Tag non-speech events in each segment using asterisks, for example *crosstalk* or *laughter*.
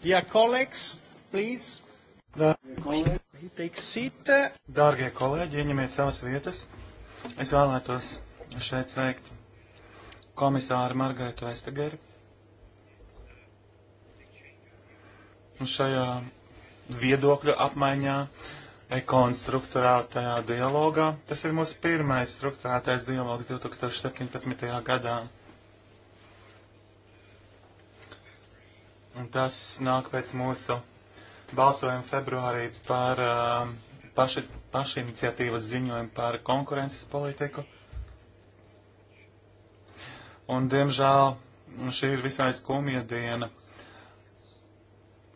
Dear colleagues, please. Dārgie kolēģi, ieņemiet savas vietas. Es vēlētos šeit sveikt komisāru Margaritu Vestageru. Un šajā viedokļu apmaiņā, konstruktūrātajā dialogā, tas ir mūsu pirmais struktūrātais dialogs 2017. gadā. Un tas nāk pēc mūsu balsojuma februārī par uh, paši, pašiniciatīvas ziņojumu par konkurences politiku. Un, diemžēl, šī ir visai skumja diena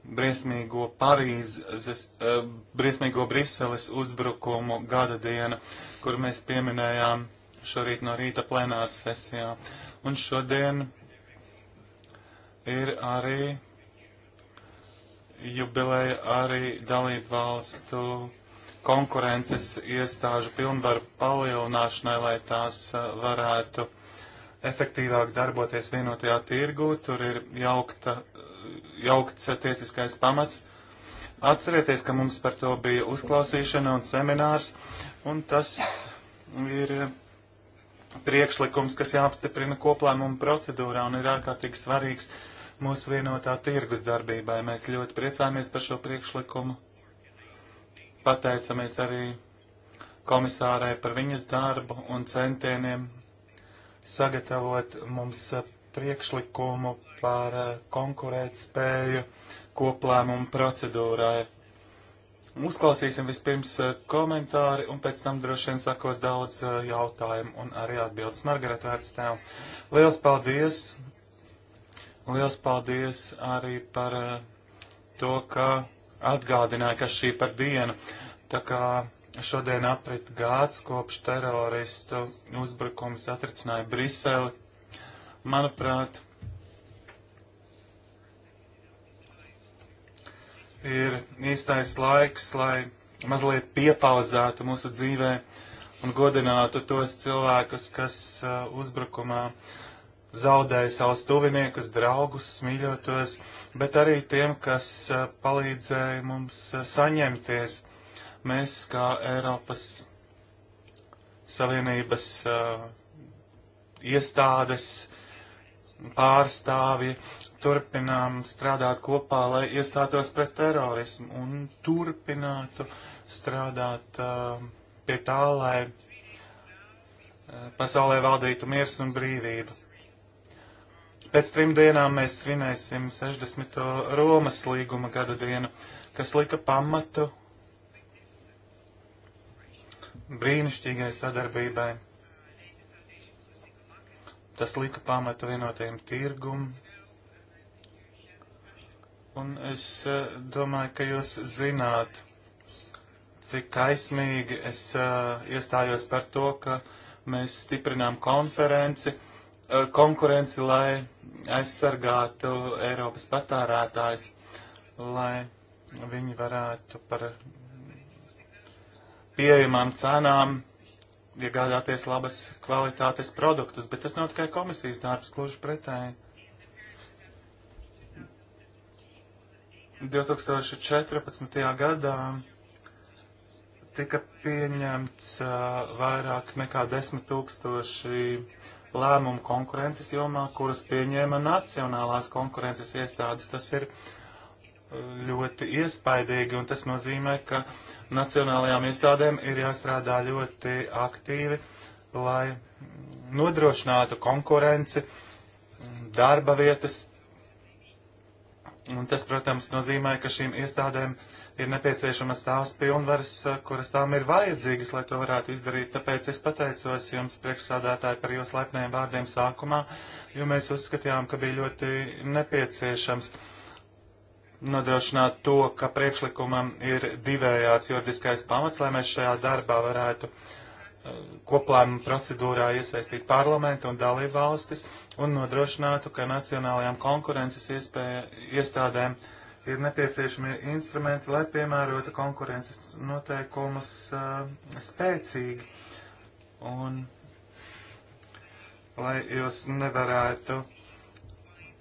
briesmīgo Parīzes, uh, briesmīgo Briseles uzbrukumu gada diena, kur mēs pieminējām šorīt no rīta plenāras sesijā. Un šodien ir arī jubileja arī dalību valstu konkurences iestāžu pilnvaru palielināšanai, lai tās varētu efektīvāk darboties vienotajā tirgū. Tur ir jaukta, jaukts tiesiskais pamats. Atcerieties, ka mums par to bija uzklausīšana un seminārs, un tas ir priekšlikums, kas jāapstiprina koplēmuma procedūrā un ir ārkārtīgi svarīgs mūsu vienotā tirgus darbībai. Mēs ļoti priecājamies par šo priekšlikumu. Pateicamies arī komisārai par viņas darbu un centieniem sagatavot mums priekšlikumu par eh, konkurētspēju koplēmumu procedūrai. Uzklausīsim vispirms eh, komentāri, un pēc tam droši vien sakos daudz eh, jautājumu un arī atbildes. Margarita, vērts tev. Liels paldies! Liels paldies arī par eh, to, ka atgādināja, ka šī par dienu. Tā kā šodien aprit gads kopš teroristu uzbrukums atricināja Briseli. Manuprāt, ir īstais laiks, lai mazliet piepauzētu mūsu dzīvē un godinātu tos cilvēkus, kas uh, uzbrukumā uh, zaudēja savus tuviniekus, draugus, mīļotos, bet arī tiem, kas eh, palīdzēja mums eh, saņemties. Mēs kā Eiropas Savienības uh, iestādes pārstāvji turpinām strādāt kopā, lai iestātos pret terorismu un turpinātu strādāt uh, pie tā, lai pasaulē valdītu miers un brīvība. Pēc trim dienām mēs svinēsim 60. Romas līguma gada dienu, kas lika pamatu brīnišķīgai sadarbībai. Tas lika pamatu vienotajam tirgumam. Un es eh, domāju, ka jūs zināt, cik kaismīgi es uh, iestājos par to, ka mēs stiprinām konferenci, uh, konkurenci, lai aizsargātu Eiropas patārētājs, lai viņi varētu par pieejamām cenām iegādāties labas kvalitātes produktus, bet tas nav tikai komisijas darbs, gluži pretēji. 2014. gadā tika pieņemts uh, vairāk nekā 10 tūkstoši 000 lēmumu konkurences jomā, kuras pieņēma nacionālās konkurences iestādes. Tas ir uh, ļoti iespaidīgi, un tas nozīmē, ka nacionālajām iestādēm ir jāstrādā ļoti aktīvi, lai nodrošinātu konkurenci, darba vietas. Un tas, protams, nozīmē, ka šīm iestādēm uh, ir nepieciešamas tās pilnvaras, kuras tām ir vajadzīgas, lai to varētu izdarīt. Tāpēc es pateicos jums priekšsādātāji par jūsu laipniem vārdiem sākumā, jo mēs uzskatījām, ka bija ļoti nepieciešams nodrošināt to, ka priekšlikumam ir divējāds juridiskais pamats, lai mēs šajā darbā varētu koplēmu procedūrā iesaistīt parlamentu un dalību valstis un nodrošinātu, ka nacionālajām konkurences iespēja, iestādēm uh, ir nepieciešami instrumenti, lai piemērotu konkurences noteikumus uh, spēcīgi un lai jūs nevarētu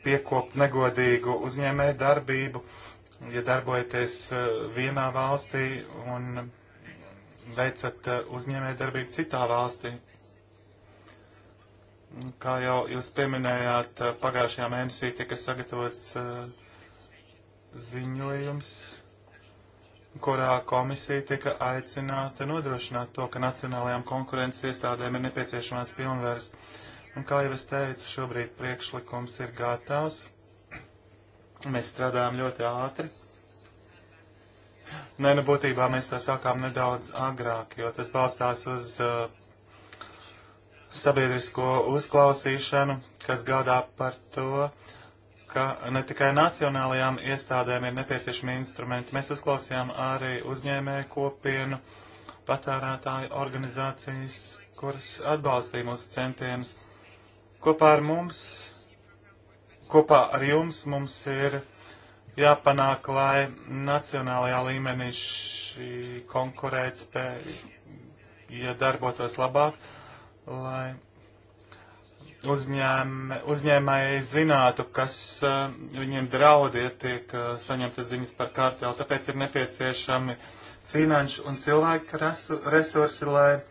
piekopt negodīgu uzņēmēju darbību, ja darbojaties uh, vienā valstī un veicat uh, uzņēmēju darbību citā valstī. Kā jau jūs pieminējāt, pagājušajā mēnesī tika sagatavots uh, ziņojums, kurā komisija tika aicināta nodrošināt to, ka nacionālajām konkurences iestādēm ir nepieciešamās pilnvaras. Un kā jau es teicu, šobrīd priekšlikums ir gatavs. Mēs strādājam ļoti ātri. Nē, nu būtībā mēs to sākām nedaudz agrāk, jo tas balstās uz uh, sabiedrisko uzklausīšanu, kas gādā par to, ka ne tikai nacionālajām iestādēm ir nepieciešami instrumenti. Mēs uzklausījām arī uzņēmēju kopienu, patērētāju organizācijas, kuras atbalstīja mūsu centienus. Kopā ar mums, kopā ar jums mums ir jāpanāk, lai nacionālajā līmenī šī konkurētspēja ja darbotos labāk, lai uzņēm, uzņēmēji zinātu, kas uh, viņiem draud, ja tiek uh, saņemtas ziņas par kārtēlu. Tāpēc ir nepieciešami finanšu un cilvēku resu, resursi, lai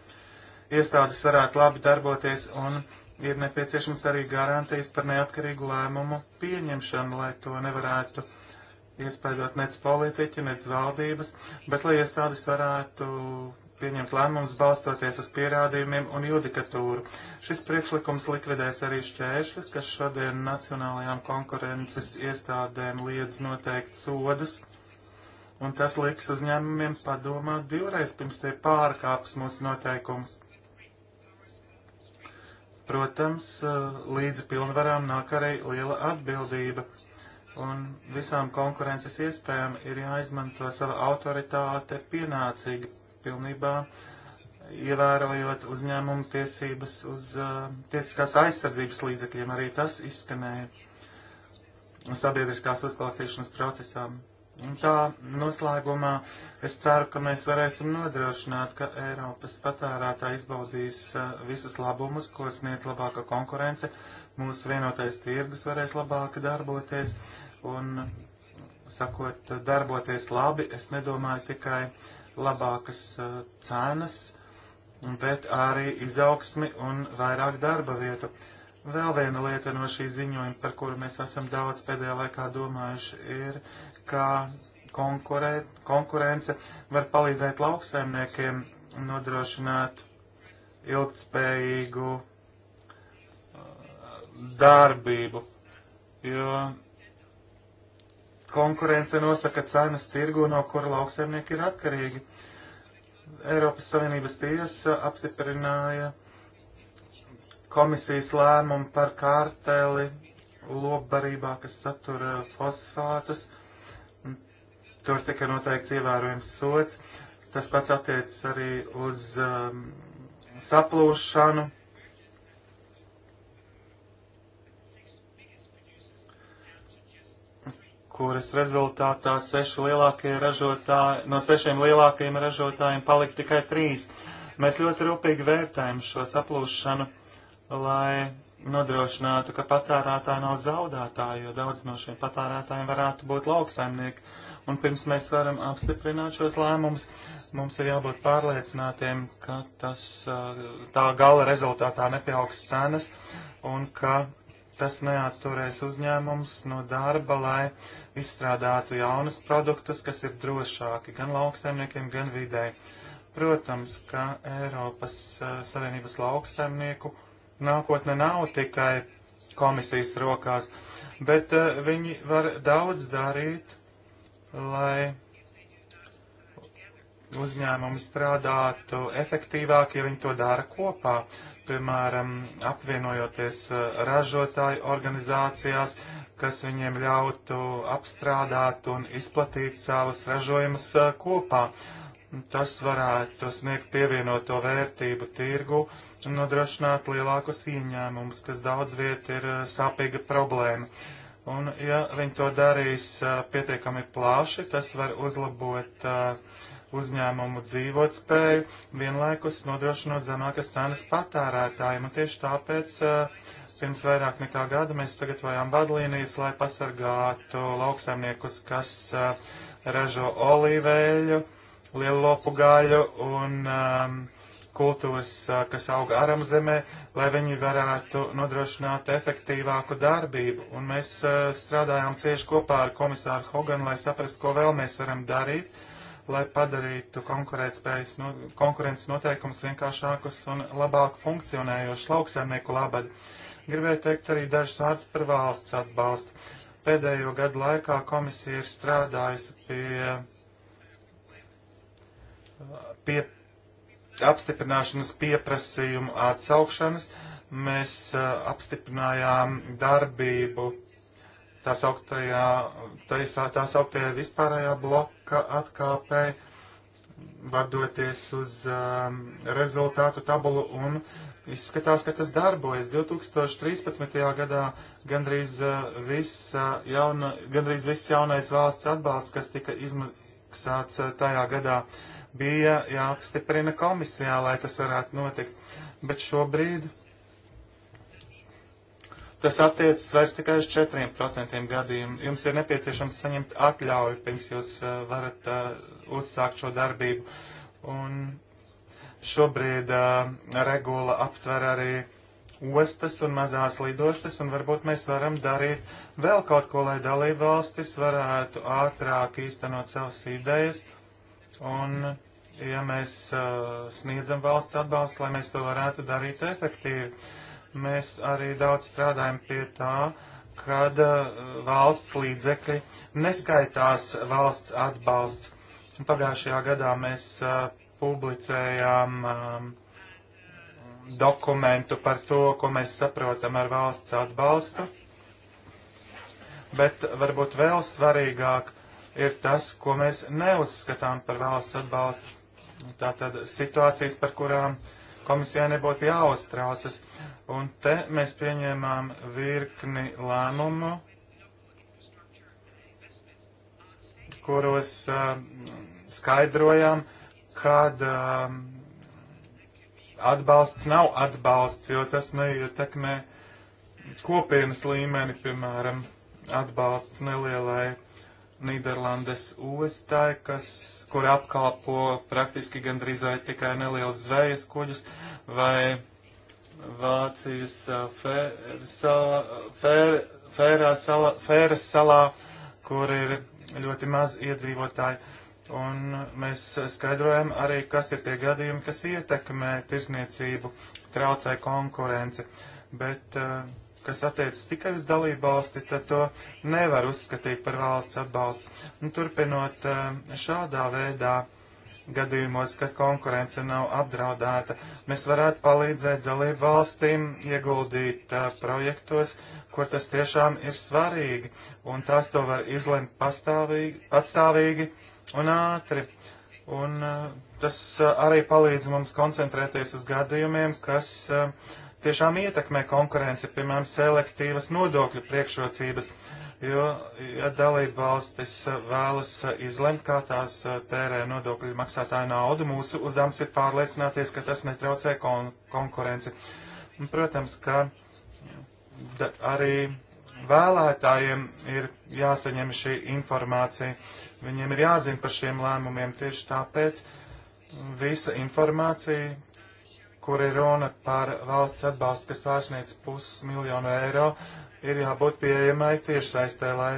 iestādes varētu labi darboties, un ir nepieciešams arī garantijas par neatkarīgu lēmumu pieņemšanu, lai to nevarētu iespējot nec politiķi, nec valdības, bet lai iestādes varētu pieņemt lēmumus balstoties uz pierādījumiem un judikatūru. Šis priekšlikums likvidēs arī šķēršļus, kas šodien nacionālajām konkurences iestādēm liedz noteikt sodus, un tas liks uzņēmumiem padomāt divreiz pirms tie pārkāps mūsu noteikumus. Protams, līdzi pilnvarām nāk arī liela atbildība un visām konkurences iespējām ir jāizmanto sava autoritāte pienācīgi pilnībā ievērojot uzņēmumu tiesības uz uh, tiesiskās aizsardzības līdzekļiem. Arī tas izskanēja sabiedriskās uzklausīšanas procesā. Un tā noslēgumā es ceru, ka mēs varēsim nodrošināt, ka Eiropas patērētā izbaudīs uh, visus labumus, ko sniedz labāka konkurence, mūsu vienotais tirgus varēs labāk darboties un, sakot, darboties labi, es nedomāju tikai uh, labākas uh, cenas, bet arī izaugsmi un vairāk darba vietu. Vēl viena lieta no šī ziņojuma, par kuru mēs esam daudz pēdējā laikā domājuši, ir, kā konkurence var palīdzēt lauksaimniekiem nodrošināt ilgtspējīgu darbību, jo konkurence nosaka cenas tirgu, no kura lauksaimnieki ir atkarīgi. Eiropas Savienības tiesa apstiprināja komisijas lēmumu par kārteli lobbarībā, kas satura fosfātus. Tur tika noteikts ievērojams sots. Tas pats attiecas arī uz um, saplūšanu kuras rezultātā seši lielākie ražotāji, no sešiem lielākajiem ražotājiem palika tikai trīs. Mēs ļoti rūpīgi vērtējam šo saplūšanu, lai nodrošinātu, ka patērētāji nav zaudētāji, jo daudz no šiem patērētājiem varētu būt lauksaimnieki. Un pirms mēs varam apstiprināt šos lēmumus, mums ir jābūt pārliecinātiem, ka tas, tā gala rezultātā nepieaugs cenas un ka tas neatturēs uzņēmums no darba, lai izstrādātu jaunus produktus, kas ir drošāki gan lauksaimniekiem, gan vidē. Protams, ka Eiropas uh, Savienības lauksaimnieku nākotne nav tikai komisijas rokās, bet uh, viņi var daudz darīt, lai uzņēmumi strādātu efektīvāk, ja viņi to dara kopā, piemēram, apvienojoties uh, ražotāju organizācijās, kas viņiem ļautu apstrādāt un izplatīt savas ražojumus uh, kopā. Tas varētu sniegt pievienoto vērtību tirgu un nodrošināt lielākus ieņēmumus, kas daudz viet ir uh, sāpīga problēma. Un, ja viņi to darīs pietiekami plāši, tas var uzlabot uh, uzņēmumu dzīvot spēju, vienlaikus nodrošinot zemākas cenas patērētājiem. Un tieši tāpēc eh, pirms vairāk nekā gada mēs sagatavojām vadlīnijas, lai pasargātu lauksaimniekus, kas eh, ražo olīveļu, lielopu gaļu un um, kultūras, eh, kas auga aram zemē, lai viņi varētu nodrošināt efektīvāku darbību. Un mēs uh, strādājām cieši kopā ar komisāru Hoganu, lai saprastu, ko vēl mēs varam darīt lai padarītu no, konkurences noteikumus vienkāršākus un labāk funkcionējošus lauksaimnieku labad. Gribēju teikt arī dažus vārdus par valsts atbalstu. Pēdējo gadu laikā komisija ir strādājusi pie, pie apstiprināšanas pieprasījumu atsaukšanas. Mēs uh, apstiprinājām darbību tā sauktajā, tā sauktajā vispārējā bloka atkāpē var doties uz um, rezultātu tabulu un izskatās, ka tas darbojas. 2013. gadā gandrīz, uh, viss, uh, jauna, gandrīz viss jaunais valsts atbalsts, kas tika izmaksāts uh, tajā gadā, bija jāapstiprina komisijā, lai tas varētu notikt. Bet šobrīd Tas attiecas vairs tikai uz 4% gadījumu. Jums ir nepieciešams saņemt atļauju, pirms jūs uh, varat uh, uzsākt šo darbību. Un šobrīd uh, regula aptver arī ostas un mazās lidostas, un varbūt mēs varam darīt vēl kaut ko, lai dalību valstis varētu ātrāk īstenot savas idejas. Un, ja mēs uh, sniedzam valsts atbalstu, lai mēs to varētu darīt efektīvi. Uh, Mēs arī daudz strādājam pie tā, kad uh, valsts līdzekļi neskaitās valsts atbalsts. Pagājušajā gadā mēs uh, publicējām um, dokumentu par to, ko mēs saprotam ar valsts atbalstu. Bet varbūt vēl svarīgāk ir tas, ko mēs neuzskatām par valsts atbalstu. Tātad situācijas, par kurām uh, komisijai nebūtu jāuztraucas. Un te mēs pieņēmām virkni lēmumu, kuros uh, skaidrojām, kad uh, atbalsts nav atbalsts, jo tas neietekmē kopienas līmeni, piemēram, atbalsts nelielai Nīderlandes ostai, kas, kur apkalpo praktiski gandrīz vai tikai neliels zvejas kuģis vai Vācijas Fēras salā, salā, kur ir ļoti maz iedzīvotāji. Un mēs skaidrojam arī, kas ir tie gadījumi, kas ietekmē tirzniecību, traucē konkurenci. Bet uh, kas attiecas tikai uz dalību valsti, tad to nevar uzskatīt par valsts atbalstu. Un nu, turpinot um, šādā veidā gadījumos, kad konkurence nav apdraudēta, mēs varētu palīdzēt dalību valstīm ieguldīt uh, projektos, kur tas tiešām ir svarīgi, un tās to var izlemt patstāvīgi un ātri. Un uh, tas uh, arī palīdz mums koncentrēties uz gadījumiem, kas uh, tiešām ietekmē konkurenci, piemēram, selektīvas nodokļu priekšrocības, jo, ja dalība valstis vēlas izlemt, kā tās tērē nodokļu maksātāju naudu, mūsu uzdevums ir pārliecināties, ka tas netraucē kon konkurenci. Un, protams, ka arī vēlētājiem ir jāsaņem šī informācija, viņiem ir jāzina par šiem lēmumiem tieši tāpēc, visa informācija kur ir runa par valsts atbalstu, kas pārsniec pusmiljonu eiro, ir jābūt pieejamai tiešsaistē, lai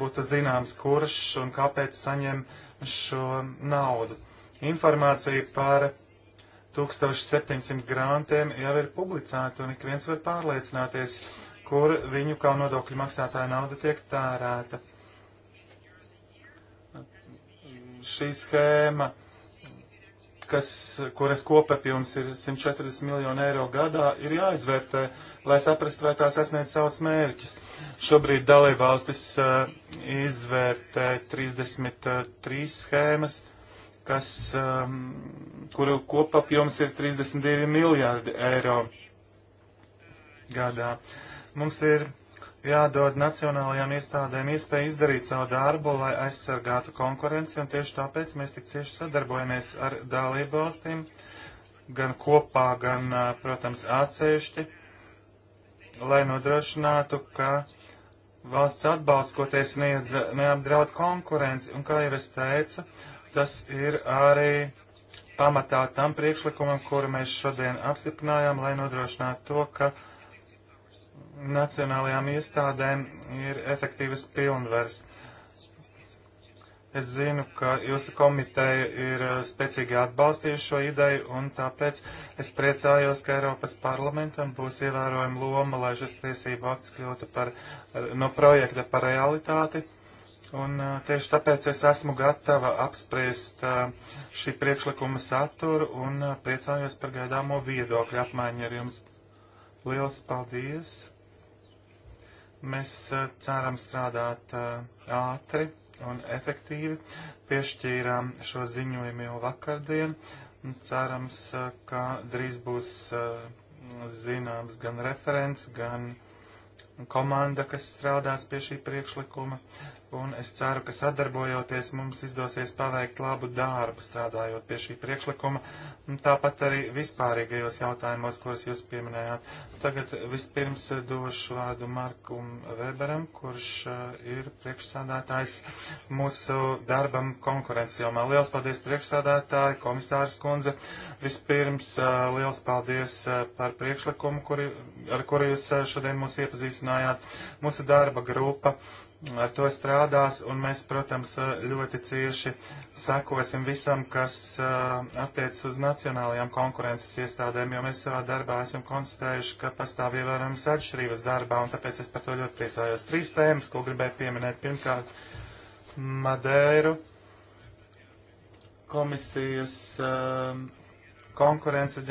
būtu zināms, kurš un kāpēc saņem šo naudu. Informācija par 1700 grantiem jau ir publicēta, un ik viens var pārliecināties, kur viņu kā nodokļu maksātāja nauda tiek tērēta. Šī schēma kas, kuras kopapilns ir 140 miljoni eiro gadā, ir jāizvērtē, lai saprastu, vai tās sasniedz savus mērķus. Šobrīd dalībvalstis uh, izvērtē 33 schēmas, kas, um, kuru kopapilns ir 32 miljārdi eiro gadā. Mums ir jādod nacionālajām iestādēm iespēja izdarīt savu darbu, lai aizsargātu konkurenci, un tieši tāpēc mēs tik cieši sadarbojamies ar dalību valstīm, gan kopā, gan, protams, atsevišķi, lai nodrošinātu, ka valsts atbalsts, ko tie sniedz, neapdraud konkurenci, un kā jau es teicu, tas ir arī pamatā tam priekšlikumam, kuru mēs šodien apstiprinājām, lai nodrošinātu to, ka nacionālajām iestādēm ir efektīvas pilnvaras. Es zinu, ka jūsu komiteja ir uh, spēcīgi atbalstījuši šo ideju, un tāpēc es priecājos, ka Eiropas parlamentam būs ievērojama loma, lai šis tiesību akts kļūtu par, uh, no projekta par realitāti. Un uh, tieši tāpēc es esmu gatava apspriest šī priekšlikuma saturu un priecājos par gaidāmo viedokļu apmaiņu ar jums. Liels paldies! Mēs ceram strādāt ātri un efektīvi. Piešķīrām šo ziņojumu jau vakardien. Cerams, ka drīz būs zināms gan referents, gan komanda, kas strādās pie šī priekšlikuma un es ceru, ka sadarbojoties mums izdosies paveikt labu darbu strādājot pie šī priekšlikuma, tāpat arī vispārīgajos jautājumos, kuros jūs pieminējāt. Tagad vispirms došu vārdu Markum Weberam, kurš uh, ir priekšsādātājs mūsu darbam konkurences jomā. Liels paldies priekšsādātāji, komisārs kundze. Vispirms uh, liels paldies uh, par priekšlikumu, kuri, ar kuru jūs uh, šodien mūs iepazīstinājāt. Mūsu darba grupa. Uh, ar to strādās, un mēs, protams, ļoti cieši sekosim visam, kas attiecas uz nacionālajām konkurences iestādēm, jo mēs savā darbā esam konstatējuši, ka pastāv ievērojams atšķirības darbā, un tāpēc es par to ļoti priecājos. Trīs tēmas, ko gribēju pieminēt. Pirmkārt, Madeiru komisijas konkurences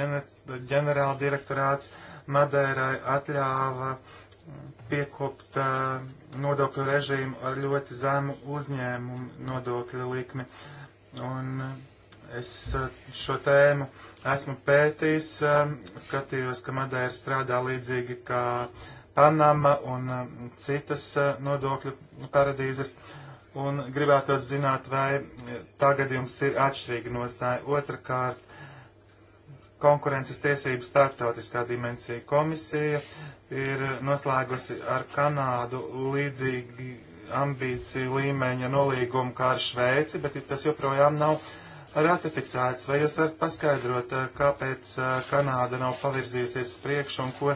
ģenerāldirektorāts Madeirai atļāva piekopt uh, nodokļu režīmu ar ļoti zemu uzņēmumu nodokļu likmi. Un es uh, šo tēmu esmu pētījis, uh, skatījos, ka Madeira strādā līdzīgi kā Panama un citas nodokļu paradīzes. Un gribētos zināt, vai tagad jums ir atšķirīga nostāja. Otrakārt, konkurences tiesības starptautiskā dimensija komisija ir noslēgusi ar Kanādu līdzīgi ambīciju līmeņa nolīgumu kā ar Šveici, bet tas joprojām nav ratificēts. Vai jūs varat paskaidrot, eh, kāpēc eh, Kanāda nav pavirzījusies uz priekšu un ko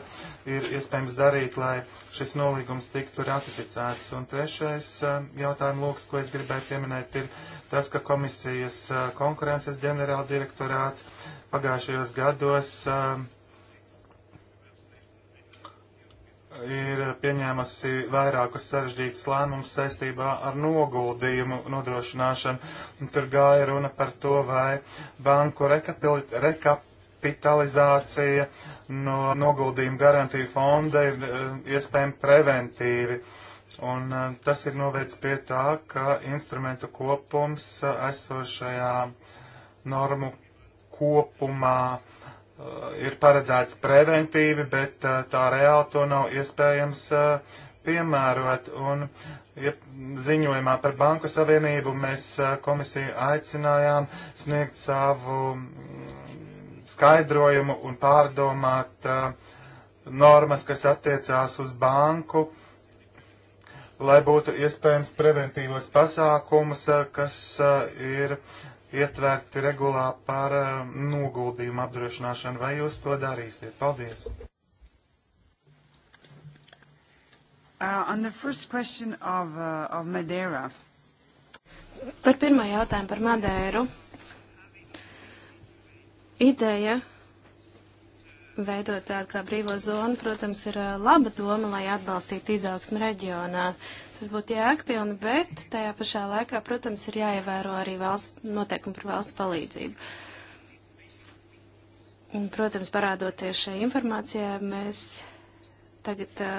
ir iespējams darīt, lai šis nolīgums tiktu ratificēts? Un trešais eh, jautājums, lūks, ko es gribēju pieminēt, ir tas, ka komisijas konkurences ģenerāldirektorāts pagājušajos gados uh, ir pieņēmusi vairākus sarežģītus lēmumus saistībā ar noguldījumu nodrošināšanu. Un tur gāja runa par to, vai banku rekapitalizācija no noguldījuma garantiju fonda ir eh, iespējama preventīvi. Un eh, tas ir novērts pie tā, ka instrumentu kopums eh, esošajā normu kopumā Eh, ir paredzēts preventīvi, bet eh, tā reāli to nav iespējams eh, piemērot. Un ja ziņojumā par Banku Savienību mēs komisiju aicinājām sniegt savu mm, skaidrojumu un pārdomāt normas, kas attiecās uz banku, lai būtu iespējams preventīvos pasākumus, kas ir uh, ietverti regulā par um, noguldījumu apdrošināšanu. Vai jūs to darīsiet? Paldies! Uh, on the first question of, uh, of Madeira. Par pirmo jautājumu par Madeiru. Ideja veidot tādu kā brīvo zonu, protams, ir uh, laba doma, lai atbalstītu izaugsmu reģionā. Uh, Tas būtu jēgpilni, bet tajā pašā laikā, protams, ir jāievēro arī valsts noteikumi par valsts palīdzību. Un, protams, parādoties šai informācijai, mēs tagad uh,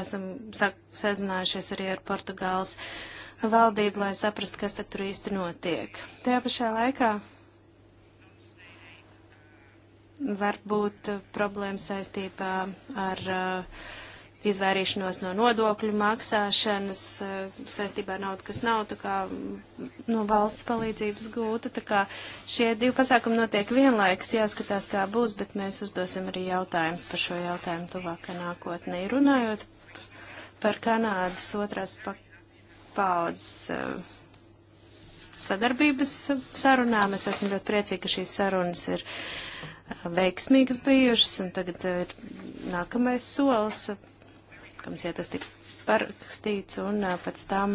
esam sazinājušies arī ar Portugāles valdību, lai saprastu, kas tad tur īsti notiek. Tajā pašā laikā var būt problēma saistībā ar uh, izvairīšanos no nodokļu maksāšanas eh, saistībā ar naudu, kas nav tā kā mm, no valsts palīdzības gūta. Tā kā šie divi pasākumi notiek vienlaikus, jāskatās, kā būs, bet mēs uzdosim arī jautājumus par šo jautājumu tuvākā nākotnē. Runājot par Kanādas otrās paudzes eh, sadarbības sarunām, es esmu ļoti priecīga, ka šīs sarunas ir eh, veiksmīgas bijušas, un tagad ir nākamais solis komisijā tas tiks parakstīts un pēc tam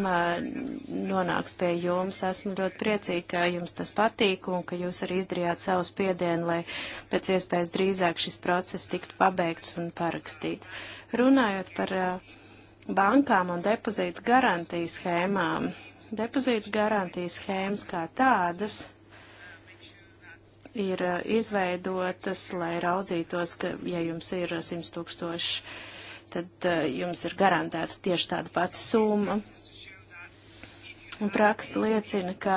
nonāks pie jums. Esmu ļoti priecīga, ka jums tas patīk un ka jūs arī izdarījāt savu spiedienu, lai pēc iespējas drīzāk šis process tiktu pabeigts un parakstīts. Runājot par bankām un depozītu garantijas schēmām, depozītu garantijas schēmas kā tādas ir izveidotas, lai raudzītos, ka, ja jums ir 100 tūkstoši tad eh, jums ir garantēta tieši tāda pati summa. Un praksa liecina, ka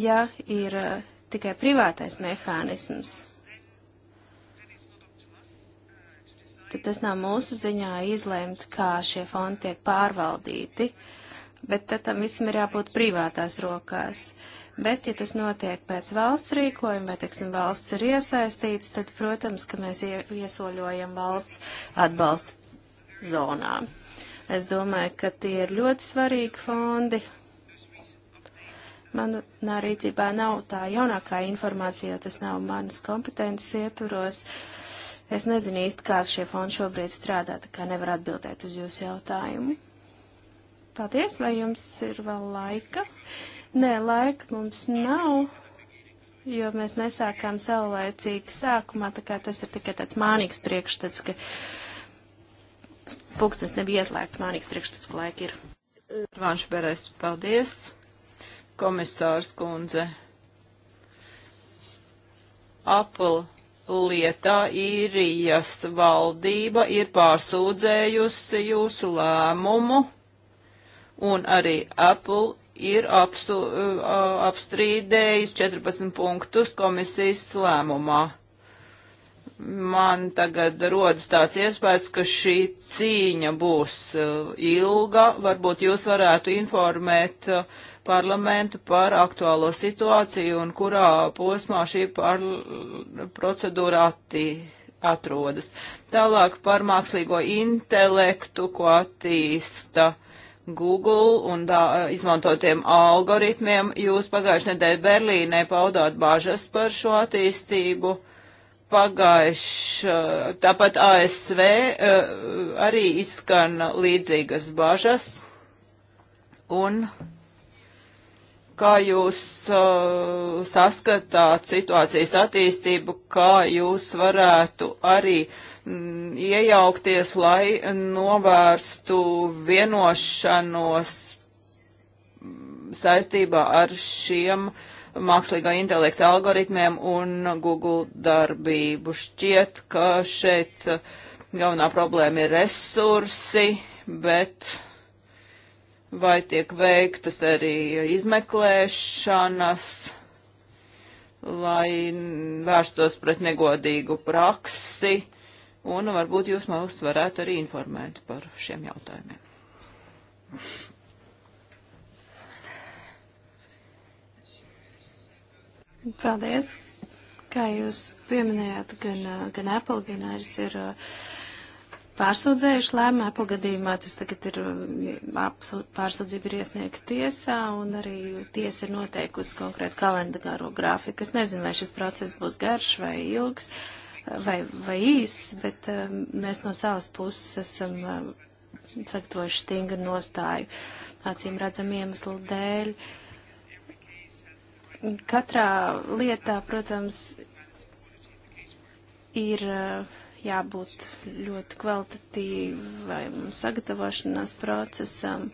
ja ir eh, tikai privātais mehānisms, tad tas nav mūsu ziņā izlēmt, kā šie fondi tiek pārvaldīti, bet tad tam visam ir jābūt privātās rokās. Uh, Bet, ja tas notiek pēc valsts rīkojuma, vai, teiksim, valsts ir iesaistīts, tad, protams, ka mēs iesoļojam valsts atbalsta zonā. Es domāju, ka tie ir ļoti svarīgi fondi. Manā rīcībā nav tā jaunākā informācija, jo tas nav manas kompetences ietvaros. Es nezinu īsti, kā šie fondi šobrīd strādā, tā kā nevar atbildēt uz jūsu jautājumu. Paldies, vai jums ir vēl laika? Uh, Nē, laika mums nav, jo mēs nesākām saulēcīgi sākumā, tā kā tas ir tikai tāds mānīgs priekšstats, ka pulkstens nebija ieslēgts, mānīgs priekšstats, ka laika ir. Vanš Beres, paldies. Komisārs kundze. Apple lietā īrijas valdība ir pārsūdzējusi jūsu lēmumu, un arī Apple ir apstu, apstrīdējis 14 punktus komisijas lēmumā. Man tagad rodas tāds iespējas, ka šī cīņa būs ilga. Varbūt jūs varētu informēt parlamentu par aktuālo situāciju un kurā posmā šī procedūra attīstās atrodas. Tālāk par mākslīgo intelektu, ko attīsta Google un tā, eh, izmantotiem algoritmiem. Jūs pagājušajā nedēļā Berlīnē paudāt bažas par šo attīstību. Pagājuši, tāpat ASV eh, arī izskan līdzīgas bažas. Un uh, kā jūs uh, saskatāt situācijas attīstību, kā jūs varētu arī mm, iejaukties, lai novērstu vienošanos mm, saistībā ar šiem mākslīgā intelekta algoritmiem un Google darbību. Šķiet, ka šeit uh, galvenā problēma ir resursi, bet vai tiek veiktas arī izmeklēšanas, lai vērstos pret negodīgu praksi, un varbūt jūs mums varētu arī informēt par šiem jautājumiem. Paldies! Kā jūs pieminējāt, gan, gan Apple, gan arī ir uh, pārsūdzējuši lēmumā. Pagadījumā tas tagad ir, um, pārsūdzība ir iesniegta tiesā un arī tiesa ir noteikusi konkrētu kalendāro grafiku. Es nezinu, vai šis process būs garš vai ilgs uh, vai, vai īss, bet um, mēs no savas puses esam um, sagatavojuši stingru nostāju. Acīm redzam iemeslu dēļ. Katrā lietā, protams, ir uh, jābūt ļoti kvalitatīvam sagatavošanās procesam,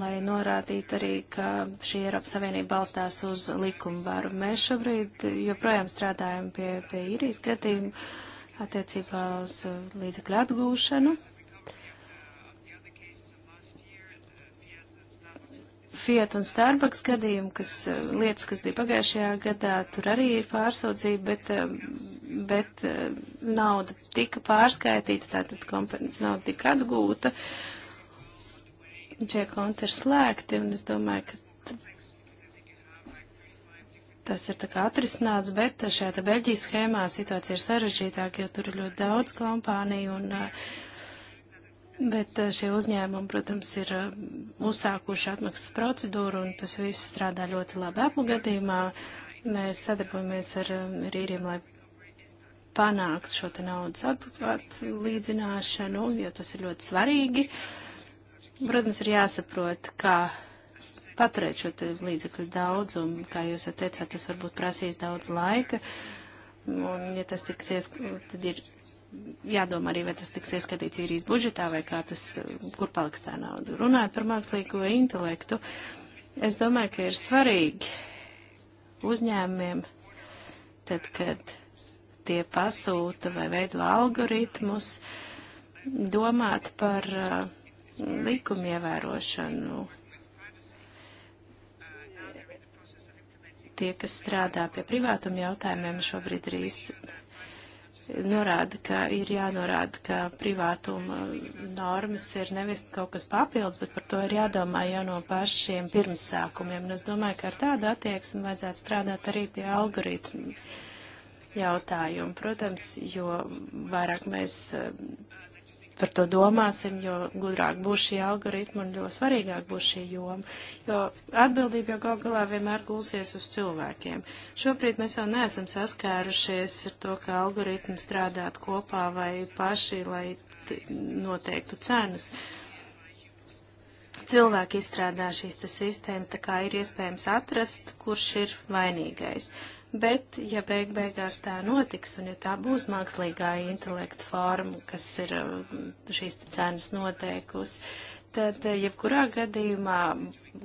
lai norādītu arī, ka šī Eiropas Savienība balstās uz likumvaru. Mēs šobrīd joprojām strādājam pie, pie īrijas gadījuma attiecībā uz līdzekļu atgūšanu. Fiat un Starbucks gadījumu, kas lietas, kas bija pagājušajā gadā, tur arī ir pārsūdzība, bet um, bet eh, nauda tika pārskaitīta, tātad nauda tika atgūta. Šie konti ir slēgti, un es domāju, ka tas ir tā kā atrisināts, bet šajā te Beļģijas schēmā situācija ir sarežģītāka, jo tur ir ļoti daudz kompāniju, un, eh, bet eh, šie uzņēmumi, protams, ir uzsākuši atmaksas procedūru, un tas viss strādā ļoti labi apmugadījumā. Mēs sadarbojamies ar, ar īriem, lai panākt šo te naudas atlīdzināšanu, jo tas ir ļoti svarīgi. Protams, ir jāsaprot, kā paturēt šo te līdzekļu daudzumu, kā jūs jau teicāt, tas varbūt prasīs daudz laika, un ja tas tiks, iesk... tad ir jādomā arī, vai tas tiks ieskatīts īrijas budžetā, vai kā tas, kur paliks tā nauda. Runājot par mākslīgo intelektu, es domāju, ka ir svarīgi uzņēmumiem, tad, kad tie pasūta vai veido algoritmus, domāt par uh, likumu ievērošanu. Tie, kas strādā pie privātuma jautājumiem, šobrīd ir īsti norāda, ka ir jānorāda, ka privātuma normas ir nevis kaut kas papildus, bet par to ir jādomā jau no pašiem pirmsākumiem. Un es domāju, ka ar tādu attieksmi vajadzētu strādāt arī pie algoritmu jautājumu, protams, jo vairāk mēs eh, par to domāsim, jo gudrāk būs šie algoritmi un jo svarīgāk būs šī joma. Jo atbildība jau gal galā vienmēr gulsies uz cilvēkiem. Šobrīd mēs jau neesam saskārušies ar to, ka algoritmi strādāt kopā vai paši, lai noteiktu cenas. Cilvēki izstrādā šīs sistēmas, tā kā ir iespējams atrast, kurš ir vainīgais. Uh, bet ja beig beigās tā notiks un ja tā būs mākslīgā intelekta forma, kas ir um, šīs cenas noteikusi, tad eh, jebkurā gadījumā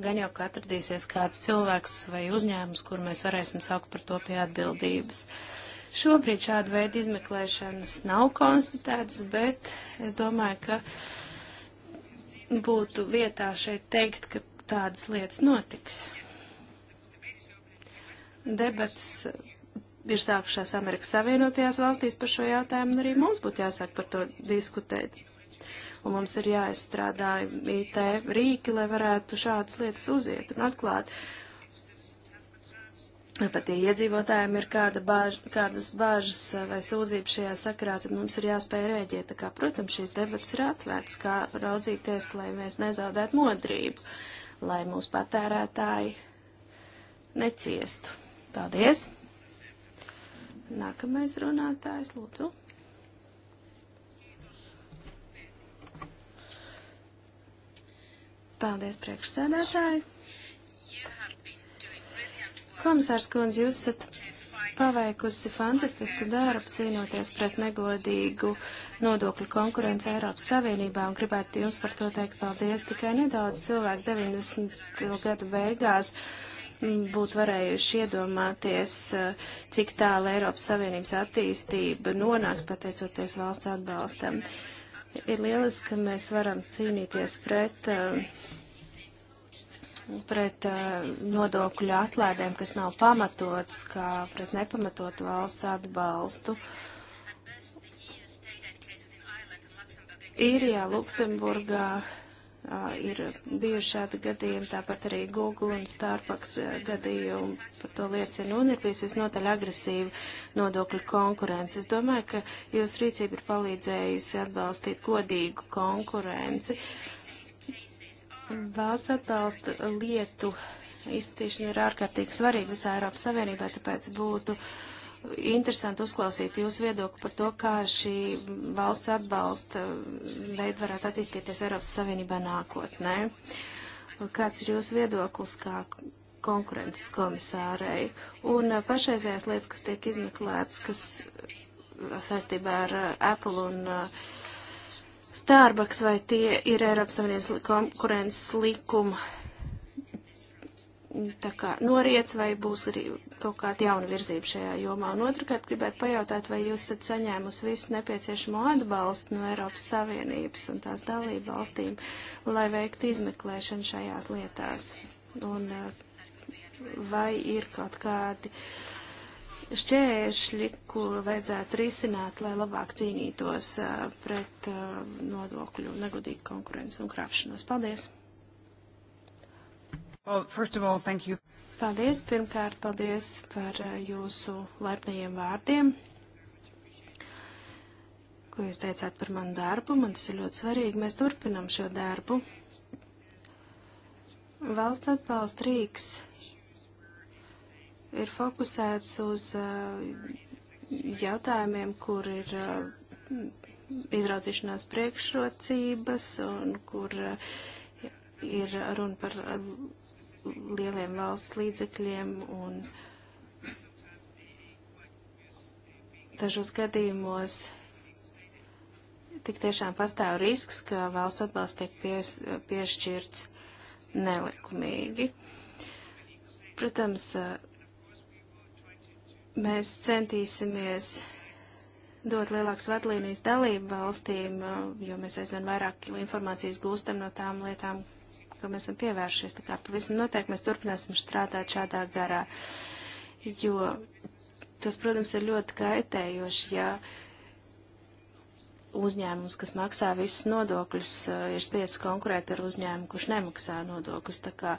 gan jau ka atradīsies kāds cilvēks vai uzņēmums, kur mēs varēsim saukt par to pie atbildības. Šobrīd šāda veida izmeklēšanas nav konstatētas, bet es domāju, ka būtu vietā šeit teikt, ka tādas lietas notiks debats ir sākušās Amerikas Savienotajās valstīs par šo jautājumu, un arī mums būtu jāsāk par to diskutēt. Un mums ir jāizstrādā IT rīki, lai varētu šādas lietas uziet un atklāt. Pat ja iedzīvotājiem ir kāda bāž, kādas bāžas vai sūdzības šajā sakarā, tad mums ir jāspēj rēģēt. Tā kā, protams, šīs debats ir atvērts, kā raudzīties, lai mēs nezaudētu modrību, lai mūsu patērētāji neciestu. Paldies! Nākamais runātājs, lūdzu. Paldies, priekšsēdētāji. Komisārs Kunz, jūs esat paveikusi fantastisku darbu cīnoties pret negodīgu nodokļu konkurenci Eiropas Savienībā un gribētu jums par to teikt paldies. Tikai nedaudz cilvēku 90. gadu beigās būtu varējuši iedomāties, cik tālu Eiropas Savienības attīstība nonāks pateicoties valsts atbalstam. Ir lieliski, ka mēs varam cīnīties pret, eh, pret eh, nodokļu atlaidēm, kas nav pamatots, kā pret nepamatotu valsts atbalstu. Īrijā, Luksemburgā ir bijuši šādi gadījumi, tāpat arī Google un Starbucks gadījumi par to liecina, un ir bijusi visnotaļ agresīva nodokļu konkurence. Es domāju, ka jūsu rīcība ir palīdzējusi atbalstīt godīgu konkurenci. Valsts atbalsta lietu izskatīšana ir ārkārtīgi svarīga visā Eiropas Savienībā, tāpēc būtu uh, interesanti uzklausīt jūsu viedokli par to, kā šī valsts atbalsta veid varētu attīstīties Eiropas Savienībā nākotnē. Kāds ir jūsu viedoklis, kā konkurences komisārei? Un uh, pašreizējās lietas, kas tiek izmeklētas, kas saistībā ar uh, Apple un uh, Starbucks, vai tie ir Eiropas Savienības konkurences likuma tā kā noriets vai būs arī kaut kāda jauna virzība šajā jomā. Un otrkārt gribētu pajautāt, vai jūs esat saņēmusi visu nepieciešamo atbalstu no Eiropas Savienības un tās dalību valstīm, lai veiktu izmeklēšanu šajās lietās. Un eh, vai ir kaut kādi šķēršļi, kuru vajadzētu risināt, lai labāk cīnītos eh, pret eh, nodokļu negodīgu konkurenci un krāpšanos. Paldies! Well, first of all, thank you. Paldies, pirmkārt, paldies par uh, jūsu laipnajiem vārdiem, ko jūs teicāt par manu darbu. Man tas ir ļoti svarīgi. Mēs turpinam šo darbu. Valsts atbalsta rīks ir fokusēts uz uh, jautājumiem, kur ir uh, izraudzīšanās priekšrocības un kur uh, ir runa par eh, lieliem valsts līdzekļiem un dažos gadījumos tik tiešām pastāv risks, ka valsts atbalsts tiek pies, piešķirts nelikumīgi. Protams, eh, mēs centīsimies dot lielākas vadlīnijas dalību valstīm, eh, jo mēs aizvien vairāk informācijas gūstam no tām lietām, ko mēs esam pievēršies. Tā kā pavisam noteikti mēs turpināsim strādāt šādā garā, jo tas, protams, ir ļoti kaitējoši, ja uzņēmums, kas maksā visas nodokļus, eh, ir spiests konkurēt ar uzņēmumu, kurš nemaksā nodokļus. Tā kā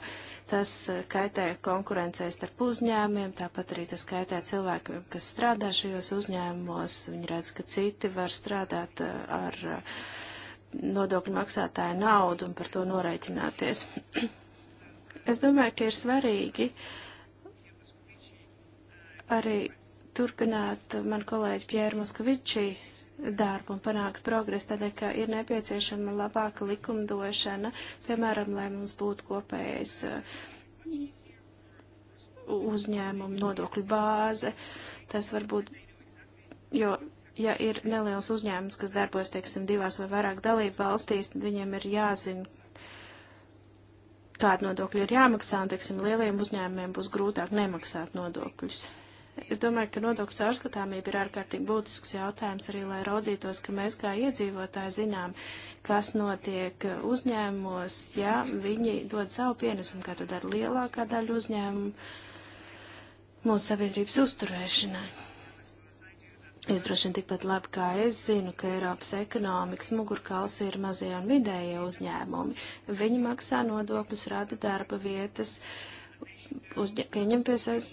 tas eh, kaitē konkurencei starp uzņēmumiem, tāpat arī tas kaitē cilvēkiem, kas strādā šajos uzņēmumos. Viņi redz, ka citi var strādāt eh, ar. ar nodokļu maksātāju naudu un par to norēķināties. *clears throat* es domāju, ka ir svarīgi arī turpināt uh, man kolēģi Pjēru Muskavičī darbu un panākt progresu, tādēļ, ka ir nepieciešama labāka likumdošana, piemēram, lai mums būtu kopējais uh, uzņēmumu nodokļu bāze. Tas varbūt, jo ja ir neliels uzņēmums, kas darbojas, teiksim, divās vai vairāk dalību valstīs, tad viņiem ir jāzina, kāda nodokļa ir jāmaksā, un, teiksim, lieliem uzņēmumiem būs grūtāk nemaksāt nodokļus. Es domāju, ka nodokļu caurskatāmība ir ārkārtīgi būtisks jautājums arī, lai raudzītos, ka mēs kā iedzīvotāji zinām, kas notiek uzņēmumos, ja viņi dod savu pienesumu, kā to dara lielākā daļa uzņēmumu mūsu sabiedrības uzturēšanai. Jūs droši vien tikpat labi kā es zinu, ka Eiropas ekonomikas mugurkauls ir mazie un vidējie uzņēmumi. Viņi maksā nodokļus, rada darba vietas, uzņa, pieņem pie sevis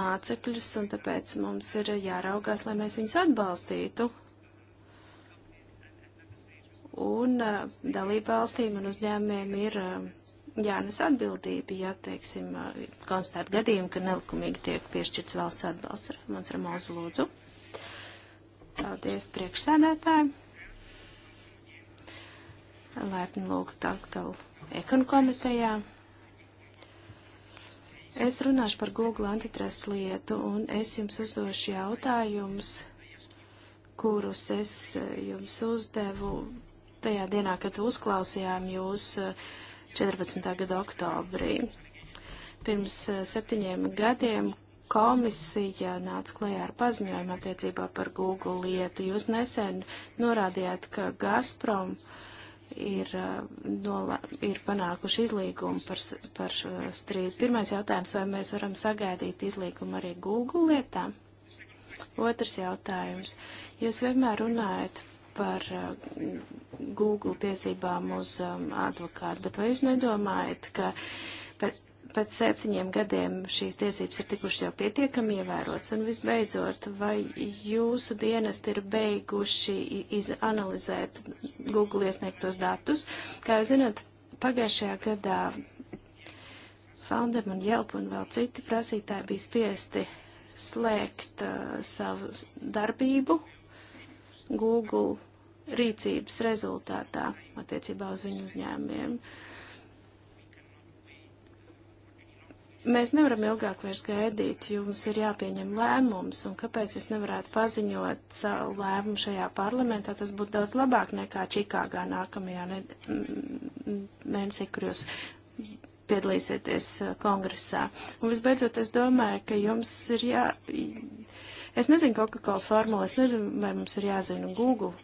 mācekļus, un tāpēc mums ir jāraugās, lai mēs viņus atbalstītu. Un uh, dalību valstīm un uzņēmumiem ir uh, jānes atbildība, ja, teiksim, uh, konstatēt gadījumu, ka nelikumīgi tiek piešķirts valsts atbalsts. Mans Ramons Lūdzu. Paldies priekšsēdētājiem. Laipni lūgt atkal ekonu komitejā. Es runāšu par Google antitrust lietu, un es jums uzdošu jautājumus, kurus es eh, jums uzdevu tajā dienā, kad uzklausījām jūs 14. Eh, gada oktobrī. Pirms eh, septiņiem gadiem komisija nāca klajā ar paziņojumu attiecībā par Google lietu. Jūs nesen norādījāt, ka Gazprom ir, uh, nola, ir panākuši izlīgumu par, par šo strīdu. Pirmais jautājums, vai mēs varam sagaidīt izlīgumu arī Google lietā? Otrs jautājums. Jūs vienmēr runājat par uh, Google tiesībām uz um, advokātu, bet vai jūs nedomājat, ka pēc septiņiem gadiem šīs tiesības ir tikušas jau pietiekami ievērots. Un visbeidzot, vai jūsu dienesti ir beiguši analizēt Google iesniegtos datus? Kā jūs zināt, pagājušajā gadā Foundem un Jelp un vēl citi prasītāji bija spiesti slēgt uh, savu darbību Google rīcības rezultātā attiecībā uz viņu uzņēmumiem. Uh, Mēs nevaram ilgāk vairs gaidīt, jums ir jāpieņem lēmums, un kāpēc jūs nevarētu paziņot savu lēmumu šajā parlamentā, tas būtu daudz labāk nekā Čikāgā nākamajā mēnesī, kur jūs piedalīsieties uh, kongresā. Un visbeidzot, es domāju, ka jums ir jā. Es nezinu Coca-Cola formulu, es nezinu, vai mums ir jāzina Google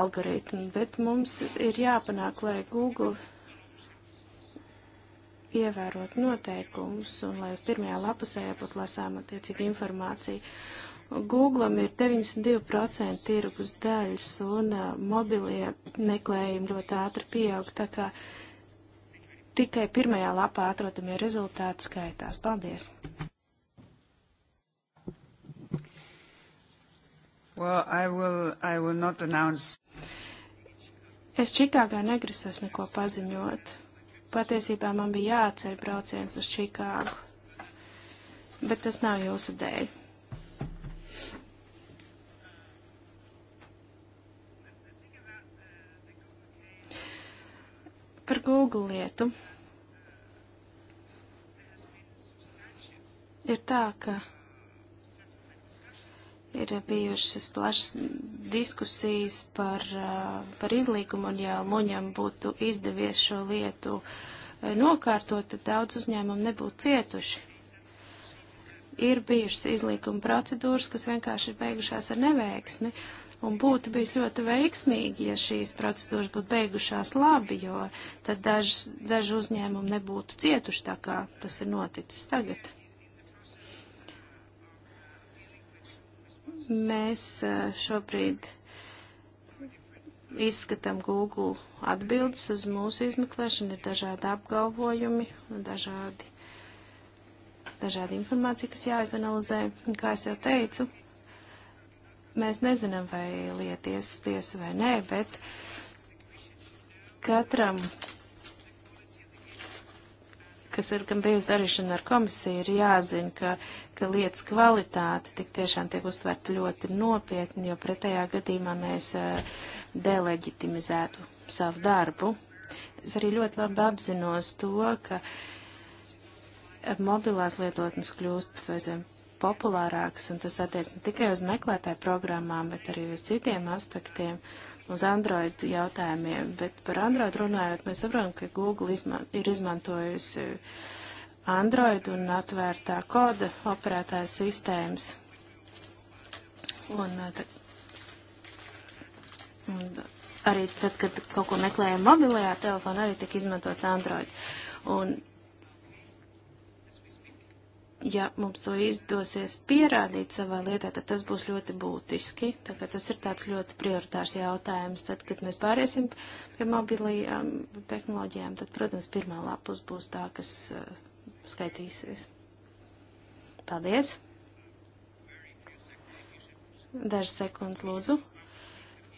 algoritmi, bet mums ir jāpanāk, lai Google ievērot noteikumus un lai pirmajā lapusē būtu lasāma attiecīga informācija. Googlam ir 92% tirgus daļas un uh, mobilie meklējumi ļoti ātri pieaug, tā kā tikai pirmajā lapā atrodamie rezultāti skaitās. Paldies! Well, I will, I will not announce. Es Čikāgā negrasos neko paziņot. Patiesībā man bija jāatcer brauciens uz Čikāgu, bet tas nav jūsu dēļ. Par Google lietu. Ir tā, ka ir bijušas plašas diskusijas par, eh, par izlīgumu, un ja Luņam būtu izdevies šo lietu eh, nokārtot, tad daudz uzņēmumu nebūtu cietuši. Ir bijušas izlīguma procedūras, kas vienkārši ir beigušās ar neveiksmi, un būtu bijis ļoti veiksmīgi, ja šīs procedūras būtu beigušās labi, jo tad daži, daži uzņēmumi nebūtu cietuši tā, kā tas ir noticis tagad. Mēs šobrīd izskatām Google atbildes uz mūsu izmeklēšanu, ir dažādi apgalvojumi un dažādi, dažādi informācija, kas jāizanalizē. Un, kā es jau teicu, mēs nezinām, vai lieties tiesa vai nē, bet katram kas ir gan bijusi darīšana ar komisiju, ir jāzina, ka, ka lietas kvalitāte tik tiešām tiek uztverta ļoti nopietni, jo pretējā gadījumā mēs eh, delegitimizētu savu darbu. Es arī ļoti labi apzinos to, ka eh, mobilās lietotnes kļūst aizvien populārāks, un tas attiec ne tikai uz meklētāju programmām, bet arī uz citiem aspektiem. Uh, uz Android jautājumiem, bet par Android runājot, mēs saprotam, ka Google izman ir izmantojusi Android un atvērtā koda operētājas sistēmas. Un, uh, un arī tad, kad kaut ko meklējam mobilajā telefonā, arī tika izmantots Android. Un ja mums to izdosies pierādīt savā lietā, tad tas būs ļoti būtiski. Tā kā tas ir tāds ļoti prioritārs jautājums. Tad, kad mēs pāriesim pie mobilajām um, tehnoloģijām, tad, protams, pirmā lapus būs tā, kas uh, skaitīsies. Paldies! Dažas sekundes lūdzu.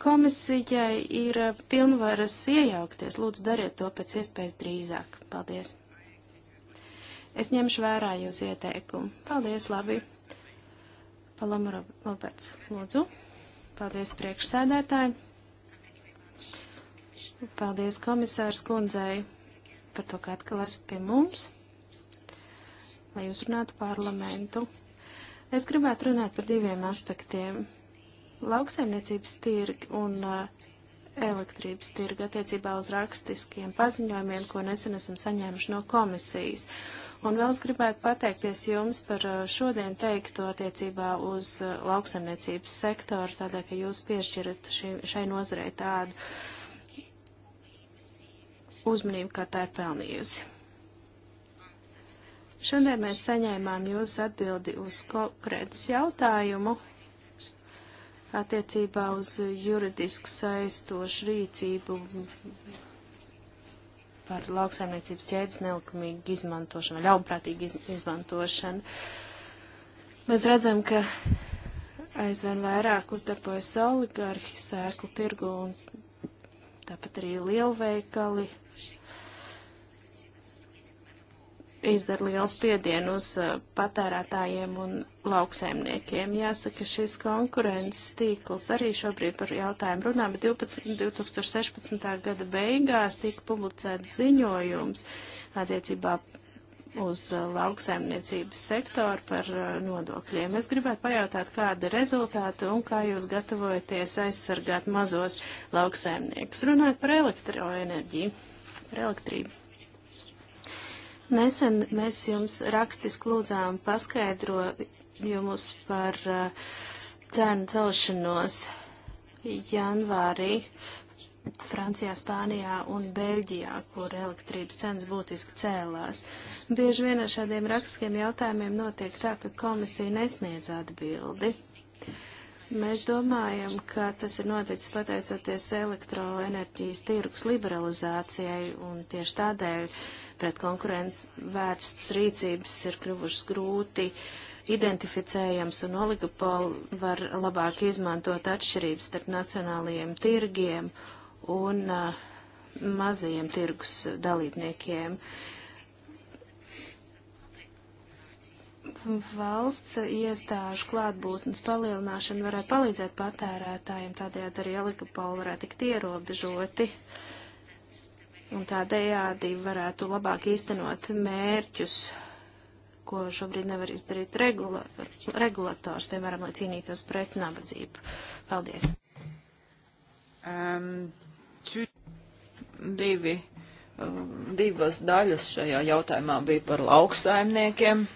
Komisijai ir pilnvaras iejaukties. Lūdzu, dariet to pēc iespējas drīzāk. Paldies! Es ņemšu vērā jūs ieteikumu. Paldies, labi. Paloma Roberts, lūdzu. Paldies priekšsēdētāji. Paldies komisārs kundzei par to, ka atkal esat pie mums, lai uzrunātu parlamentu. Es gribētu runāt par diviem aspektiem. Lauksaimniecības tirgi un uh, elektrības tirga attiecībā uz rakstiskiem paziņojumiem, ko nesen esam saņēmuši no komisijas. Uh, Un vēl es gribētu pateikties jums par uh, šodien teikto attiecībā uz uh, lauksaimniecības sektoru, tādēļ, ka jūs piešķirat šī, šai nozarei tādu uzmanību, kā tā ir pelnījusi. Šodien mēs saņēmām jūsu atbildi uz konkrētas jautājumu attiecībā uz juridisku saistošu rīcību par lauksaimniecības ķēdes nelikumīgu izmantošanu, ļaunprātīgu iz, izmantošanu. Mēs redzam, ka aizvien vairāk uzdarbojas oligarhi sēklu tirgu un tāpat arī lielveikali izdara lielu spiedienu uz uh, patērētājiem un lauksaimniekiem. Jāsaka, šis konkurences tīkls arī šobrīd par jautājumu runā, bet 12, 2016. gada beigās tika publicēts ziņojums attiecībā uz uh, lauksaimniecības sektoru par uh, nodokļiem. Es gribētu pajautāt, kāda ir rezultāta un kā jūs gatavojaties aizsargāt mazos lauksaimniekus. Runājot par elektroenerģiju, par elektrību. Nesen mēs jums rakstiski lūdzām paskaidrojumus par uh, cēnu celšanos janvārī Francijā, Spānijā un Beļģijā, kur elektrības cenas būtiski cēlās. Bieži vien ar šādiem rakstiskiem jautājumiem notiek tā, ka komisija nesniedz atbildi. Mēs domājam, ka tas ir noticis pateicoties elektroenerģijas tirgus liberalizācijai un tieši tādēļ uh, pret konkurentu vērstas rīcības ir kļuvušas grūti identificējams un oligopoli var labāk izmantot atšķirības starp nacionālajiem tirgiem un uh, mazajiem tirgus dalībniekiem. Valsts iestāžu klātbūtnes palielināšana varētu palīdzēt patērētājiem, tādējādi arī oligopoli varētu tikt ierobežoti. Uh, un tādējādi varētu labāk īstenot mērķus, ko šobrīd nevar izdarīt regula regulators, piemēram, lai cīnītos pret nabadzību. Paldies. Um, ču, divi, um, divas daļas šajā jautājumā bija par lauksaimniekiem.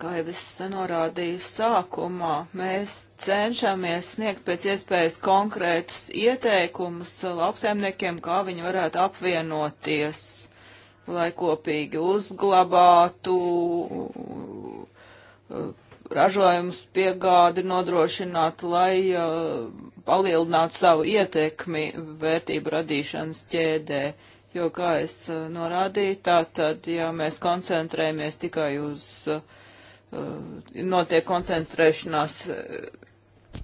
Kā jau es norādīju sākumā, mēs cenšamies sniegt pēc iespējas konkrētus ieteikumus lauksaimniekiem, kā viņi varētu apvienoties, lai kopīgi uzglabātu uh, ražojumus piegādi nodrošinātu, lai uh, palielinātu savu ietekmi vērtību radīšanas ķēdē. Jo, kā es uh, norādīju, tā tad, ja mēs koncentrējamies tikai uz uh, Uh, notiek koncentrēšanās uh,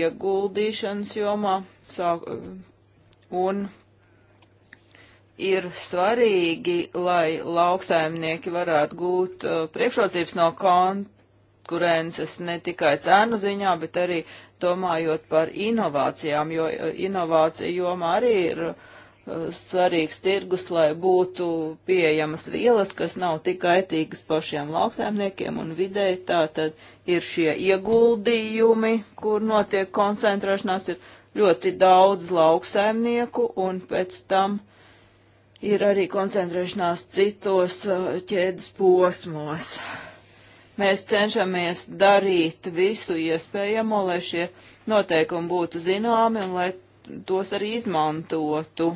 ieguldīšanas jomā, sāk, uh, un ir svarīgi, lai lauksaimnieki varētu gūt priekšrocības no konkurences ne tikai cēnu ziņā, bet arī domājot par inovācijām, jo inovācija jomā arī ir uh, svarīgs tirgus, lai būtu pieejamas vielas, kas nav tik kaitīgas pašiem lauksaimniekiem un videi. Tātad ir šie ieguldījumi, kur notiek koncentrēšanās, ir ļoti daudz lauksaimnieku un pēc tam ir arī koncentrēšanās citos uh, ķēdes posmos. Mēs cenšamies darīt visu iespējamo, lai šie noteikumi būtu zināmi un lai tos arī izmantotu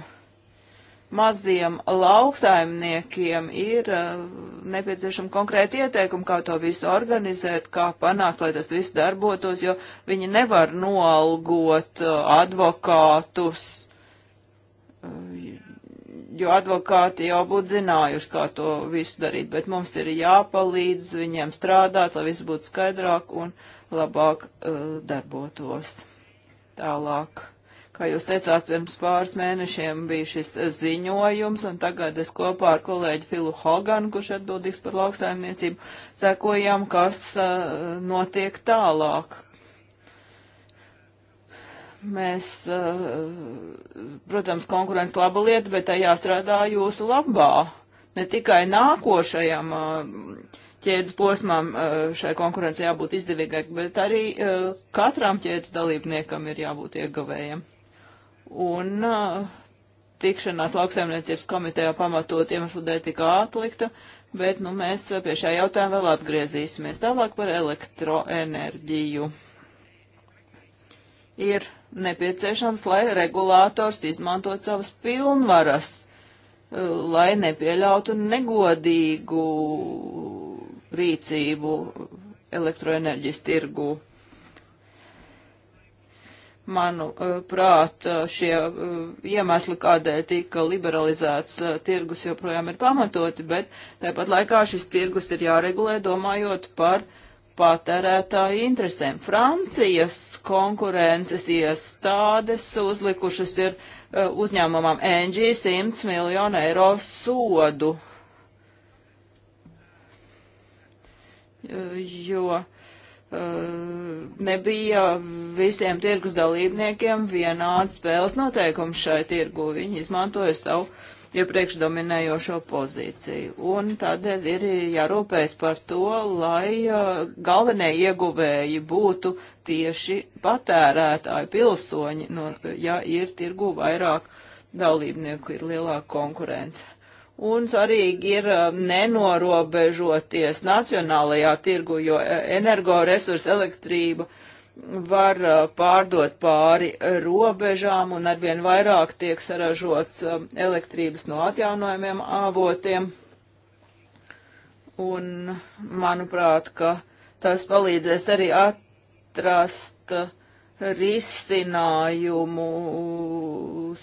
maziem lauksaimniekiem ir uh, nepieciešama konkrēta ieteikuma, kā to visu organizēt, kā panākt, lai tas viss darbotos, jo viņi nevar noalgot uh, advokātus, uh, jo advokāti jau būtu zinājuši, kā to visu darīt, bet mums ir jāpalīdz viņiem strādāt, lai viss būtu skaidrāk un labāk uh, darbotos. Tālāk Kā jūs teicāt, pirms pāris mēnešiem bija šis eh, ziņojums, un tagad es kopā ar kolēģi Filu Hoganu, kurš atbildīgs par lauksaimniecību, sekojam, kas uh, notiek tālāk. Mēs, uh, protams, konkurence laba lieta, bet tajā strādā jūsu labā. Ne tikai nākošajam uh, ķēdes posmām šai konkurencei jābūt izdevīgāk, bet arī katram ķēdes dalībniekam ir jābūt ieguvējam un uh, tikšanās lauksaimniecības komitejā pamatot iemeslu dēļ tika atlikta, bet nu, mēs pie šā jautājuma vēl atgriezīsimies. Tālāk par elektroenerģiju. Ir nepieciešams, lai regulātors izmantot savas pilnvaras, uh, lai nepieļautu negodīgu rīcību elektroenerģijas tirgū. Manuprāt, uh, uh, šie uh, iemesli, kādēļ tika liberalizēts tirgus, joprojām ir pamatoti, bet tāpat laikā šis tirgus ir jāregulē domājot par patērētāju interesēm. Francijas konkurences iestādes uzlikušas ir uzņēmumam NG 100 miljonu eiro sodu. Jo Eh, nebija visiem tirgus dalībniekiem vienāds spēles noteikums šai tirgu. Viņi izmantoja savu iepriekš dominējošo pozīciju. Un tādēļ ir jārūpējas par to, lai eh, galvenie ieguvēji būtu tieši patērētāji, pilsoņi, no, ja ir tirgu vairāk dalībnieku, ir lielāka konkurence. Un svarīgi ir uh, nenorobežoties nacionālajā tirgu, jo uh, energoresursu elektrība var uh, pārdot pāri robežām un arvien vairāk tiek saražots um, elektrības no atjaunojumiem avotiem. Un manuprāt, ka tas palīdzēs arī atrast risinājumu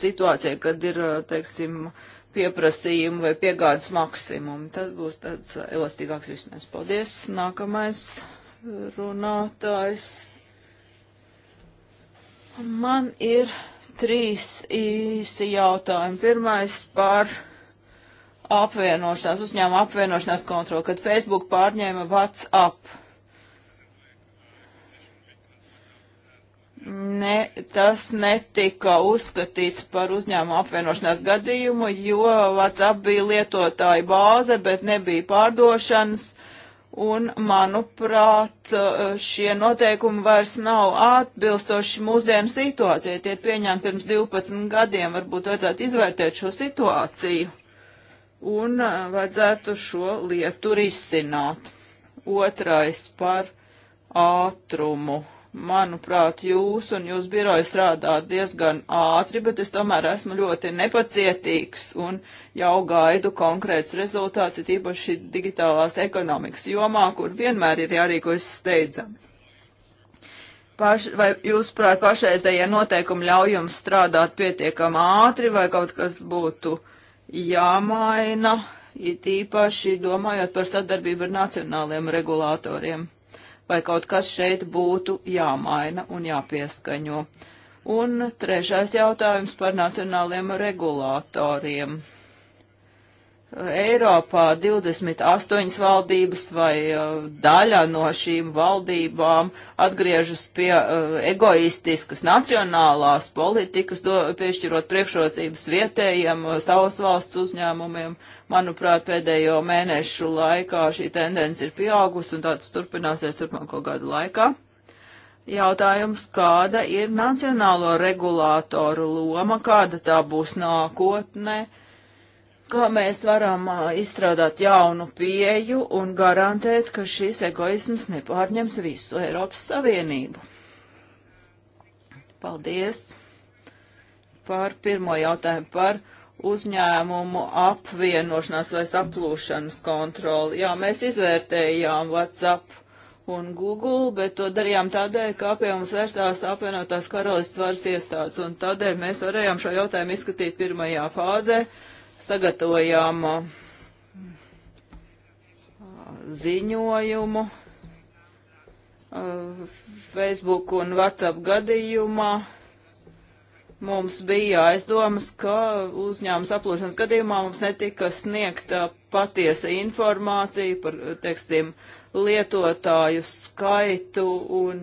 situācijai, kad ir, teiksim, uh, pieprasījumu vai piegādes maksimumu. Tas būs tāds elastīgāks risinājums. Paldies. Nākamais runātājs. Man ir trīs īsi jautājumi. Pirmais par apvienošanās, uzņēmuma apvienošanās kontroli, kad Facebook pārņēma WhatsApp ne, tas netika uzskatīts par uzņēmumu apvienošanās gadījumu, jo WhatsApp bija lietotāja bāze, bet nebija pārdošanas. Un, manuprāt, šie noteikumi vairs nav atbilstoši mūsdienu situācijai. Tie pieņemti pirms 12 gadiem, varbūt vajadzētu izvērtēt šo situāciju un uh, vajadzētu šo lietu risināt. Otrais par ātrumu manuprāt, jūs un jūs biroja strādāt diezgan ātri, bet es tomēr esmu ļoti nepacietīgs un jau gaidu konkrēts rezultāts, ir īpaši digitālās ekonomikas jomā, kur vienmēr ir jārīkojas steidzami. Paš, vai jūs, prāt, pašreizējie noteikumi ļauj jums strādāt pietiekam ātri, vai kaut kas būtu jāmaina, it īpaši domājot par sadarbību ar nacionāliem regulātoriem? vai kaut kas šeit būtu jāmaina un jāpieskaņo. Un trešais jautājums par nacionāliem regulātoriem. Eiropā 28 valdības vai uh, daļa no šīm valdībām atgriežas pie uh, egoistiskas nacionālās politikas, do, piešķirot priekšrocības vietējiem uh, savas valsts uzņēmumiem. Manuprāt, pēdējo mēnešu laikā šī tendence ir pieaugusi un tāds turpināsies turpmāko gadu laikā. Jautājums, kāda ir nacionālo regulātoru loma, kāda tā būs nākotnē? kā mēs varam izstrādāt jaunu pieju un garantēt, ka šis egoisms nepārņems visu Eiropas Savienību. Paldies par pirmo jautājumu par uzņēmumu apvienošanās vai saplūšanas kontroli. Jā, mēs izvērtējām WhatsApp un Google, bet to darījām tādēļ, ka pie mums vērstās apvienotās karalists varas iestādes, un tādēļ mēs varējām šo jautājumu izskatīt pirmajā fāzē sagatavojām uh, ziņojumu uh, Facebook un WhatsApp gadījumā. Mums bija aizdomas, ka uzņēmums aplūšanas gadījumā mums netika sniegta patiesa informācija par, teiksim, lietotāju skaitu un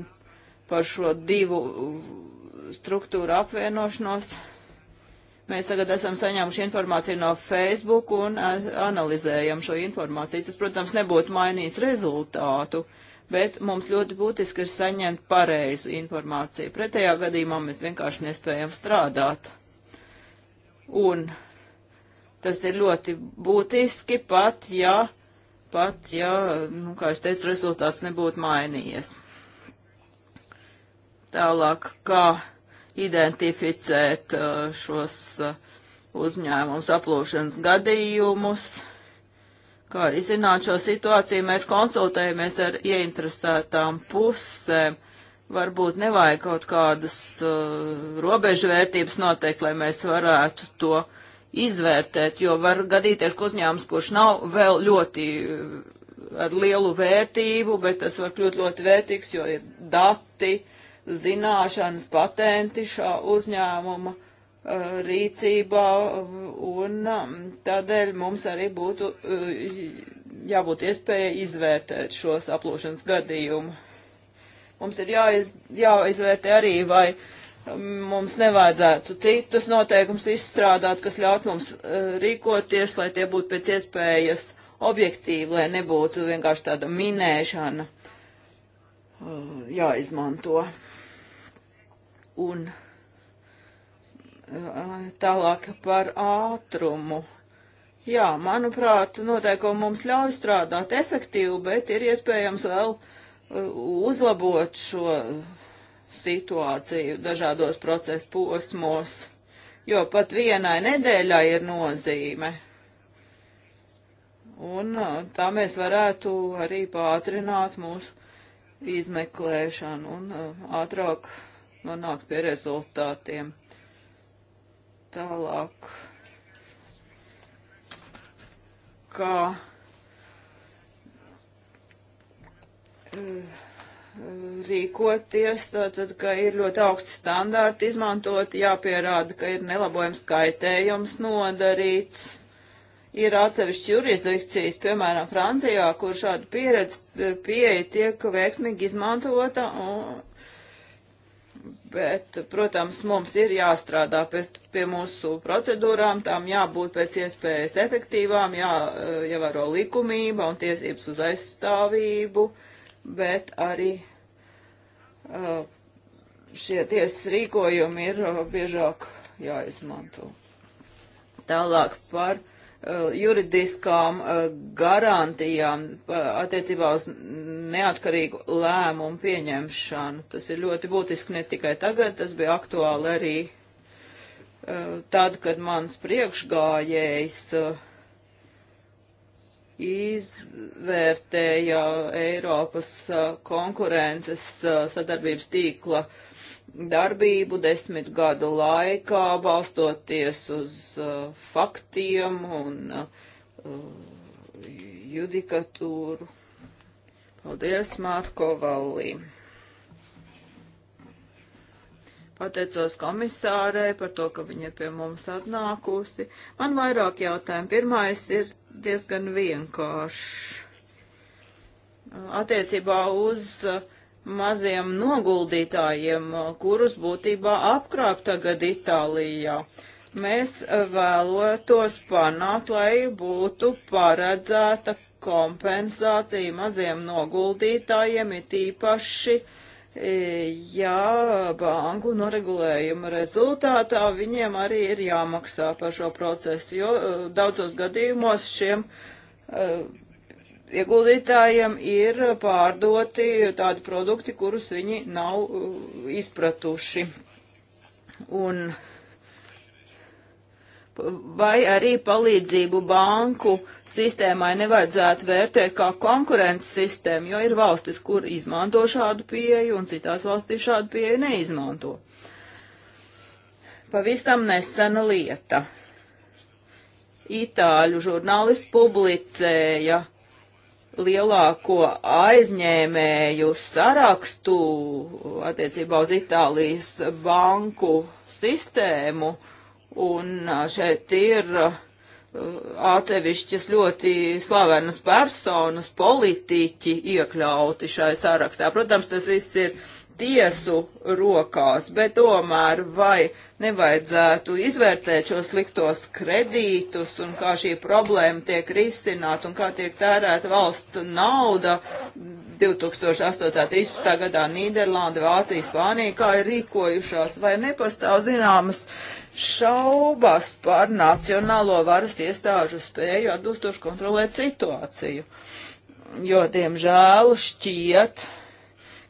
par šo divu struktūru apvienošanos. Uh, Mēs tagad esam saņēmuši informāciju no Facebook un analizējam šo informāciju. Tas, protams, nebūtu mainījis rezultātu, bet mums ļoti būtiski ir saņemt pareizu informāciju. Pretējā gadījumā mēs vienkārši nespējam strādāt. Un tas ir ļoti būtiski pat, ja, pat, ja, nu, kā es teicu, rezultāts nebūtu mainījies. Tālāk, kā identificēt uh, šos uh, uzņēmums aplūšanas gadījumus. Kā arī zināt šo situāciju, mēs konsultējamies ar ieinteresētām pusēm. Varbūt nevajag kaut kādas uh, robežvērtības noteikt, lai mēs varētu to izvērtēt, jo var gadīties, ka uzņēmums, kurš nav vēl ļoti uh, ar lielu vērtību, bet tas var kļūt ļoti vērtīgs, jo ir dati, uh, zināšanas, patenti šā uzņēmuma uh, rīcībā, un um, tādēļ mums arī būtu uh, jābūt iespēja izvērtēt šos aplūšanas gadījumu. Mums ir jāiz, jāizvērtē arī, vai um, mums nevajadzētu citus noteikumus izstrādāt, kas ļaut mums uh, rīkoties, lai tie būtu pēc iespējas objektīvi, lai nebūtu vienkārši tāda minēšana jāizmanto. Un tālāk par ātrumu. Jā, manuprāt, noteikumi mums ļauj strādāt efektīvi, bet ir iespējams vēl uzlabot šo situāciju dažādos procesu posmos, jo pat vienai nedēļai ir nozīme. Un tā mēs varētu arī pātrināt mūsu izmeklēšanu un ātrāk nonākt pie rezultātiem. Tālāk, kā eh, rīkoties, tātad, ka ir ļoti augsti standarti izmantot, jāpierāda, ka ir nelabojums kaitējums nodarīts. Ir atsevišķi jurisdikcijas, piemēram, Francijā, kur šāda pieredze eh, pieeja tiek veiksmīgi izmantota, un, bet, protams, mums ir jāstrādā pēc, pie mūsu procedūrām, tām jābūt pēc iespējas efektīvām, jāievēro eh, likumība un tiesības uz aizstāvību, bet arī uh, šie tiesas rīkojumi ir uh, biežāk jāizmanto. Tālāk par Uh, juridiskām uh, garantijām attiecībā uz neatkarīgu lēmumu pieņemšanu. Tas ir ļoti būtiski ne tikai tagad, tas bija aktuāli arī uh, tad, kad mans priekšgājējs izvērtēja Eiropas konkurences sadarbības tīkla uh, darbību desmit gadu laikā, balstoties uz uh, faktiem un uh, judikatūru. Paldies, Mārko Vallī. Pateicos komisārei par to, ka viņa pie mums atnākusi. Man vairāk jautājumu. Pirmais ir diezgan vienkāršs. Attiecībā uz uh, maziem noguldītājiem, uh, kurus būtībā apkrāp tagad Itālijā. Mēs uh, vēlotos panākt, lai būtu paredzēta kompensācija maziem noguldītājiem, ir tīpaši, e, ja banku noregulējuma rezultātā viņiem arī ir jāmaksā par šo procesu, jo e, daudzos gadījumos šiem e, ieguldītājiem ir pārdoti tādi produkti, kurus viņi nav uh, izpratuši. Un vai arī palīdzību banku sistēmai nevajadzētu vērtēt kā konkurences sistēmu, jo ir valstis, kur izmanto šādu pieeju, un citās valstīs šādu pieeju neizmanto. Pavisam nesena lieta. Itāļu žurnālists publicēja lielāko aizņēmēju sarakstu attiecībā uz Itālijas banku sistēmu, un šeit ir atsevišķas ļoti slavenas personas, politiķi iekļauti šai sarakstā. Protams, tas viss ir tiesu rokās, bet tomēr vai nevajadzētu izvērtēt šos liktos kredītus un kā šī problēma tiek risināta un kā tiek tērēta valsts nauda 2008.13. gadā Nīderlanda, Vācija, Spānija, kā ir rīkojušās, vai nepastāv zināmas šaubas par nacionālo varas iestāžu spēju atbilstoši kontrolēt situāciju. Jo, diemžēl, šķiet,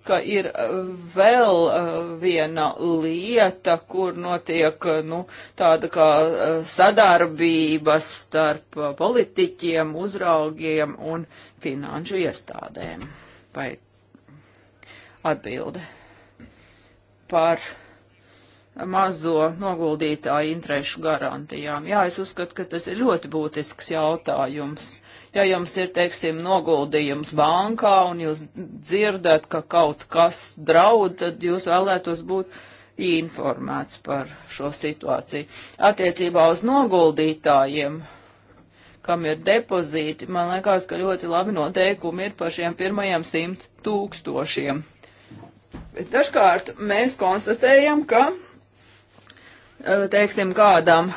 ka ir eh, vēl eh, viena lieta, kur notiek eh, nu, tāda kā sadarbība starp politiķiem, uzraugiem un finanšu iestādēm. Vai atbilde par mazo noguldītāju interešu garantijām. Jā, es uzskatu, ka tas ir ļoti būtisks jautājums Ja jums ir, teiksim, noguldījums bankā un jūs dzirdat, ka kaut kas draud, tad jūs vēlētos būt informēts par šo situāciju. Attiecībā uz noguldītājiem, kam ir depozīti, man liekas, ka ļoti labi noteikumi ir par šiem pirmajiem simt tūkstošiem. Bet dažkārt mēs konstatējam, ka, eh, teiksim, kādam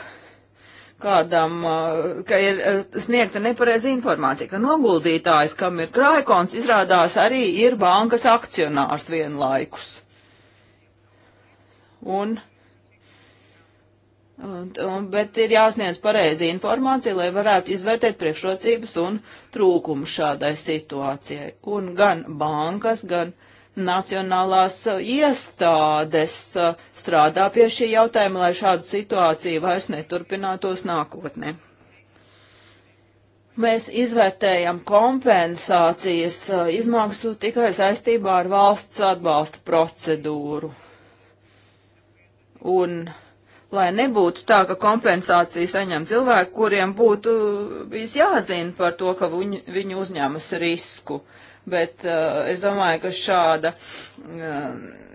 kādam, ka ir sniegta nepareiza informācija, ka noguldītājs, kam ir krājkons, izrādās arī ir bankas akcionārs vienlaikus. Un, un, bet ir jāsniedz pareizi informācija, lai varētu izvērtēt priekšrocības un trūkumu šādai situācijai. Un gan bankas, gan nacionālās uh, iestādes uh, strādā pie šī jautājuma, lai šāda situācija vairs neturpinātos nākotnē. Mēs izvērtējam kompensācijas uh, izmaksu tikai saistībā ar valsts atbalsta procedūru. Un lai nebūtu tā, ka kompensāciju saņem cilvēki, kuriem būtu bijis jāzina par to, ka viņu, viņu uzņemas risku. Uh, bet uh, es domāju, ka šāda uh,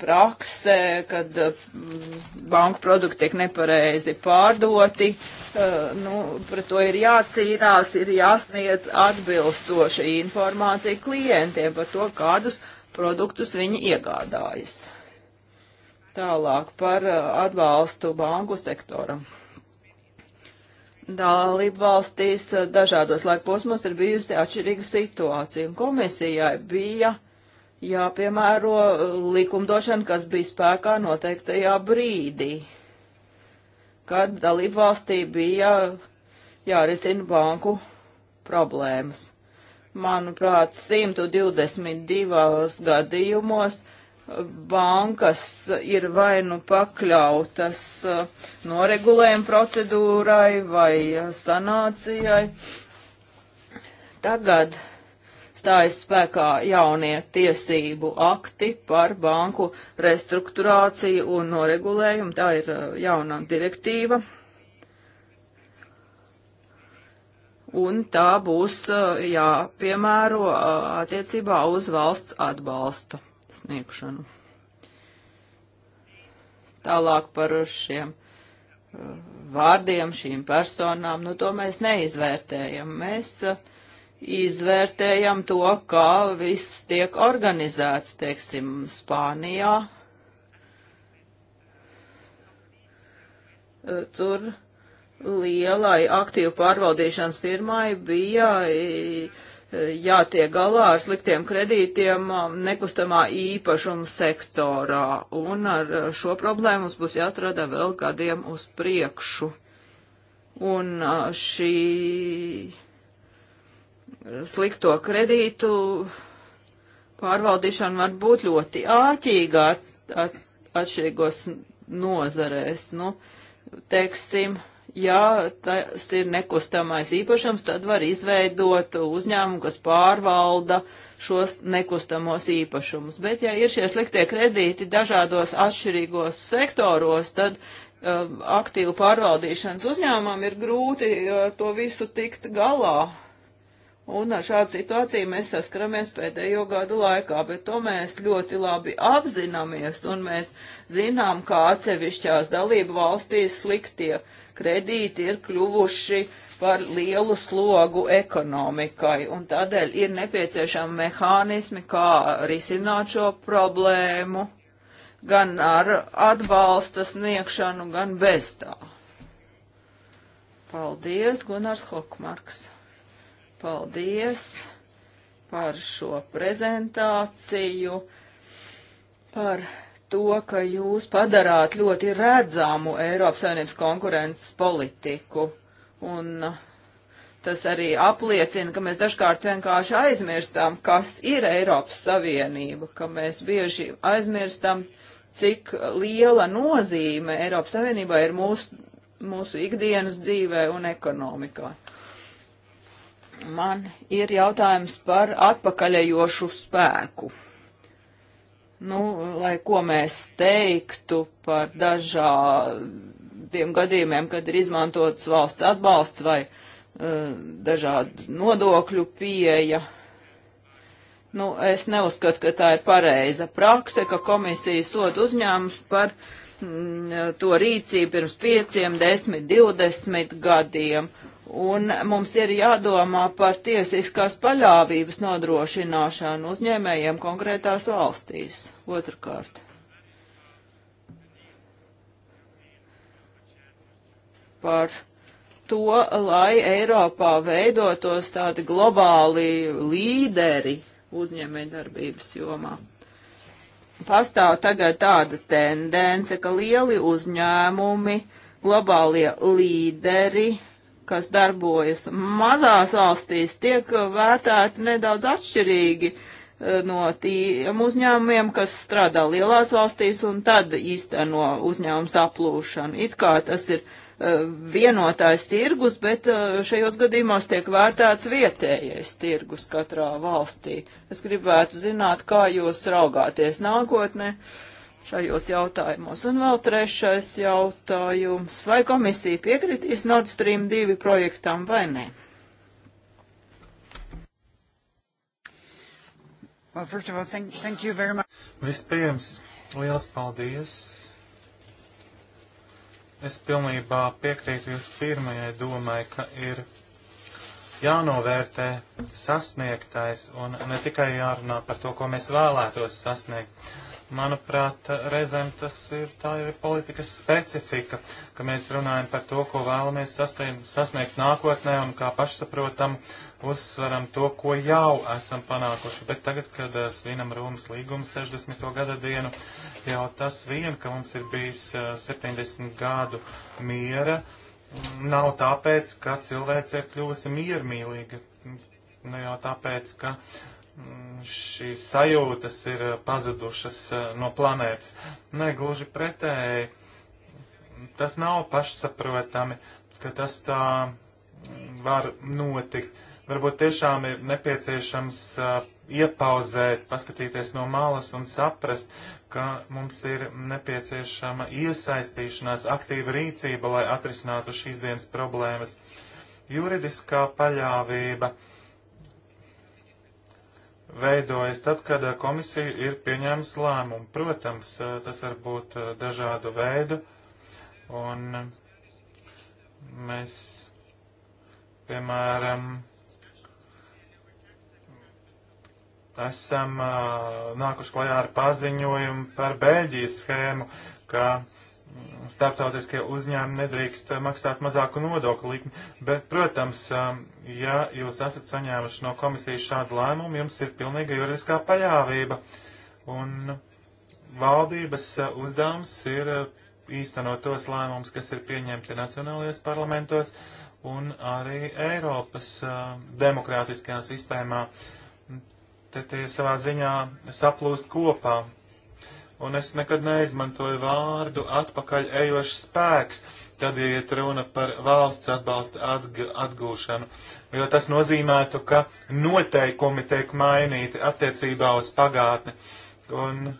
prakse, kad mm, banku produkti tiek nepareizi pārdoti, eh, nu, pret to ir jācīnās, ir jāsniedz atbilstoša informācija klientiem par to, kādus produktus viņi iegādājas. Tālāk par atbalstu banku sektoram. Dalību valstīs eh, dažādos laikposmos ir bijusi atšķirīga situācija, un komisijai bija jāpiemēro eh, likumdošana, kas bija spēkā noteiktajā brīdī, kad dalību valstī bija jārisina banku problēmas. Manuprāt, 122 gadījumos bankas ir vai nu pakļautas uh, noregulējuma procedūrai vai uh, sanācijai. Tagad stājas spēkā jaunie tiesību akti par banku restruktūrāciju un noregulējumu. Tā ir uh, jaunā direktīva. Un tā būs jāpiemēro attiecībā uz valsts atbalstu sniegšanu. Tālāk par šiem uh, vārdiem, šīm personām, nu to mēs neizvērtējam. Mēs uh, izvērtējam to, kā viss tiek organizēts, teiksim, Spānijā. Uh, tur lielai aktīvu pārvaldīšanas firmai bija jātiek galā ar sliktiem kredītiem um, nekustamā īpašuma sektorā, un ar uh, šo problēmu mums būs jāstrādā vēl gadiem uz priekšu. Un uh, šī slikto kredītu pārvaldīšana var būt ļoti āķīga at, at, atšķirīgos nozarēs, nu, teiksim, ja tas ir nekustamais īpašums, tad var izveidot uzņēmumu, kas pārvalda šos nekustamos īpašumus. Bet, ja ir šie sliktie kredīti dažādos atšķirīgos sektoros, tad uh, aktīvu pārvaldīšanas uzņēmumam ir grūti ar uh, to visu tikt galā. Un ar šādu situāciju mēs saskaramies pēdējo gadu laikā, bet to mēs ļoti labi apzināmies un mēs zinām, kā atsevišķās dalību valstīs sliktie kredīti ir kļuvuši par lielu slogu ekonomikai, un tādēļ ir nepieciešami mehānismi, kā risināt šo problēmu, gan ar atbalsta sniegšanu, gan bez tā. Paldies, Gunārs Hokmarks. Paldies par šo prezentāciju, par to, ka jūs padarāt ļoti redzamu Eiropas Savienības konkurences politiku. Un uh, tas arī apliecina, ka mēs dažkārt vienkārši aizmirstam, kas ir Eiropas Savienība, ka mēs bieži aizmirstam, cik liela nozīme Eiropas Savienībā ir mūsu, mūsu ikdienas dzīvē un ekonomikā. Man ir jautājums par atpakaļējošu spēku. Nu, lai ko mēs teiktu par dažādiem gadījumiem, kad ir izmantots valsts atbalsts vai uh, dažādu nodokļu pieeja, nu, es neuzskatu, ka tā ir pareiza prakse, ka komisija sod uzņēmums par mm, to rīcību pirms pieciem, desmit, divdesmit gadiem. Un mums ir jādomā par tiesiskās paļāvības nodrošināšanu uzņēmējiem konkrētās valstīs. Otrakārt. Par to, lai Eiropā veidotos tādi globāli līderi uzņēmējdarbības jomā. Pastāv tagad tāda tendence, ka lieli uzņēmumi, globālie līderi, kas darbojas mazās valstīs, tiek vērtēti nedaudz atšķirīgi eh, no tiem uzņēmumiem, kas strādā lielās valstīs un tad īsteno uzņēmums aplūšanu. It kā tas ir eh, vienotājs tirgus, bet eh, šajos gadījumos tiek vērtēts vietējais tirgus katrā valstī. Es gribētu zināt, kā jūs raugāties nākotnē. Uh, šajos jautājumos. Un vēl trešais jautājums. Vai komisija piekritīs Nord Stream 2 projektam vai nē? Well, first of all, thank, thank you very much. Vispirms, liels paldies. Es pilnībā piekrītu jūs pirmajai domai, ka ir jānovērtē sasniegtais un ne tikai jārunā par to, ko mēs vēlētos sasniegt Manuprāt, reizēm tas ir tā ir politikas specifika, ka mēs runājam par to, ko vēlamies sasniegt, sasniegt nākotnē un kā pašsaprotam uzsveram to, ko jau esam panākuši. Bet tagad, kad eh, svinam Romas līgumu 60. gada dienu, jau tas vien, ka mums ir bijis 70 eh, gadu miera, mm, nav tāpēc, ka cilvēce ir kļuvusi miermīlīga. Nu jau tāpēc, ka uh, Mm, šīs sajūtas ir eh, pazudušas eh, no planētas. Nē, gluži pretēji, tas nav pašsaprotami, ka tas tā mm, var notikt. Varbūt tiešām ir nepieciešams eh, iepauzēt, paskatīties no malas un saprast, ka mums ir nepieciešama iesaistīšanās, aktīva rīcība, lai atrisinātu šīs dienas problēmas. Juridiskā paļāvība. Uh, veidojas tad, kad eh, komisija ir pieņēmusi lēmumu. Protams, eh, tas var būt eh, dažādu veidu, un mēs, piemēram, esam nākuši klajā ar paziņojumu par Bēļģijas schēmu, ka starptautiskie uzņēmumi nedrīkst eh, maksāt mazāku nodokļu likmi, bet, protams, eh, ja jūs esat saņēmuši no komisijas šādu lēmumu, jums ir pilnīga juridiskā paļāvība. Un valdības eh, uzdevums ir īstenot tos lēmumus, kas ir pieņemti nacionālajos parlamentos un arī Eiropas demokrātiskajā sistēmā. Te tie savā ziņā saplūst kopā un es nekad neizmantoju vārdu atpakaļ ejošs spēks, tad iet runa par valsts atbalsta atg atgūšanu, jo tas nozīmētu, ka noteikumi tiek mainīti attiecībā uz pagātni. Un,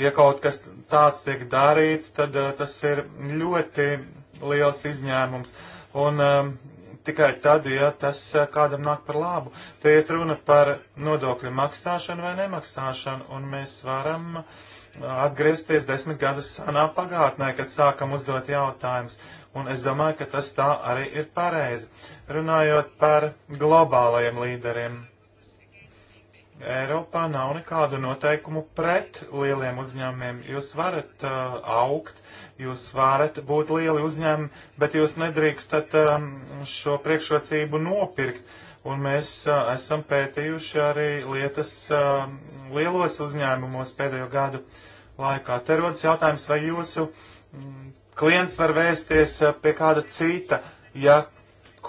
ja kaut kas tāds tiek darīts, tad uh, tas ir ļoti liels izņēmums. Un um, tikai tad, ja tas eh, kādam nāk par labu. Te ir runa par nodokļu maksāšanu vai nemaksāšanu, un mēs varam eh, atgriezties desmit gadus senā pagātnē, kad sākam uzdot jautājumus. Un es domāju, ka tas tā arī ir pareizi. Runājot par globālajiem līderiem Eiropā nav nekādu noteikumu pret lieliem uzņēmumiem. Jūs varat uh, augt, jūs varat būt lieli uzņēmumi, bet jūs nedrīkstat um, šo priekšrocību nopirkt. Un mēs uh, esam pētījuši arī lietas uh, lielos uzņēmumos pēdējo gadu laikā. Te rodas jautājums, vai jūsu mm, klients var vērsties uh, pie kāda cita, ja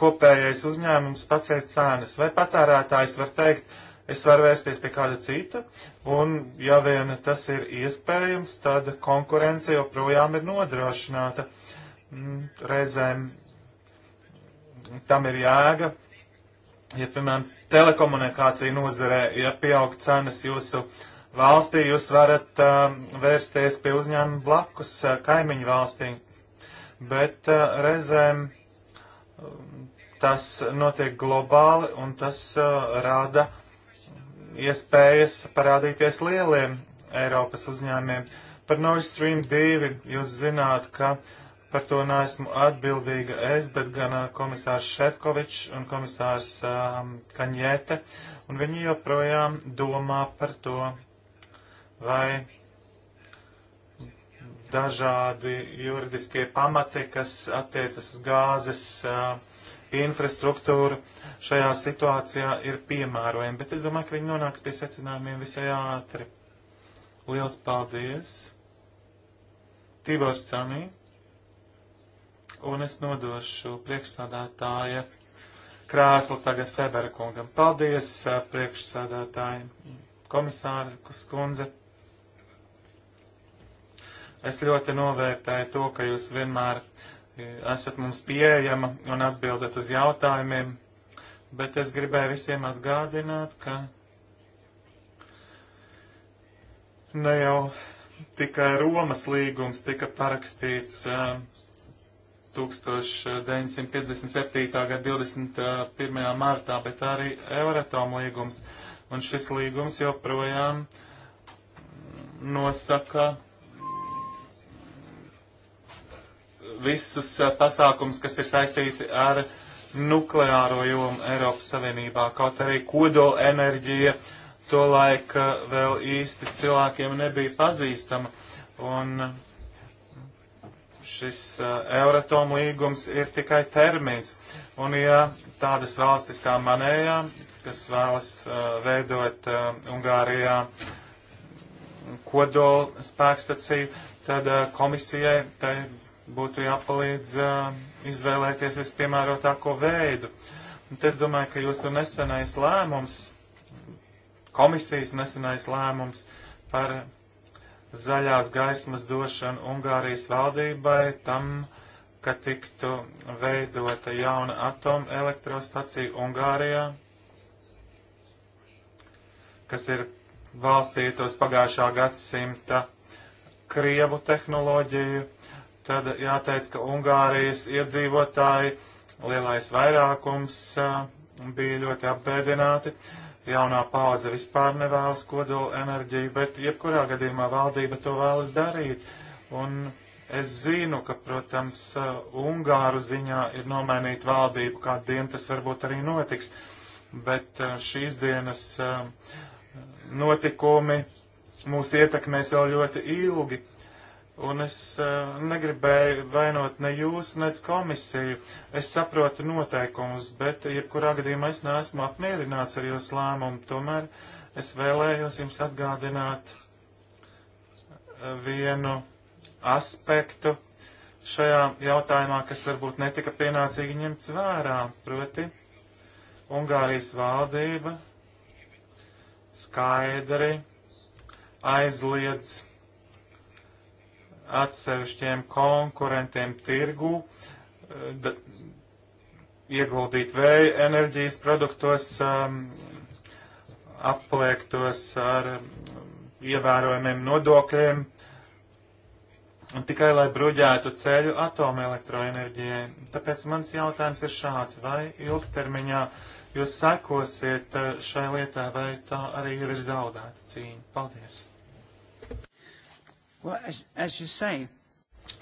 kopējais uzņēmums pacēla cenas, vai patērētājs var teikt, es varu vērsties pie kāda cita, un ja vien tas ir iespējams, tad konkurence joprojām ir nodrošināta. Mm, reizēm tam ir jēga, ja, piemēram, telekomunikācija nozarē, ja pieaug cenas jūsu valstī, jūs varat uh, vērsties pie uzņēmuma blakus uh, kaimiņu valstī, bet uh, reizēm um, tas notiek globāli un tas uh, rada uh, iespējas parādīties lieliem Eiropas uzņēmiem. Par Nord Stream 2 jūs zināt, ka par to neesmu atbildīga es, bet gan komisārs Šefkovičs un komisārs um, Kaņete, un viņi joprojām domā par to, vai dažādi juridiskie pamati, kas attiecas uz gāzes uh, infrastruktūru, uh, šajā situācijā ir piemērojami, bet es domāju, ka viņi nonāks pie secinājumiem visai ātri. Liels paldies! Tibors Canī! Un es nodošu priekšsādātāja krēslu tagad Febera kungam. Paldies priekšsādātāji komisāri Kuskundze. Es ļoti novērtēju to, ka jūs vienmēr esat mums pieejama un atbildat uz jautājumiem bet es gribēju visiem atgādināt, ka ne jau tikai Romas līgums tika parakstīts uh, um, 1957. gada 21. martā, bet arī Euratom līgums. Un šis līgums joprojām nosaka visus uh, pasākums, kas ir saistīti ar uh, nukleāro jomu Eiropas Savienībā, kaut arī kodola enerģija to laika vēl īsti cilvēkiem nebija pazīstama. Un šis uh, Euratom līgums ir tikai termins. Un ja tādas valstis kā manējā, kas vēlas uh, veidot uh, Ungārijā kodola spēkstaciju, tad uh, komisijai tai būtu jāpalīdz uh, izvēlēties vispiemērotāko veidu. Bet es domāju, ka jūsu nesenais lēmums, komisijas nesenais lēmums par zaļās gaismas došanu Ungārijas valdībai tam, ka tiktu veidota jauna atomelektrostacija Ungārijā, kas ir balstītos pagājušā gadsimta Krievu tehnoloģiju tad jāteic, ka Ungārijas iedzīvotāji lielais vairākums bija ļoti apbēdināti. Jaunā paudze vispār nevēlas kodola enerģiju, bet jebkurā gadījumā valdība to vēlas darīt. Un es zinu, ka, protams, Ungāru ziņā ir nomainīt valdību, kādu dienu tas varbūt arī notiks, bet šīs dienas notikumi mūs ietekmēs vēl ļoti ilgi. Un es uh, negribēju vainot ne jūs, nec komisiju. Es saprotu noteikumus, bet jebkurā gadījumā es neesmu apmierināts ar jūsu lēmumu. Tomēr es vēlējos jums atgādināt eh, vienu aspektu šajā jautājumā, kas varbūt netika pienācīgi ņemts vērā, proti Ungārijas valdība skaidri aizliedz atsevišķiem konkurentiem tirgu eh, da, ieguldīt vēja enerģijas produktos, um, apliektos ar ehm, ievērojumiem nodokļiem, tikai lai bruģētu ceļu atomelektroenerģijai. Tāpēc mans jautājums ir šāds, vai ilgtermiņā jūs sekosiet eh, šai lietai, vai tā arī ir zaudēta cīņa? Paldies! Well, as, as you say.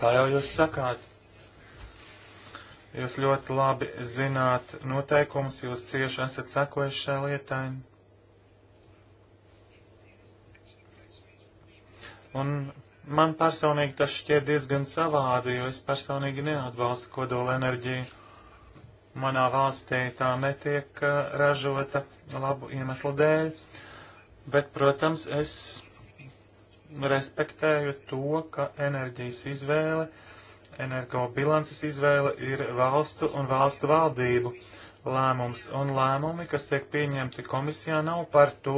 Kā jau jūs sakāt, jūs ļoti labi zināt noteikumus, jūs cieši esat sakojuši šai lietai. Un man personīgi tas šķiet diezgan savādi, jo es personīgi neatbalstu kodola enerģiju. Manā valstī tā netiek eh, ražota labu iemeslu dēļ, bet, protams, es respektēju to, ka enerģijas izvēle, energobilances izvēle ir valstu un valstu valdību lēmums, un lēmumi, kas tiek pieņemti komisijā, nav par to,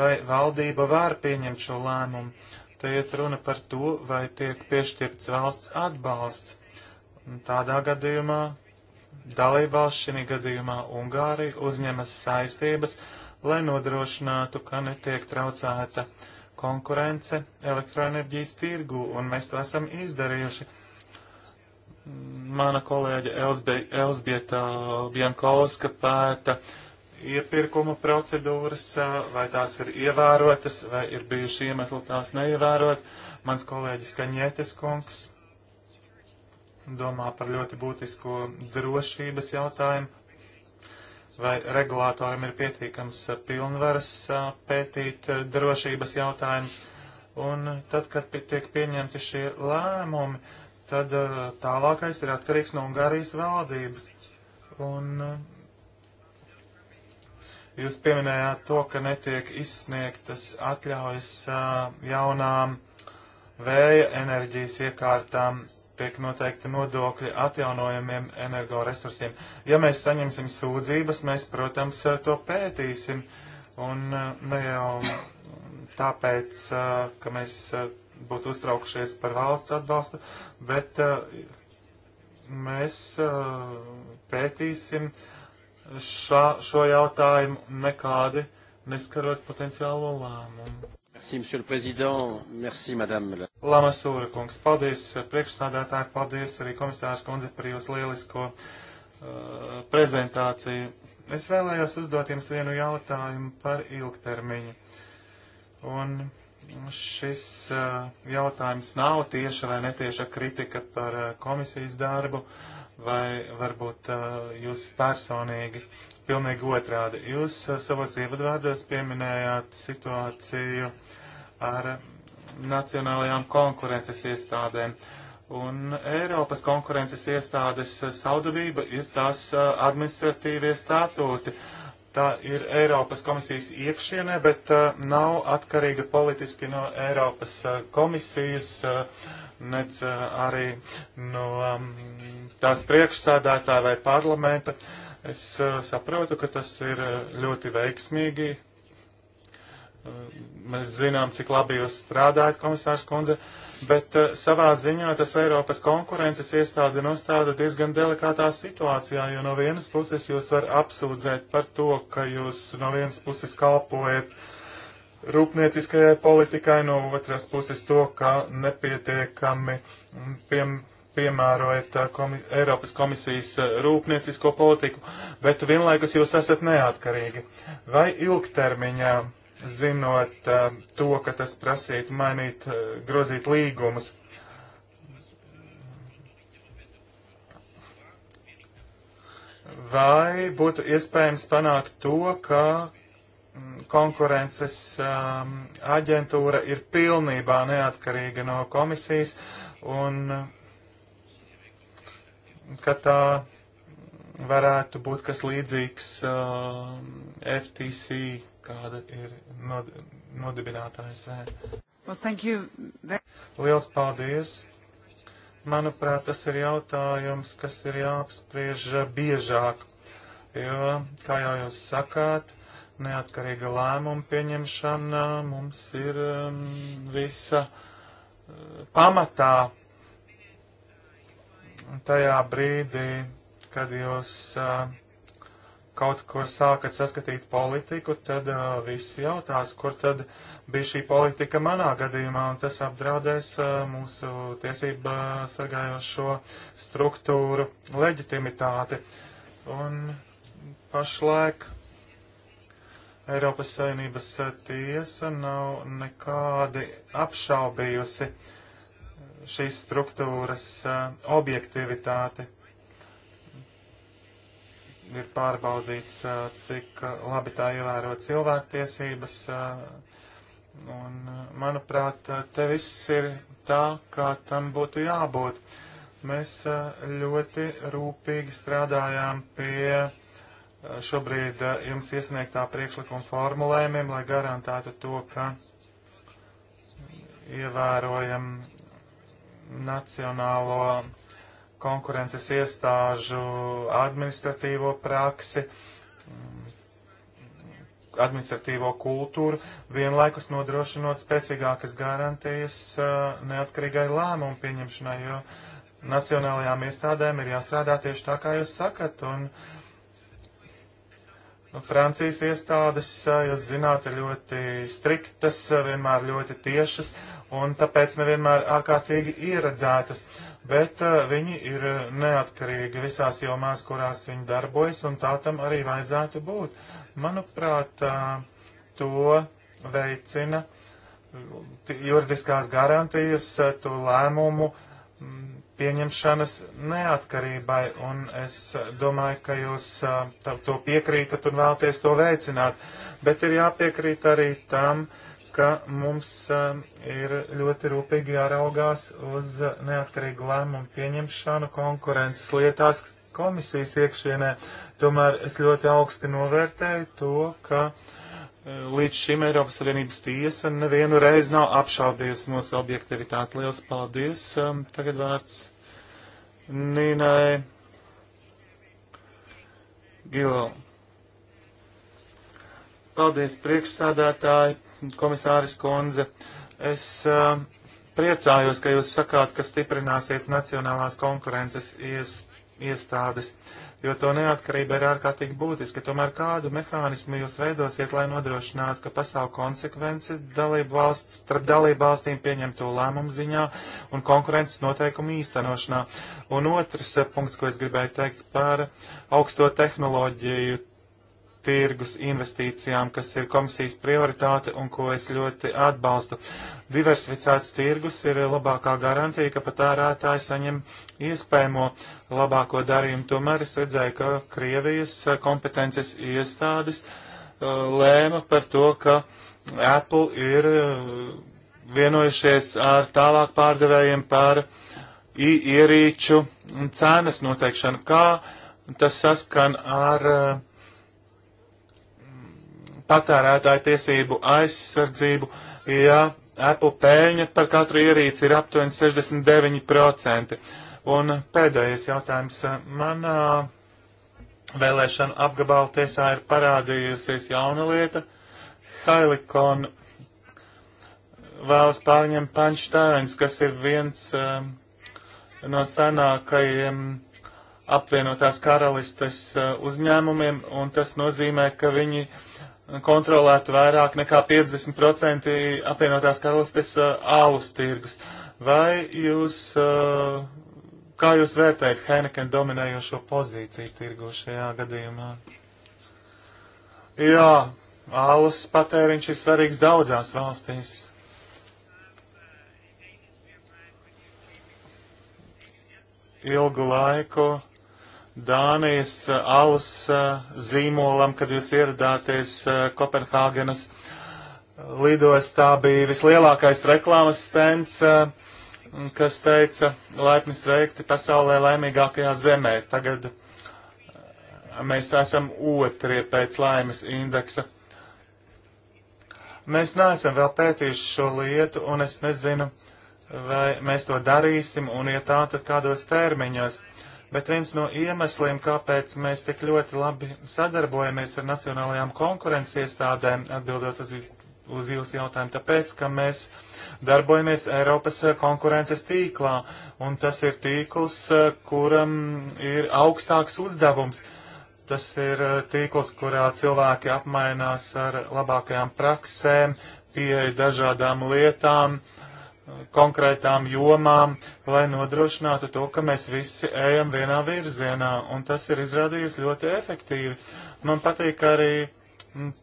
vai valdība var pieņemt šo lēmumu. Te iet runa par to, vai tiek piešķirts valsts atbalsts. Un tādā gadījumā dalībvalsts šī gadījumā Ungārija uzņemas saistības, lai nodrošinātu, ka netiek traucēta uh, konkurence elektroenerģijas tirgu, un mēs to esam izdarījuši. Mana kolēģe Elsbieta Bienkovska pēta iepirkuma procedūras, vai tās ir ievērotas, vai ir bijuši iemesli tās neievērot. Mans kolēģis Kaņietes kungs domā par ļoti būtisko drošības jautājumu vai regulātoram ir pietiekams eh, pilnvaras eh, pētīt eh, drošības jautājumus. Un tad, kad tiek pieņemti šie lēmumi, tad tālākais ir atkarīgs no Ungārijas valdības. Un jūs pieminējāt to, ka netiek izsniegtas atļaujas jaunām vēja enerģijas iekārtām tiek noteikti nodokļi atjaunojumiem energoresursiem. Ja mēs saņemsim sūdzības, mēs, protams, eh, to pētīsim. Un eh, ne jau tāpēc, eh, ka mēs būtu uztraukšies par valsts atbalstu, bet mēs pētīsim šā, šo jautājumu nekādi neskarot potenciālo lēmumu. Merci, monsieur le président. Merci, madame. Lamasūra kungs, paldies eh, priekšsādātāji, paldies arī komisārs kundze par jūsu lielisko uh, prezentāciju. Es vēlējos uzdot jums vienu jautājumu par ilgtermiņu. Un šis uh, jautājums nav tieša vai netieša kritika par uh, komisijas darbu. Uh, vai varbūt uh, jūs personīgi pilnīgi otrādi. Jūs uh, savos ievadvārdos pieminējāt situāciju ar nacionālajām konkurences iestādēm. Un Eiropas konkurences iestādes uh, saudabība ir tās administratīvie statūti. Tā ir Eiropas komisijas iekšienē, bet uh, nav atkarīga politiski no Eiropas uh, komisijas, uh, nec uh, arī no um, tās priekšsādātāja vai parlamenta. Es uh, saprotu, ka tas ir uh, ļoti veiksmīgi. Uh, mēs zinām, cik labi jūs strādājat, komisārs kundze, bet savā ziņā tas Eiropas konkurences iestādi nostāda diezgan delikātā situācijā, jo no vienas puses jūs var apsūdzēt par to, ka jūs no vienas puses kalpojat rūpnieciskajai politikai, no otras puses to, ka nepietiekami piem, piemērojat komi Eiropas komisijas rūpniecisko politiku, bet vienlaikus jūs esat neatkarīgi. Vai ilgtermiņā, zinot to, ka tas prasītu mainīt, grozīt līgumus, vai būtu iespējams panākt to, ka mm, konkurences um, aģentūra ir pilnībā neatkarīga no komisijas un uh, ka tā varētu būt kas līdzīgs uh, FTC, kāda ir nod nodibinātāja sēde. Well, thank you. Liels paldies! Manuprāt, tas ir jautājums, kas ir jāapspriež biežāk, jo, kā jau jūs sakāt, neatkarīga lēmuma pieņemšana mums ir um, visa uh, pamatā tajā brīdī, kad jūs uh, kaut kur sākat saskatīt politiku, tad uh, visi jautās, kur tad bija šī politika manā gadījumā, un tas apdraudēs uh, mūsu tiesību uh, sargājošo struktūru leģitimitāti. Un pašlaik Eiropas Savienības tiesa nav nekādi apšaubījusi uh, šīs struktūras eh, objektivitāti ir pārbaudīts, eh, cik eh, labi tā ievēro cilvēktiesības. Un, manuprāt, te viss ir tā, kā tam būtu jābūt. Mēs ļoti rūpīgi strādājām pie šobrīd jums iesniegtā priekšlikuma formulējumiem, lai garantētu to, ka ievērojam nacionālo konkurences iestāžu administratīvo praksi, mm, administratīvo kultūru, vienlaikus nodrošinot spēcīgākas garantijas uh, neatkarīgai lēmumu pieņemšanai, jo nacionālajām iestādēm ir jāstrādā tieši tā, kā jūs sakat, un uh, Nu, Francijas iestādes, jūs zināt, ir ļoti striktas, vienmēr ļoti tiešas un tāpēc nevienmēr ārkārtīgi ieredzētas, bet viņi ir neatkarīgi visās jomās, kurās viņi darbojas, un tā tam arī vajadzētu būt. Manuprāt, to veicina juridiskās garantijas, to lēmumu pieņemšanas neatkarībai, un es domāju, ka jūs tā, to piekrītat un vēlties to veicināt. Bet ir jāpiekrīt arī tam, ka mums ir ļoti rūpīgi jāraugās uz neatkarīgu lēmumu pieņemšanu konkurences lietās komisijas iekšienē. Tomēr es ļoti augsti novērtēju to, ka līdz šim Eiropas Savienības tiesa nevienu reizi nav apšaubījusi mūsu objektivitāti. Liels paldies! Tagad vārds Nīnai Gilo. Paldies, priekšsādātāji, komisāris Konze. Es uh, priecājos, ka jūs sakāt, ka stiprināsiet nacionālās konkurences ies, iestādes. Uh, jo to neatkarība ir ārkārtīgi būtiska. Tomēr kādu mehānismu jūs veidosiet, lai nodrošinātu, ka pastāv konsekvence dalību valsts, starp dalību valstīm pieņemto lēmumu ziņā un konkurences noteikumu īstenošanā? Un otrs eh, punkts, ko es gribēju teikt par augsto tehnoloģiju tirgus investīcijām, kas ir komisijas prioritāte un ko es ļoti atbalstu. Diversificēts tirgus ir labākā garantija, ka patērētāji saņem iespējamo labāko darījumu. Tomēr es redzēju, ka Krievijas kompetences iestādes uh, lēma par to, ka Apple ir uh, vienojušies ar tālāk pārdevējiem par ierīču cenas noteikšanu, kā tas saskan ar uh, patērētāju tiesību aizsardzību, ja Apple pēļņa par katru ierīci ir aptuveni 69%. Un pēdējais jautājums. Manā vēlēšana apgabala tiesā ir parādījusies jauna lieta. Hailikon vēlas pārņemt Punchtowns, kas ir viens um, no senākajiem apvienotās karalistes uh, uzņēmumiem, un tas nozīmē, ka viņi uh, kontrolētu vairāk nekā 50% apvienotās karalistes ālus uh, tirgus. Vai jūs, uh, kā jūs vērtējat Heineken dominējošo pozīciju tirgu šajā gadījumā? Jā, ālus patēriņš ir svarīgs daudzās valstīs. Ilgu laiku Dānijas eh, alus eh, zīmolam, kad jūs ieradāties eh, Kopenhāgenas lidostā, bija vislielākais reklāmas stends, kas teica laipni sveikti pasaulē laimīgākajā zemē. Tagad mēs esam otrie pēc laimes indeksa. Mēs neesam vēl pētījuši šo lietu, un es nezinu, vai mēs to darīsim, un ja tā, tad kādos termiņos. Bet viens no iemesliem, kāpēc mēs tik ļoti labi sadarbojamies ar nacionālajām konkurences iestādēm, atbildot uz, uz jūsu jautājumu, tāpēc, ka mēs darbojamies Eiropas konkurences tīklā, un tas ir tīkls, kuram ir augstāks uzdevums. Tas ir eh, tīkls, kurā cilvēki apmainās ar labākajām praksēm, pieeja dažādām lietām, uh, konkrētām jomām, lai nodrošinātu to, ka mēs visi ejam vienā virzienā, un tas ir izrādījies ļoti efektīvi. Man patīk arī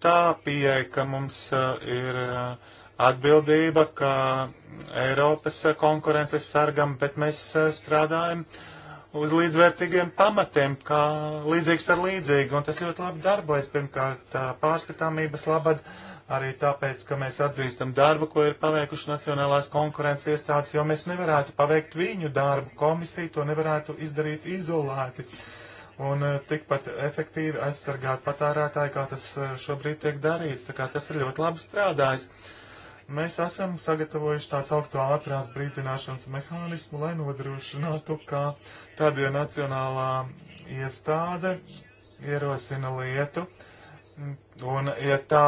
tā pieeja, ka mums ir atbildība, ka Eiropas konkurences sargam, bet mēs strādājam uz līdzvērtīgiem pamatiem, kā līdzīgs ar līdzīgu, un tas ļoti labi darbojas, pirmkārt, pārskatāmības labad arī tāpēc, ka mēs atzīstam darbu, ko ir paveikuši Nacionālās konkurences iestādes, jo mēs nevarētu paveikt viņu darbu. Komisija to nevarētu izdarīt izolēti un eh, tikpat efektīvi aizsargāt patārētāju, kā tas eh, šobrīd tiek darīts. Tā kā tas ir ļoti labi strādājis. Mēs esam sagatavojuši tās augto ātrās brīdināšanas mehānismu, lai nodrošinātu, ka tad, ja nacionālā iestāde ierosina lietu, uh, un ja tā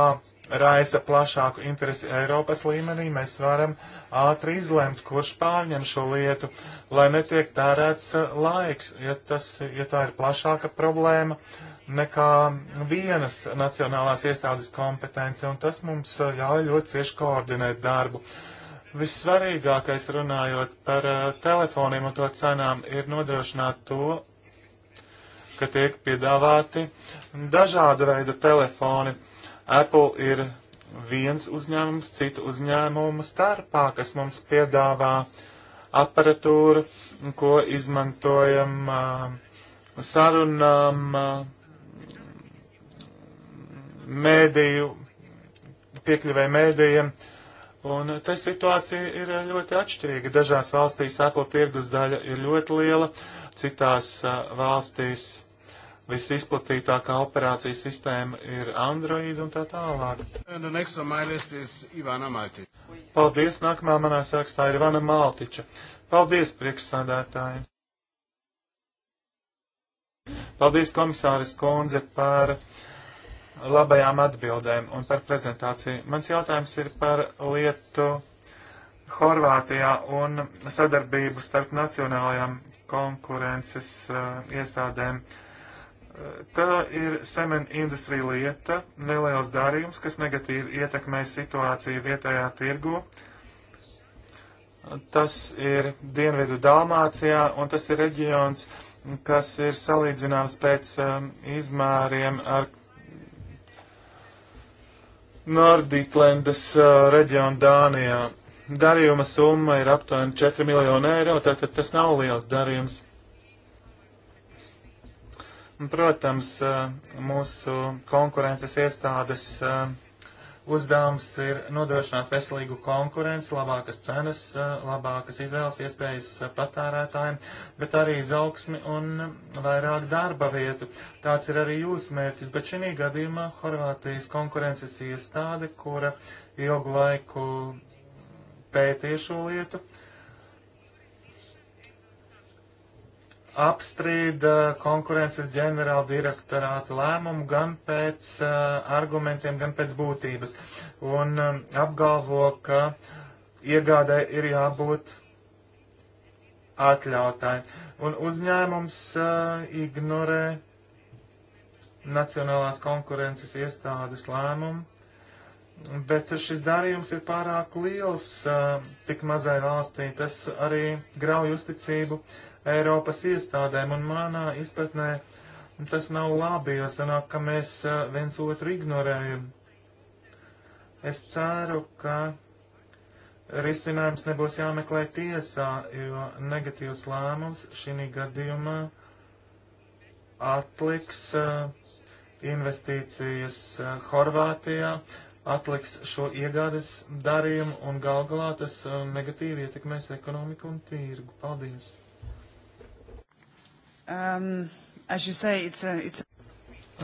raisa plašāku interesi Eiropas līmenī, mēs varam ātri izlemt, kurš pārņem šo lietu, lai netiek tērēts uh, laiks, ja, tas, ja tā ir plašāka problēma nekā vienas nacionālās iestādes kompetence, un tas mums uh, ļauj ļoti cieši koordinēt darbu. Vissvarīgākais runājot par uh, telefoniem un to cenām ir nodrošināt to, ka tiek piedāvāti dažāda veida telefoni. Apple ir viens uzņēmums citu uzņēmumu starpā, kas mums piedāvā aparatūru, ko izmantojam sarunām, mēdīju, piekļuvēju mēdījiem. Un te situācija ir ļoti atšķirīga. Dažās valstīs Apple tirgus daļa ir ļoti liela, citās valstīs visizplatītākā operācija sistēma ir Android un tā tālāk. Paldies, nākamā manā sarakstā ir Ivana Maltiča. Paldies, priekšsādātāji! Paldies, komisāris Kunze, par labajām atbildēm un par prezentāciju. Mans jautājums ir par lietu Horvātijā un sadarbību starp nacionālajām konkurences uh, iestādēm. Uh, Tā ir semena industrija lieta, neliels darījums, kas negatīvi ietekmē situāciju vietējā tirgu. Tas ir Dienvidu Dalmācijā, un tas ir reģions, kas ir salīdzināms pēc um, izmēriem ar Nordītlendas uh, reģionu Dānijā. Darījuma summa ir aptuveni 4 miljoni eiro, tātad tas nav liels darījums. Protams, eh, mūsu konkurences iestādes eh, uzdevums ir nodrošināt veselīgu konkurenci, labākas cenas, eh, labākas izvēles iespējas patērētājiem, bet arī izaugsmi un vairāk darba vietu. Tāds ir arī jūsu mērķis, bet šī gadījumā Horvātijas konkurences iestāde, kura ilgu laiku pētīja šo lietu, uh, apstrīda eh, konkurences ģenerāla direktorāta lēmumu gan pēc uh, argumentiem, gan pēc būtības un um, apgalvo, ka iegādē ir jābūt atļautāji. Un uzņēmums uh, ignorē Nacionālās konkurences iestādes lēmumu. Bet šis darījums ir pārāk liels uh, tik mazai valstī. Tas arī grauj uzticību uh, Eiropas iestādēm, un manā izpratnē tas nav labi, jo sanāk, ka mēs viens otru ignorējam. Es ceru, ka risinājums nebūs jāmeklē tiesā, jo negatīvs lēmums šī gadījumā atliks investīcijas Horvātijā, atliks šo iegādes darījumu un gal galā tas negatīvi ietekmēs ekonomiku un tirgu. Paldies! Um, as you say, it's a, it's a...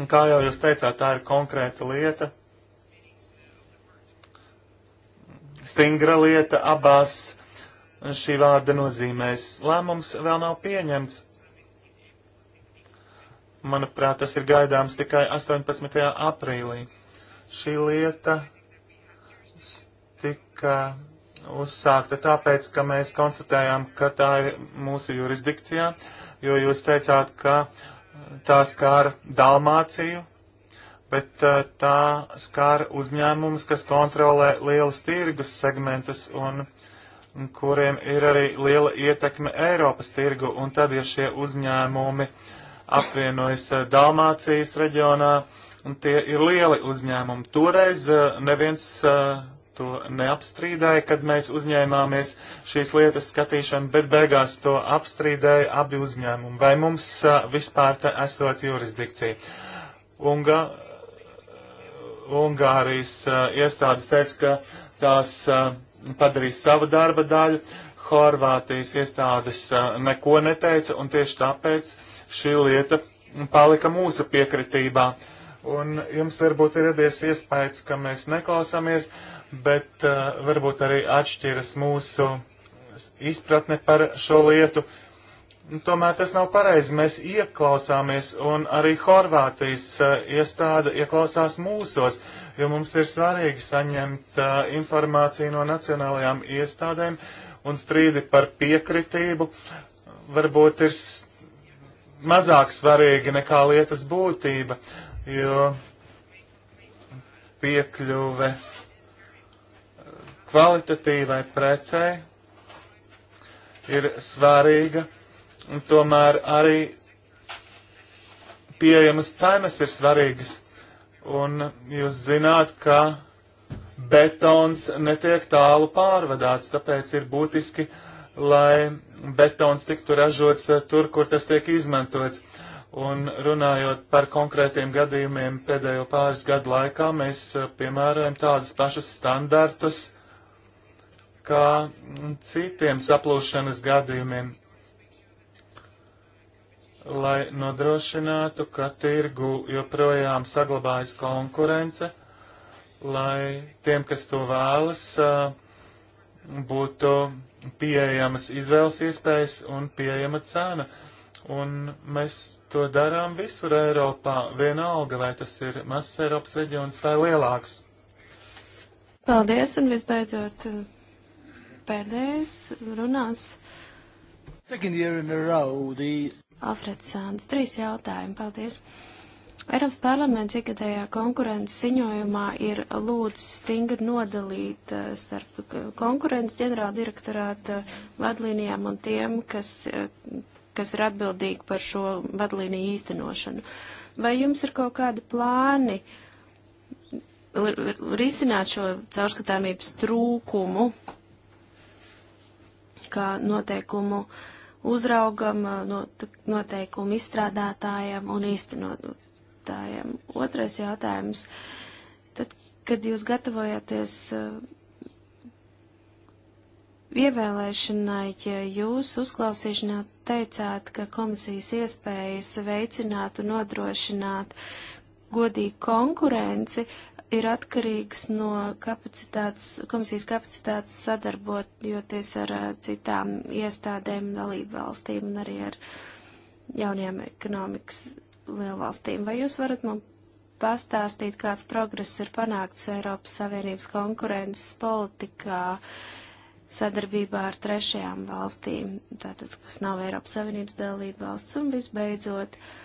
Kā jau jūs teicāt, tā ir konkrēta lieta, stingra lieta abās šī vārda nozīmēs. Lēmums vēl nav pieņemts. Manuprāt, tas ir gaidāms tikai 18. aprīlī. Šī lieta tika uzsākta tāpēc, ka mēs konstatējām, ka tā ir mūsu jurisdikcijā. Uh, jo jūs teicāt, ka eh, tā skāra Dalmāciju, bet eh, tā skāra uzņēmumus, kas kontrolē lielas tirgus segmentus un kuriem ir arī liela ietekme Eiropas tirgu. Un tad, ja šie uzņēmumi apvienojas eh, Dalmācijas reģionā, un tie ir lieli uzņēmumi. Toreiz neviens to neapstrīdēja, kad mēs uzņēmāmies šīs lietas skatīšanu, bet beigās to apstrīdēja abi uzņēmumi. Vai mums a, vispār te esot jurisdikcija? Unga, Ungārijas a, iestādes teica, ka tās a, padarīs savu darba daļu, Horvātijas iestādes neko neteica, un tieši tāpēc šī lieta palika mūsu piekritībā. Un jums varbūt ir radies iespējas, ka mēs neklausāmies. Uh, bet uh, varbūt arī atšķiras mūsu izpratne par šo lietu. Un, nu, tomēr tas nav pareizi. Mēs ieklausāmies, un arī Horvātijas uh, iestāde ieklausās mūsos, jo mums ir svarīgi saņemt uh, informāciju no nacionālajām iestādēm, un strīdi par piekritību varbūt ir mazāk svarīgi nekā lietas būtība, jo piekļuve Kvalitatīvai precē ir svarīga, un tomēr arī pieejamas cenas ir svarīgas. Un jūs zināt, ka betons netiek tālu pārvadāts, tāpēc ir būtiski, lai betons tiktu ražots eh, tur, kur tas tiek izmantots. Un runājot par konkrētiem gadījumiem pēdējo pāris gadu laikā, mēs eh, piemērojam tādus pašus standartus kā citiem saplūšanas gadījumiem, lai nodrošinātu, ka tirgu joprojām saglabājas konkurence, lai tiem, kas to vēlas, būtu pieejamas izvēles iespējas un pieejama cena. Un mēs to darām visur Eiropā, vienalga, vai tas ir mazs Eiropas reģions vai lielāks. Paldies, un visbeidzot pēdējais runās. Second year in a row, the... Alfreds Sāns, trīs jautājumi, paldies. Eiropas parlaments ikgadējā konkurences ziņojumā ir lūdzis stingri nodalīt eh, starp konkurences ģenerāla direktorāta vadlīnijām un tiem, kas, eh, kas ir atbildīgi par šo vadlīniju īstenošanu. Vai jums ir kaut kādi plāni risināt šo caurskatāmības trūkumu kā noteikumu uzraugam, noteikumu izstrādātājam un īstenotājam. Otrais jautājums. Tad, kad jūs gatavojaties eh, ievēlēšanai, ja jūs uzklausīšanā teicāt, ka komisijas iespējas veicināt un nodrošināt godīgu konkurenci ir atkarīgs no kapacitātes, komisijas kapacitātes sadarbojoties ar citām iestādēm, dalību valstīm un arī ar jaunajām ekonomikas lielvalstīm. Vai jūs varat man pastāstīt, kāds progress ir panākts Eiropas Savienības konkurences politikā sadarbībā ar trešajām valstīm, tātad, kas nav Eiropas Savienības dalība valsts un visbeidzot? Uh,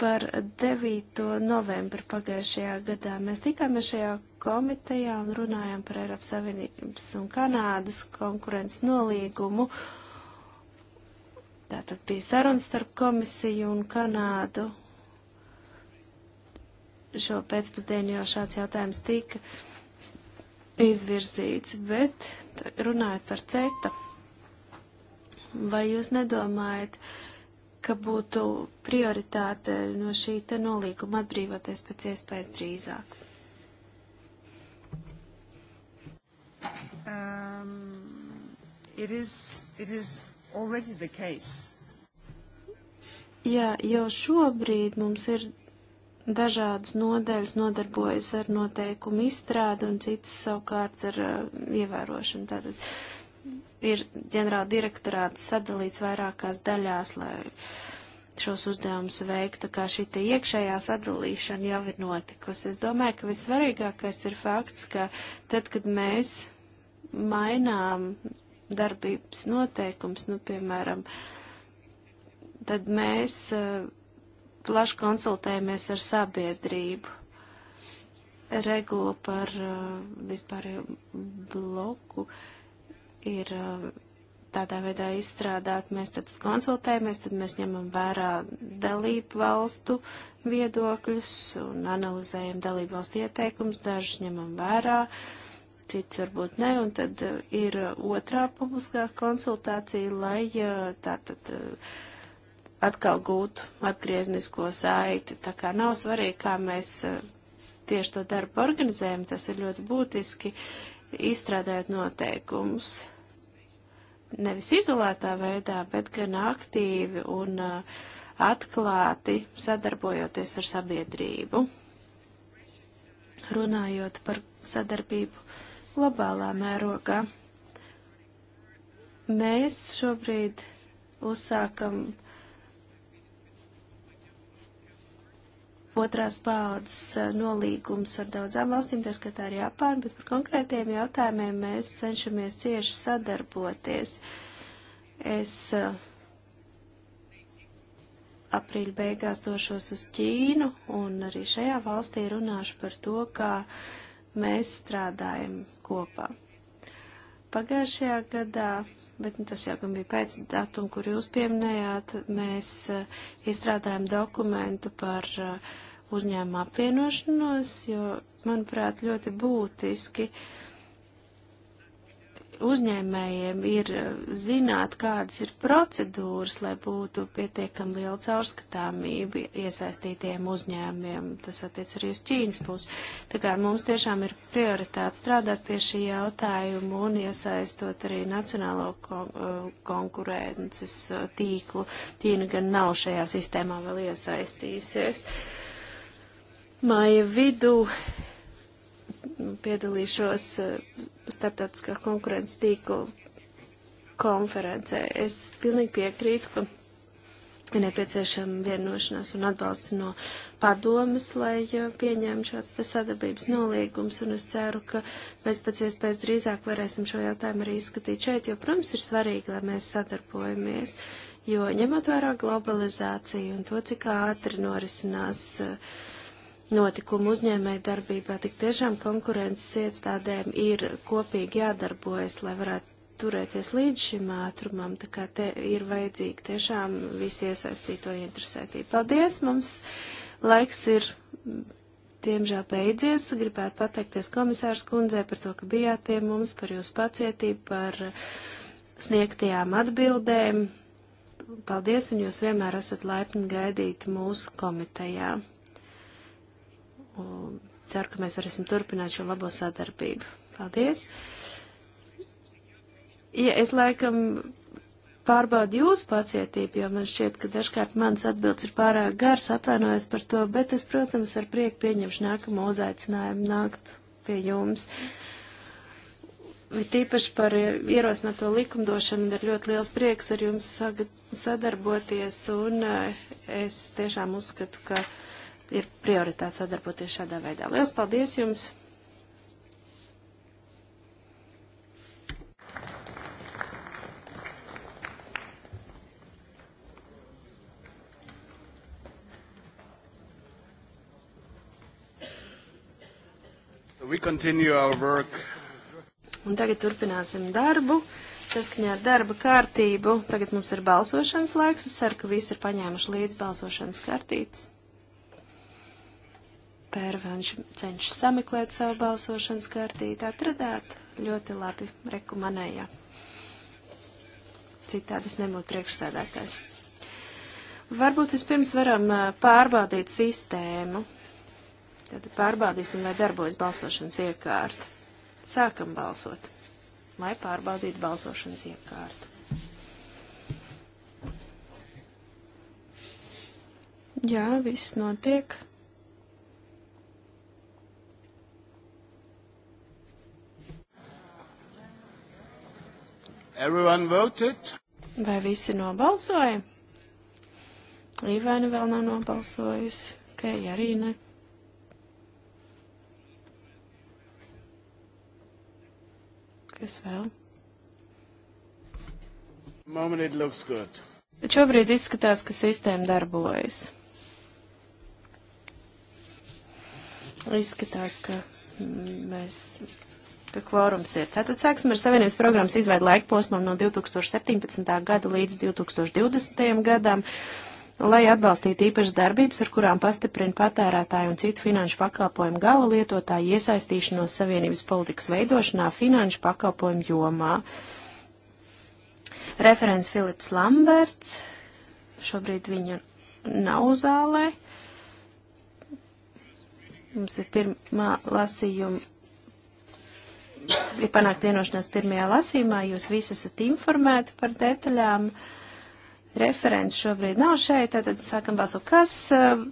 par 9. novembru pagājušajā gadā. Mēs tikāmies šajā komitejā un runājām par Eiropas Savienības un Kanādas konkurences nolīgumu. Tātad bija saruna starp komisiju un Kanādu. Šo pēcpusdienu jau šāds jautājums tika izvirzīts, bet runājot par CETA, vai jūs nedomājat, uh, ka būtu prioritāte no šī te nolīguma atbrīvoties pēc iespējas drīzāk. Um, it is, it is already the case. Jā, jau šobrīd mums ir dažādas nodaļas nodarbojas ar noteikumu izstrādi un citas savukārt ar uh, ievērošanu. Tātad ir ģenerāla direktorāta sadalīts vairākās daļās, lai šos uzdevumus veiktu, kā šī te iekšējā sadalīšana jau ir notikusi. Es domāju, ka vissvarīgākais ir fakts, ka tad, kad mēs mainām darbības noteikums, nu, piemēram, tad mēs uh, plaši konsultējamies ar sabiedrību. Regula par uh, vispārējo bloku uh, ir uh, tādā veidā izstrādāt, mēs tad konsultējamies, tad mēs ņemam vērā dalību valstu viedokļus un analizējam dalību valstu ieteikumus, dažus ņemam vērā, cits varbūt ne, un tad uh, ir otrā publiskā konsultācija, lai uh, tātad atkal gūtu atgrieznisko saiti. Tā kā nav svarīgi, kā mēs tieši to darbu organizējam, tas ir ļoti būtiski, izstrādājot noteikumus. Nevis izolētā veidā, bet gan aktīvi un uh, atklāti sadarbojoties ar sabiedrību. Runājot par sadarbību globālā mērogā, mēs šobrīd uzsākam uh, otrās paudzes eh, nolīgums ar daudzām valstīm, tā skatā arī Japānu, bet par konkrētiem jautājumiem mēs cenšamies cieši sadarboties. Es eh, aprīļa beigās došos uz Ķīnu un arī šajā valstī runāšu par to, kā mēs strādājam kopā. Pagājušajā gadā bet nu, tas jau gan bija pēc datuma, kur jūs pieminējāt, mēs eh, izstrādājam dokumentu par eh, uzņēmumu apvienošanos, jo, manuprāt, ļoti būtiski uh, uzņēmējiem ir eh, zināt, kādas ir procedūras, lai būtu pietiekami liela caurskatāmība iesaistītiem uzņēmiem. Tas attiec arī uz Ķīnas pusi. Tā kā mums tiešām ir prioritāte strādāt pie šī jautājuma un iesaistot arī nacionālo kon eh, konkurences eh, tīklu. Ķīna gan nav šajā sistēmā vēl iesaistījusies. Māja vidū piedalīšos eh, starptautiskā konkurences tīkla konferencē. Es pilnīgi piekrītu, ka ir nepieciešama vienošanās un atbalsts no padomas, lai eh, pieņemtu šāds sadarbības nolīgums, un es ceru, ka mēs pēc iespējas drīzāk varēsim šo jautājumu arī izskatīt šeit, jo, protams, ir svarīgi, lai mēs sadarbojamies, jo ņemot vērā globalizāciju un to, cik ātri norisinās uh, notikumu uzņēmēju darbībā, tik tiešām konkurences iestādēm ir kopīgi jādarbojas, lai varētu turēties līdz šim ātrumam, tā kā te ir vajadzīga tiešām visi iesaistīto interesētība. Paldies, mums laiks ir, diemžēl, beidzies. Gribētu pateikties komisārs kundzei par to, ka bijāt pie mums, par jūsu pacietību, par sniegtajām atbildēm. Paldies, un jūs vienmēr esat laipni gaidīti mūsu komitejā un ceru, ka mēs varēsim turpināt šo labo sadarbību. Paldies! Ja, es laikam pārbaudu jūsu pacietību, jo man šķiet, ka dažkārt mans atbildes ir pārāk gars, atvainojos par to, bet es, protams, ar prieku pieņemšu nākamo uzaicinājumu nākt pie jums. Bet īpaši par ierosināto likumdošanu ir ļoti liels prieks ar jums sadarboties, un eh, es tiešām uzskatu, ka ir prioritāte sadarboties šādā veidā. Lielas paldies jums! Un tagad turpināsim darbu. Saskaņā ar darba kārtību. Tagad mums ir balsošanas laiks. Es ceru, ka visi ir paņēmuši līdz balsošanas kartītes pērvanš cenšas sameklēt savu balsošanas kartīti, atradāt ļoti labi reku manējā. Citādi es nebūtu priekšsēdētājs. Varbūt vispirms varam pārbaudīt sistēmu. Tad pārbaudīsim, vai darbojas balsošanas iekārta. Sākam balsot, lai pārbaudītu balsošanas iekārtu. Jā, viss notiek. Everyone voted? Vai visi nobalsoja? Līvaina vēl nav nobalsojusi, Kei arī ne. Kas vēl? Moment it looks good. Bet šobrīd izskatās, ka sistēma darbojas. Izskatās, ka mēs ka kvorums ir. Tātad sāksim ar Savienības programmas izveidu laikposmam no 2017. gada līdz 2020. gadam, lai atbalstītu īpašas darbības, ar kurām pastiprina patērētāju un citu finanšu pakalpojumu gala lietotāju iesaistīšanos Savienības politikas veidošanā finanšu pakalpojumu jomā. Referents Filips Lamberts, šobrīd viņu nav zālē. Mums ir pirmā lasījuma ir panākt vienošanās pirmajā lasīmā, jūs visi esat informēti par detaļām. Referents šobrīd nav šeit, tātad sākam balsot. Kas? Eh,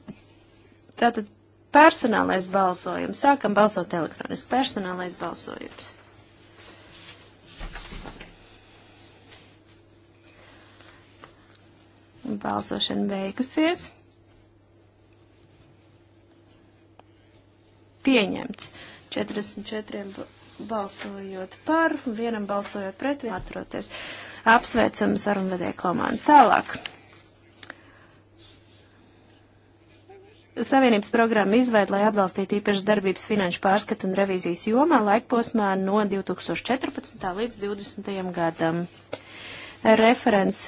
tātad personālais balsojums. Sākam balsot elektroniski. Personālais balsojums. Balsošana beigusies. Pieņemts. 44 balsojot par, vienam balsojot pret, vienam atroties. Apsveicam sarunvedēju komandu. Tālāk. Savienības programma izveid, lai atbalstītu īpašas darbības finanšu pārskatu un revīzijas jomā laikposmā no 2014. līdz 2020. gadam. Referents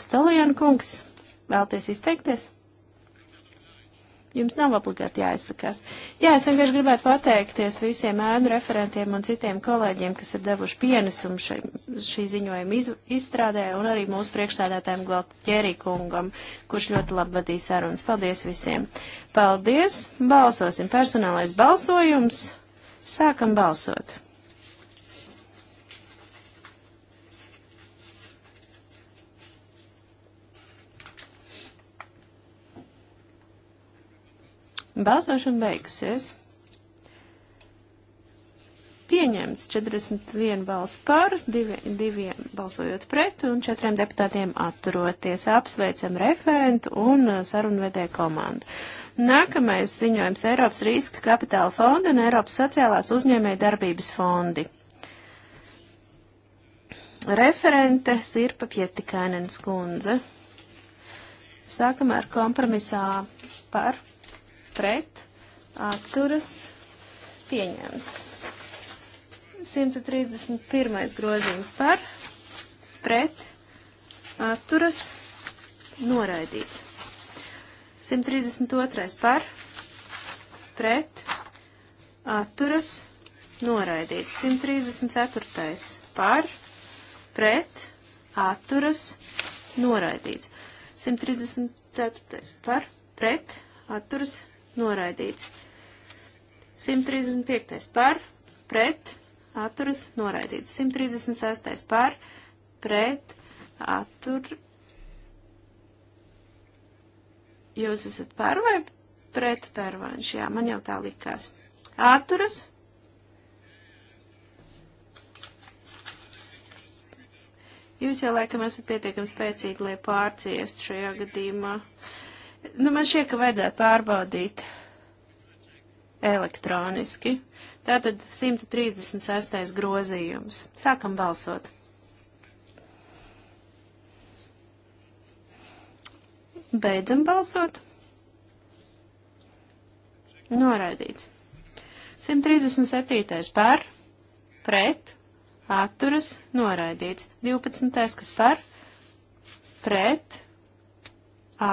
Stolijan kungs, vēlties izteikties? jums nav obligāti jāizsakās. Jā, es vienkārši gribētu pateikties visiem ēnu referentiem un citiem kolēģiem, kas ir devuši pienesumu šai, šī ziņojuma iz, izstrādē, un arī mūsu priekšsēdētājiem Galtjērī kungam, kurš ļoti labi vadīja sarunas. Paldies visiem! Paldies! Balsosim! Personālais balsojums! Sākam balsot! Balsošana beigusies. Pieņemts 41 balss par, divi, diviem balsojot pret un četriem deputātiem atturoties. Apsveicam referentu un sarunvedēju komandu. Nākamais ziņojums - Eiropas Riska kapitāla fonda un Eiropas sociālās uzņēmēja darbības fondi. Referente Sirpa Pietikainen skundze. Sākam ar kompromisā par pret, atturas, pieņemts. 131. grozījums par, pret, atturas, noraidīts. 132. par, pret, atturas, noraidīts. 134. par, pret, atturas, noraidīts. 134. par, pret, atturas, noraidīts. 135. par, pret, atturas, noraidīts. 136. par, pret, attur. Jūs esat par vai pret pervanš? Jā, man jau tā likās. Atturas. Jūs jau laikam esat pietiekami spēcīgi, lai pārciestu šajā gadījumā. Uh, Nu, man šķiet, ka vajadzētu pārbaudīt elektroniski. Tātad 136. grozījums. Sākam balsot. Beidzam balsot. Noraidīts. 137. par, pret, atturas, noraidīts. 12. kas par, pret,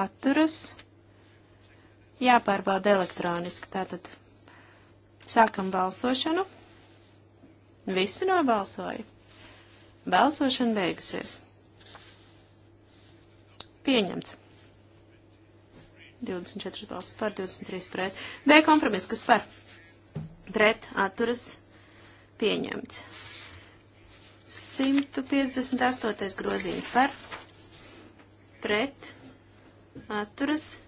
atturas jāpārbauda elektroniski. Tātad sākam balsošanu. Visi nobalsoja. Balsošana beigusies. Pieņemts. 24 balsis par, 23 pret. B kompromiss, kas par? Pret atturas pieņemts. 158. grozījums par pret atturas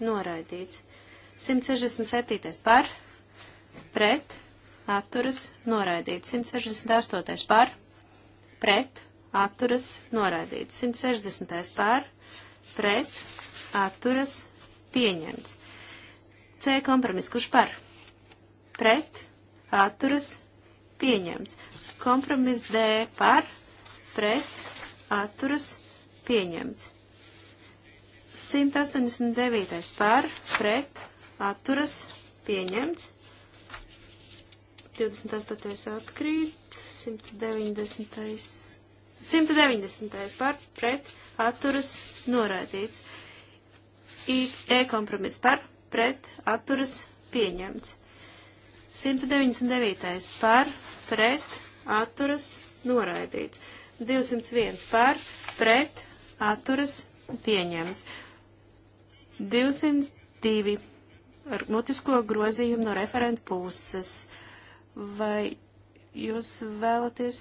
noraidīts. 167. par pret atturas noraidīts. 168. par pret atturas noraidīts. 160. par pret atturas pieņemts. C kompromiss, kurš par pret atturas pieņemts. Kompromiss D par pret atturas pieņemts. 189. par, pret, atturas, pieņemts. 28. atkrīt, 190. 190. par, pret, atturas, noraidīts. E kompromiss par, pret, atturas, pieņemts. 199. par, pret, atturas, noraidīts. 201 par, pret, atturas, pieņemts. 202 ar mutisko grozījumu no referenta puses. Vai jūs vēlaties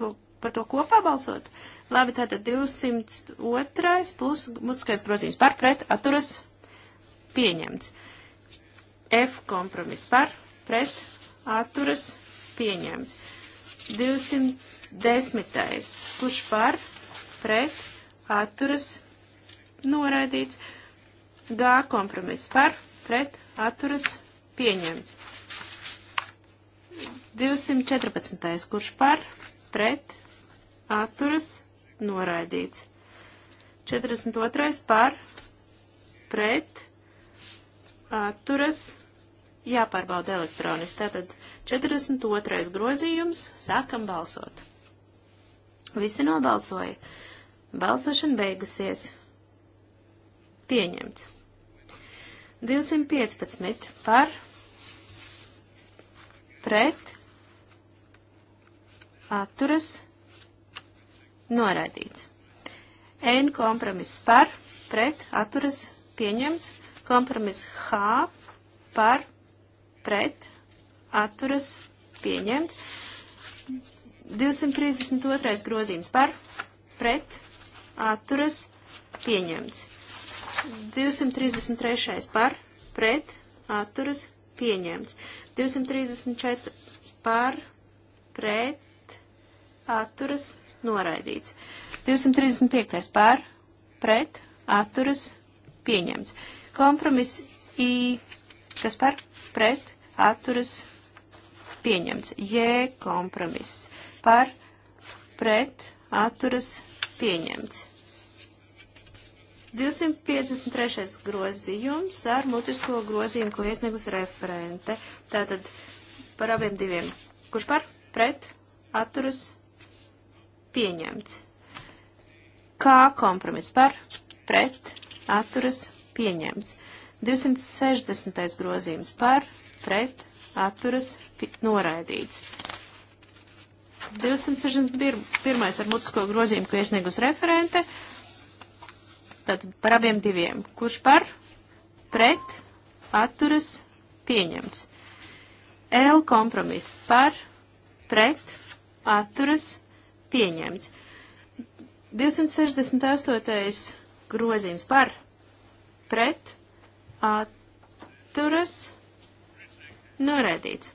to, par to kopā balsot? Labi, tātad 202 plus mutiskais grozījums par pret atturas pieņemts. F kompromiss par pret atturas pieņemts. 210. Kurš par pret atturas pieņemts? noraidīts. G kompromiss par, pret, atturas, pieņemts. 214. kurš par, pret, atturas, noraidīts. 42. par, pret, atturas, jāpārbauda elektroniski. Tātad 42. grozījums, sākam balsot. Visi nobalsoja. Balsošana beigusies pieņemts. 215 par pret atturas noraidīts. N kompromiss par pret atturas pieņemts. Kompromiss H par pret atturas pieņemts. 232. grozījums par pret atturas pieņemts. 233. par, pret, atturas, pieņemts. 234. par, pret, atturas, noraidīts. 235. par, pret, atturas, pieņemts. Kompromiss I, kas par, pret, atturas, pieņemts. J kompromiss par, pret, atturas, pieņemts. 253. grozījums ar mutisko grozījumu, ko iesniegus referente. Tātad par abiem diviem. Kurš par? Pret? Atturas? Pieņemts. Kā kompromiss par? Pret? Atturas? Pieņemts. 260. grozījums par? Pret? Atturas? Noraidīts. 261. ar mutisko grozījumu, ko iesniegus referente. Tātad par abiem diviem. Kurš par? Pret. Atturas. Pieņemts. L kompromiss par. Pret. Atturas. Pieņemts. 268. grozījums par. Pret. Atturas. Norēdīts.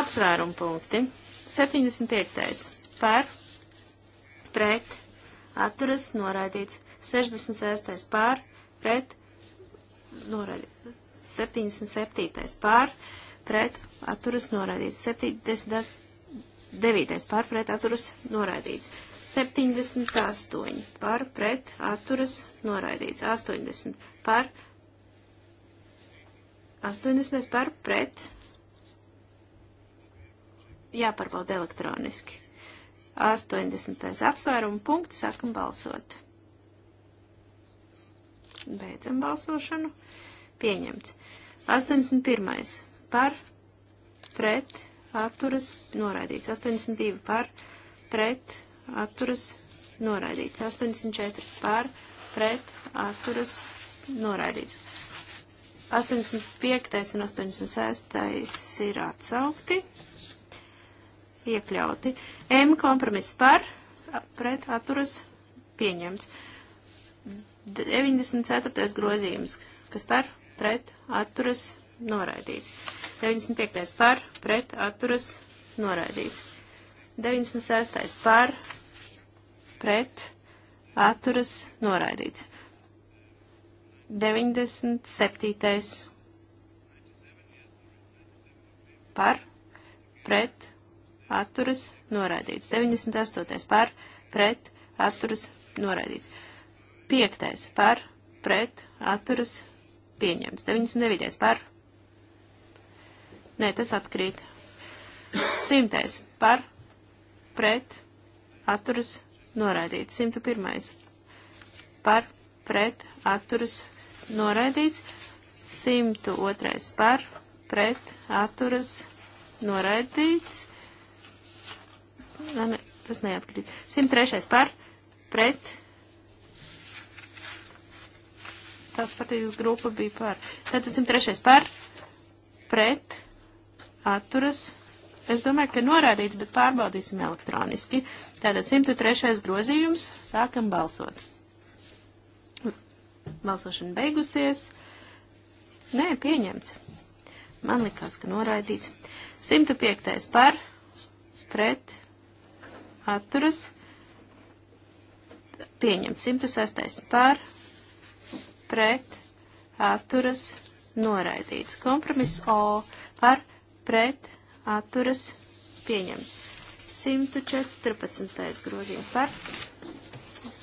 Apsvērumu punkti. 75. par pret, atturas, noraidīts. 66. pār, pret, noraidīts. 77. pār, pret, atturas, noraidīts. 79. pār, pret, atturas, noraidīts. 78 par pret atturas noraidīts. 80 par 80 par pret jāparbauda elektroniski. 80. apsvērumu punkts, sākam balsot. Beidzam balsošanu. Pieņemts. 81. par, pret, atturas, noraidīts. 82. par, pret, atturas, noraidīts. 84. par, pret, atturas, noraidīts. 85. un 86. ir atsaukti iekļauti. M kompromiss par, pret atturas pieņemts. 94. grozījums, kas par, pret atturas noraidīts. 95. par, pret atturas noraidīts. 96. par, pret atturas noraidīts. 97. par, pret, atturas noraidīts. 98. par pret atturas noraidīts. 5. par pret atturas pieņemts. 99. par. Nē, tas atkrīt. 100. par pret atturas noraidīts. 101. par pret atturas noraidīts. 102. par pret atturas noraidīts. Nē, ne, tas neatkrīt. 103. par, pret. Tāds patīs grupa bija par. Tātad 103. par, pret, atturas. Es domāju, ka norādīts, bet pārbaudīsim elektroniski. Tātad 103. grozījums. Sākam balsot. Balsošana beigusies. Nē, pieņemts. Man likās, ka noraidīts. 105. par, pret, atturas pieņem 106. par pret atturas noraidīts. Kompromiss O par pret atturas pieņemts. 114. grozījums par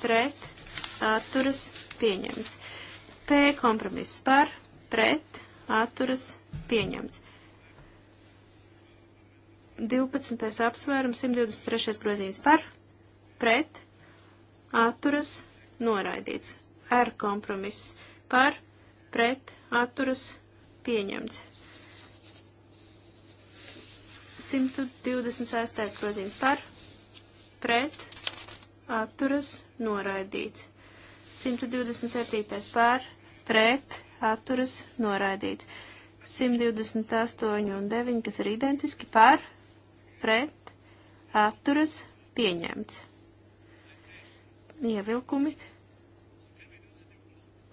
pret atturas pieņemts. P kompromiss par pret atturas pieņemts. 12. apsvērums, 123. grozījums par, pret, atturas, noraidīts. R kompromiss par, pret, atturas, pieņemts. 126. grozījums par, pret, atturas, noraidīts. 127. par, pret, atturas, noraidīts. 128 un 9, kas ir identiski par, pret, pret, atturas, pieņemts. Ievilkumi.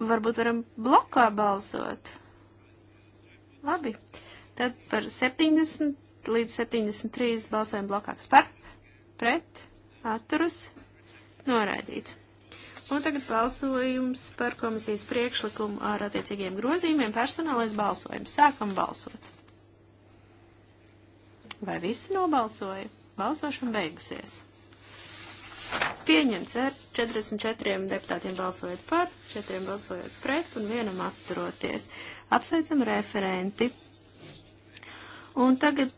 Varbūt varam blokā balsot. Labi. Tad par 70 līdz 73 balsojam blokā. Kas par? Pret, atturas, noraidīts. Un tagad balsojums par komisijas priekšlikumu ar attiecīgiem grozījumiem. Personālais balsojums. Sākam balsot. Vai visi nobalsoja? Balsošana beigusies. Pieņemts ar 44 deputātiem balsojot par, 4 balsojot pret un vienam atturoties. Apsveicam referenti. Un tagad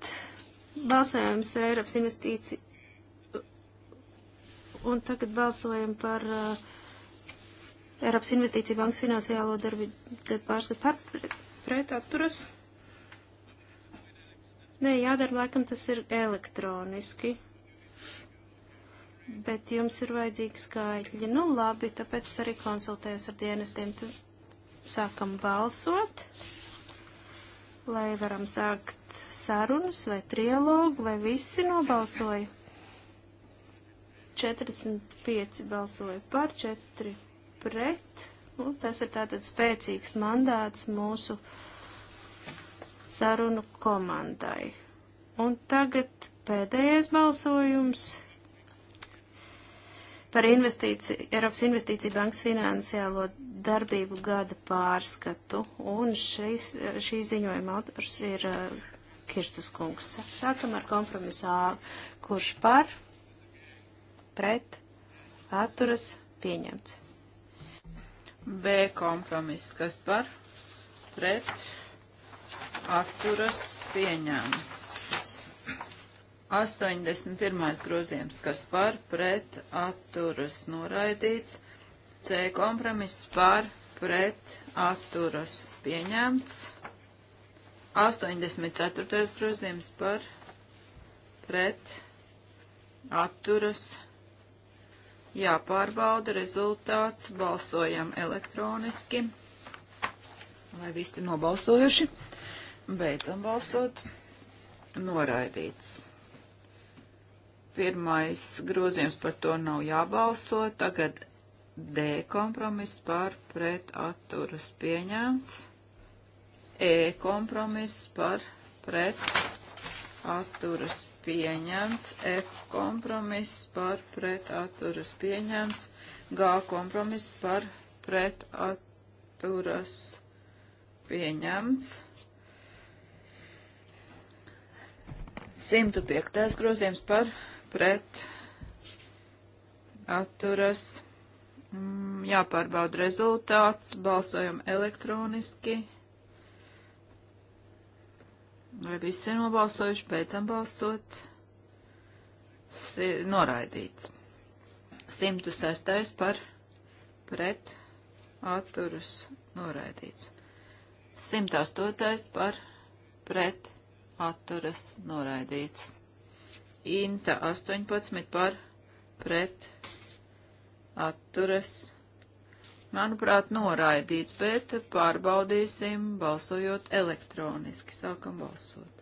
balsojums Eiropas investīcija. Un tagad balsojam par uh, Eiropas investīcija bankas finansiālo darbību pārskatu par pret, pret atturas. Nē, jādara, laikam tas ir elektroniski. Bet jums ir vajadzīgi skaitļi. Nu, labi, tāpēc es arī konsultējos ar dienestiem. Tu sākam balsot, lai varam sākt sarunas vai trilogu, vai visi nobalsoja. 45 balsoja par, 4 pret. Nu, tas ir tātad spēcīgs mandāts mūsu uh, sarunu komandai. Un tagad pēdējais balsojums par investīciju, Eiropas Investīcija bankas finansiālo darbību gada pārskatu. Un šis, šī ziņojuma autors ir uh, Kirstus kungs. Sākam ar kompromisu A, kurš par, pret, atturas, pieņemts. B kompromiss, kas par, pret, atturas pieņemts. 81. grozījums, kas par pret atturas noraidīts. C kompromiss par pret atturas pieņemts. 84. grozījums par pret atturas jāpārbauda rezultāts, balsojam elektroniski, lai visi nobalsojuši. Beidzam balsot. Noraidīts. Pirmais grozījums par to nav jābalso. Tagad D kompromiss par pret atturas pieņemts. E kompromiss par pret atturas pieņemts. F kompromiss par pret atturas pieņemts. G kompromiss par pret atturas pieņemts. 105. grozījums par pret atturas mm, jāpārbauda rezultāts, balsojam elektroniski. Vai visi ir nobalsojuši, beidzam balsot? Noraidīts. 106. par pret atturas noraidīts. 108. par pret atturas atturas noraidīts. Inta 18 par pret atturas. Manuprāt, noraidīts, bet pārbaudīsim balsojot elektroniski. Sākam balsot.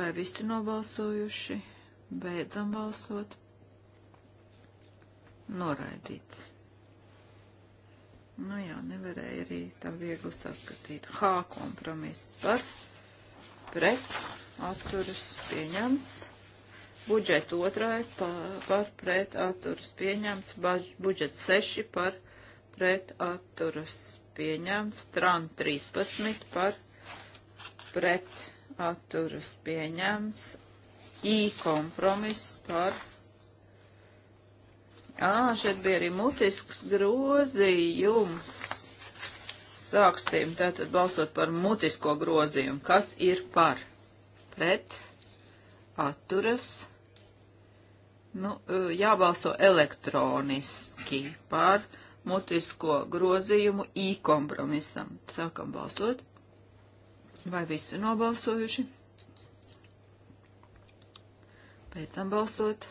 Vai visi nobalsojuši? Beidzam balsot. Noraidīts. Nu jā, nevarēja arī tā viegli saskatīt. H kompromiss par pret pret atturas pieņemts. Budžeta otrais par, par pret atturas pieņemts. Budžeta seši par pret atturas pieņemts. Tran 13 par pret atturas pieņemts. I kompromiss par. Ā, šeit bija arī mutisks grozījums Sāksim tātad balsot par mutisko grozījumu. Kas ir par? Pret? Atturas? Nu, e, jābalso elektroniski par mutisko grozījumu I kompromisam. Sākam balsot. Vai visi nobalsojuši? Beidzam balsot.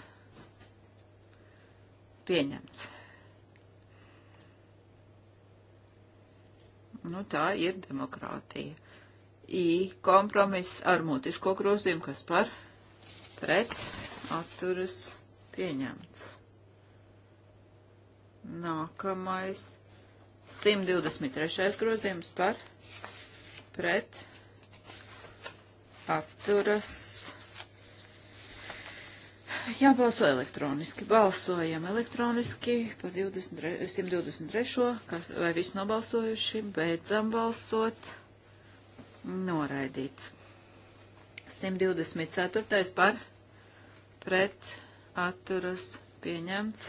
Pieņemts. Nu, tā ir demokrātija. I kompromiss ar mutisko grozījumu, kas par pret atturas pieņemts. Nākamais 123. grozījums par pret atturas Jābalso elektroniski. Balsojam elektroniski par 20, 123. Kas, vai visi nobalsojuši? Beidzam balsot. Noraidīts. 124. par pret atturas pieņemts.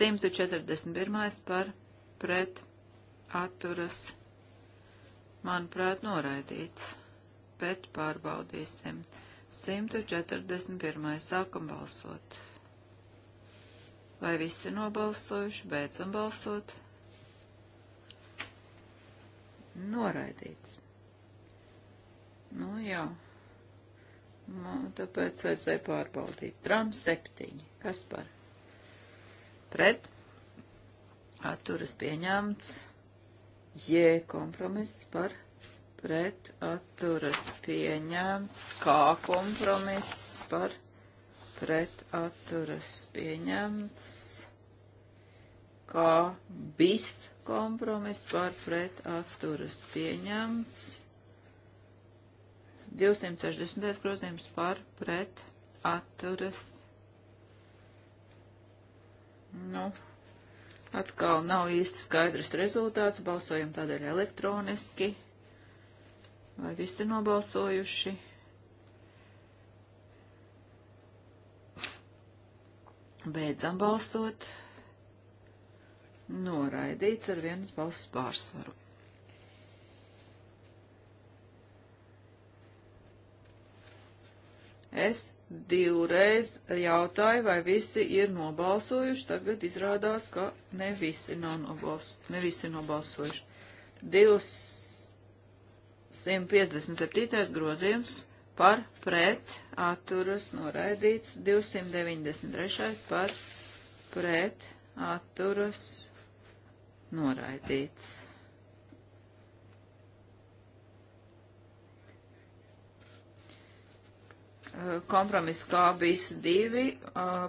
141. par pret atturas, manuprāt, noraidīts. Bet pārbaudīsim. 141. 141. Sākam balsot. Vai visi nobalsojuši? Beidzam balsot. Noraidīts. Nu jā. Man nu, tāpēc vajadzēja pārbaudīt. Tram septiņi. Kas par? Pret. Atturas pieņemts. Jē kompromiss par pret atturas pieņemts, kā kompromiss par pret atturas pieņemts, kā bis kompromiss par pret atturas pieņemts, 260. grozījums par pret atturas. Nu, atkal nav īsti skaidrs rezultāts, balsojam tādēļ elektroniski. 260. Vai visi nobalsojuši? Beidzam balsot. Noraidīts ar vienas balss pārsvaru. Es divreiz jautāju, vai visi ir nobalsojuši. Tagad izrādās, ka ne visi nav nobalsojuši. Ne visi nobalsojuši. Divs 157. grozījums par pret atturas noraidīts, 293. par pret atturas noraidīts. Kompromiss kā bijis divi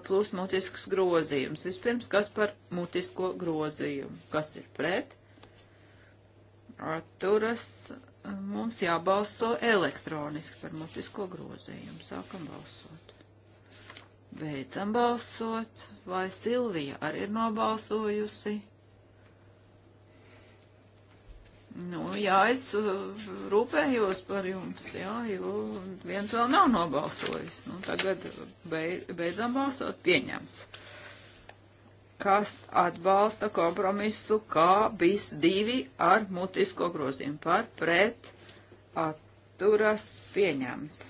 plus mutisks grozījums. Vispirms, kas par mutisko grozījumu? Kas ir pret? Atturas mums jābalso elektroniski par mutisko grozījumu. Sākam balsot. Beidzam balsot. Vai Silvija arī ir nobalsojusi? Nu, jā, es uh, rūpējos par jums, jā, jo viens vēl nav nobalsojis. Nu, tagad uh, beid, beidzam balsot pieņemts kas atbalsta kompromisu kā bis divi ar mutisko grozījumu par pret atturas pieņems.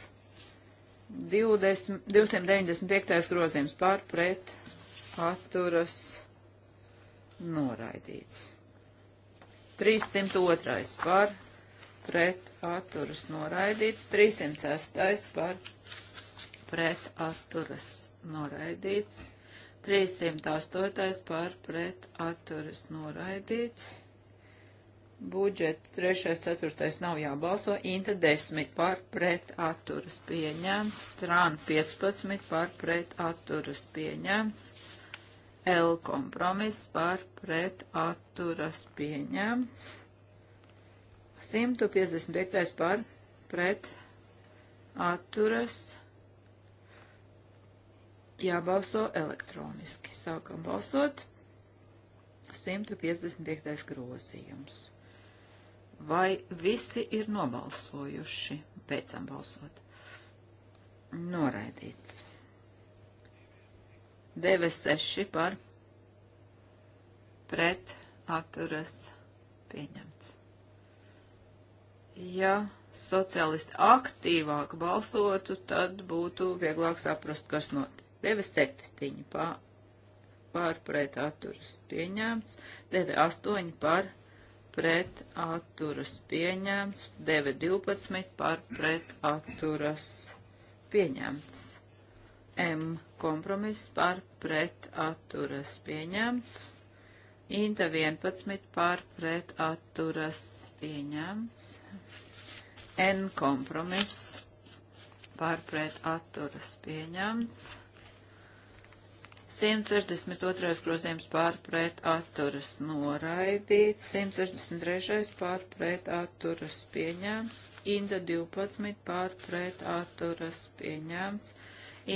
20, 295. grozījums par pret atturas noraidīts. 302. par pret atturas noraidīts. 306. par pret atturas noraidīts. 308. par pret atturas noraidīts. Budžeta 3. 4. nav jābalso. Inta 10 par pret atturas pieņemts. Tran 15 par pret atturas pieņemts. L kompromiss par pret atturas pieņemts. 155. par pret atturas pieņemts jābalso elektroniski. Sākam balsot 155. grozījums. Vai visi ir nobalsojuši? Beidzam balsot. Noraidīts. 96 par pret atturas pieņemts. Ja sociālisti aktīvāk balsotu, tad būtu vieglāk saprast, kas notiek. 97 pār, pār pret atturas pieņemts, 98 pār pret atturas pieņemts, 912 pār pret atturas pieņemts. M kompromiss pār pret atturas pieņemts. Inta 11 pār pret atturas pieņemts. N kompromiss pār pret atturas pieņemts. 162. grozījums pārpret atturas noraidīts, 163. pārpret atturas pieņēmts, Inda 12 pārpret atturas pieņēmts,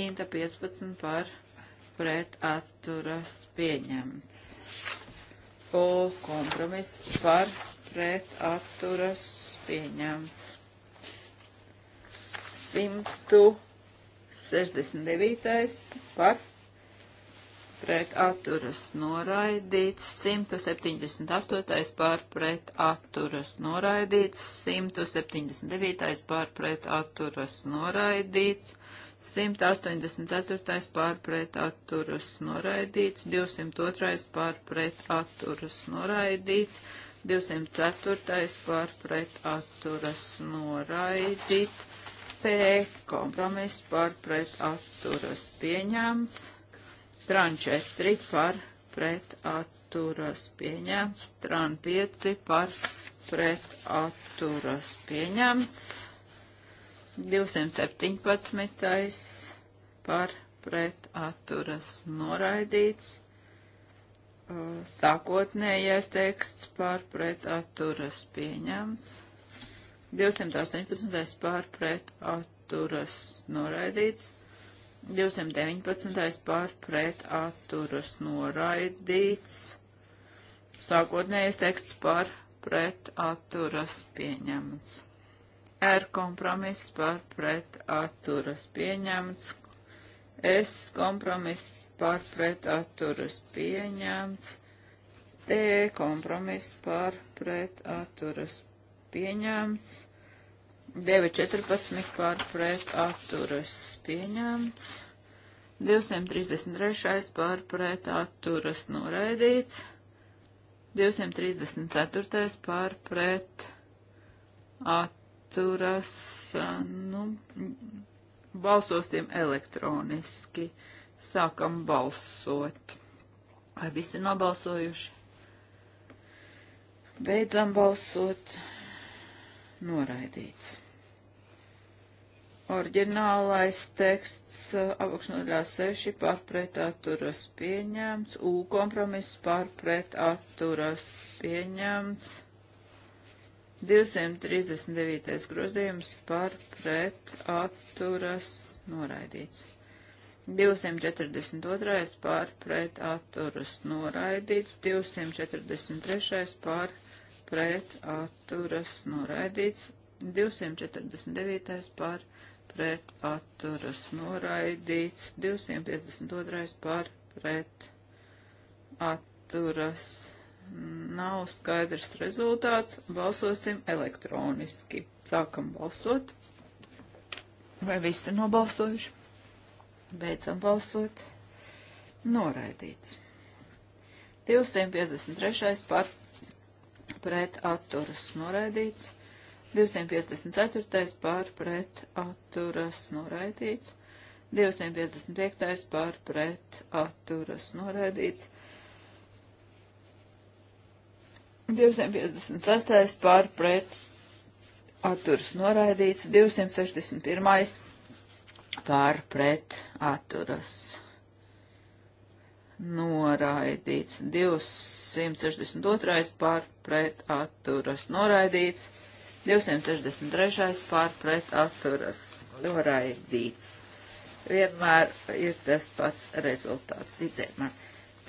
Inda 15 pārpret atturas pieņemts. O kompromiss pārpret atturas pieņemts. 169. pārpret pret atturas noraidīts, 178. pār pret atturas noraidīts, 179. pār pret atturas noraidīts, 184. pārpret atturas noraidīts, 202. pārpret atturas noraidīts, 204. pārpret atturas noraidīts, P kompromiss pārpret atturas pieņemts, Tran 4 par pret atturas pieņemts. Tran 5 par pret atturas pieņemts. 217 par pret atturas noraidīts. Sākotnējais teksts par pret atturas pieņemts. 218 par pret atturas noraidīts. 219. pār pret atturas noraidīts. Sākotnējais teksts par pret atturas pieņemts. R kompromiss par pret atturas pieņemts. S kompromiss par pret atturas pieņemts. T kompromiss par pret atturas pieņemts. 9.14 pār pret atturas pieņemts. 233 pār pret atturas noraidīts. 234 pār pret atturas, nu, balsosim elektroniski. Sākam balsot. Vai visi nobalsojuši? Beidzam balsot. Noraidīts. Orģinālais teksts uh, apakšnodaļā 6 pārpret atturas pieņemts, U kompromiss pārpret atturas pieņemts, 239. grozījums pārpret atturas noraidīts. 242. pārpret atturas noraidīts, 243. pārpret atturas noraidīts, 249. pārpret pret atturas noraidīts, 252 par pret atturas nav skaidrs rezultāts, balsosim elektroniski. Sākam balsot. Vai visi nobalsojuši? Beidzam balsot. Noraidīts. 253 par pret atturas noraidīts. 254. pār pret atturas noraidīts. 255. pār pret atturas noraidīts. 256. pār pret atturas noraidīts. 261. pār pret atturas noraidīts. 262. pār pret atturas noraidīts. 263. pārpret atturas noraidīts. Vienmēr ir tas pats rezultāts, ticēt man.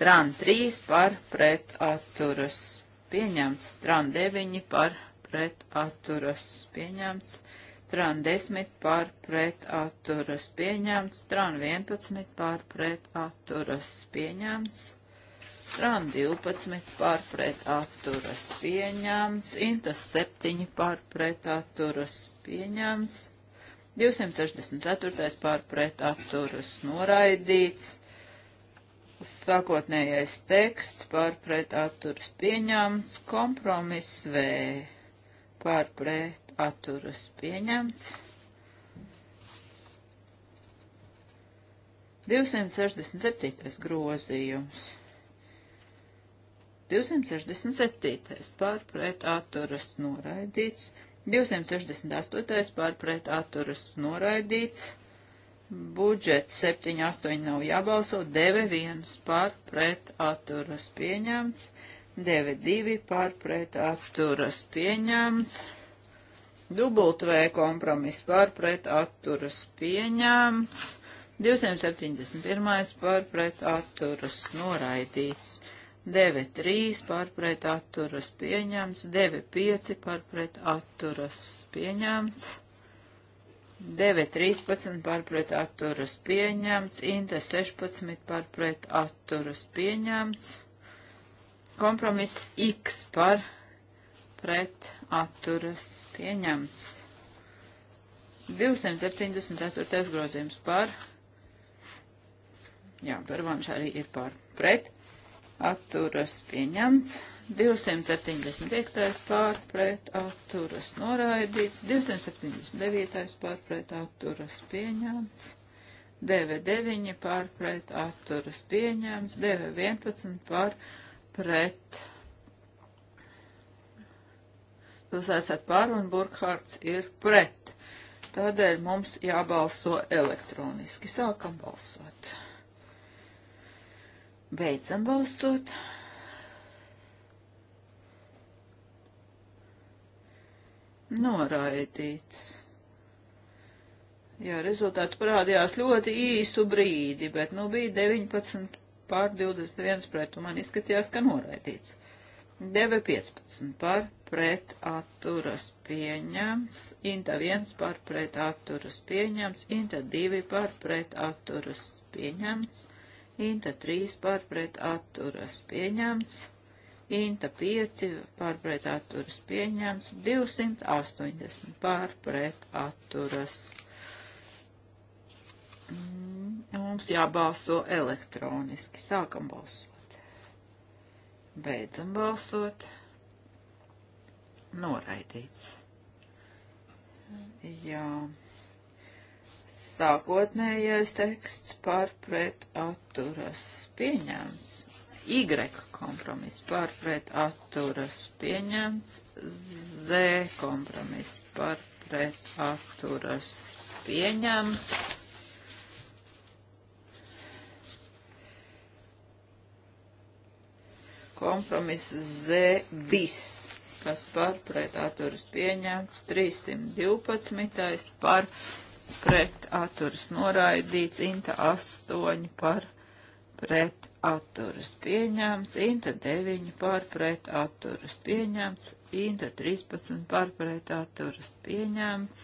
Tran 3 pārpret atturas pieņemts, Tran 9 pārpret atturas pieņemts, Tran 10 pārpret atturas pieņemts, Tran 11 pārpret atturas pieņemts. Tran 12 pārpret atturas pieņemts, Intas 7 pārpret atturas pieņemts, 264 pārpret atturas noraidīts, sākotnējais teksts pārpret atturas pieņemts, kompromiss V pārpret atturas pieņemts. 267. grozījums. 267. pārpret atturas noraidīts. 268. pārpret atturas noraidīts. Budžets 7, 8 nav jābalso. 9, 1 pārpret atturas pieņemts. 9, 2 pārpret atturas pieņemts. Dubultvēja kompromiss pārpret atturas pieņemts. 271. pārpret atturas noraidīts. 9.3 pārpret atturas pieņemts, 9.5 pārpret atturas pieņemts, 9.13 pārpret atturas pieņemts, Inte 16 pārpret atturas pieņemts, kompromiss X par pret atturas pieņemts. 274. grozījums par, jā, pervanš arī ir par pret atturas pieņemts. 275. pārpret atturas noraidīts. 279. pārpret atturas pieņemts. 9 pārpret atturas pieņemts. 911 pārpret. Jūs esat pār un Burkhards ir pret. Tādēļ mums jābalso elektroniski. Sākam balsot. Beidzam balsot. Noraidīts. Jā, rezultāts parādījās ļoti īsu brīdi, bet nu bija 19 pār 21 pret, un man izskatījās, ka noraidīts. 9.15 par pret atturas pieņems, Inta 1 par pret atturas pieņems, Inta 2 par pret atturas pieņems, Inta 3 pārpret atturas pieņemts. Inta 5 pārpret atturas pieņemts. 280 pārpret atturas. Mm, mums jābalso elektroniski. Sākam balsot. Beidzam balsot. Noraidīts. Jā. Yeah sākotnējais teksts par pret atturas pieņemts. Y kompromiss par pret atturas pieņemts. Z kompromiss par pret atturas pieņemts. Kompromiss Z bis kas par pretāturas pieņemts 312. par pretāturas pieņemts pret atturas noraidīts, Inta 8 par pret atturas pieņemts, Inta 9 par pret atturas pieņemts, Inta 13 par pret atturas pieņemts.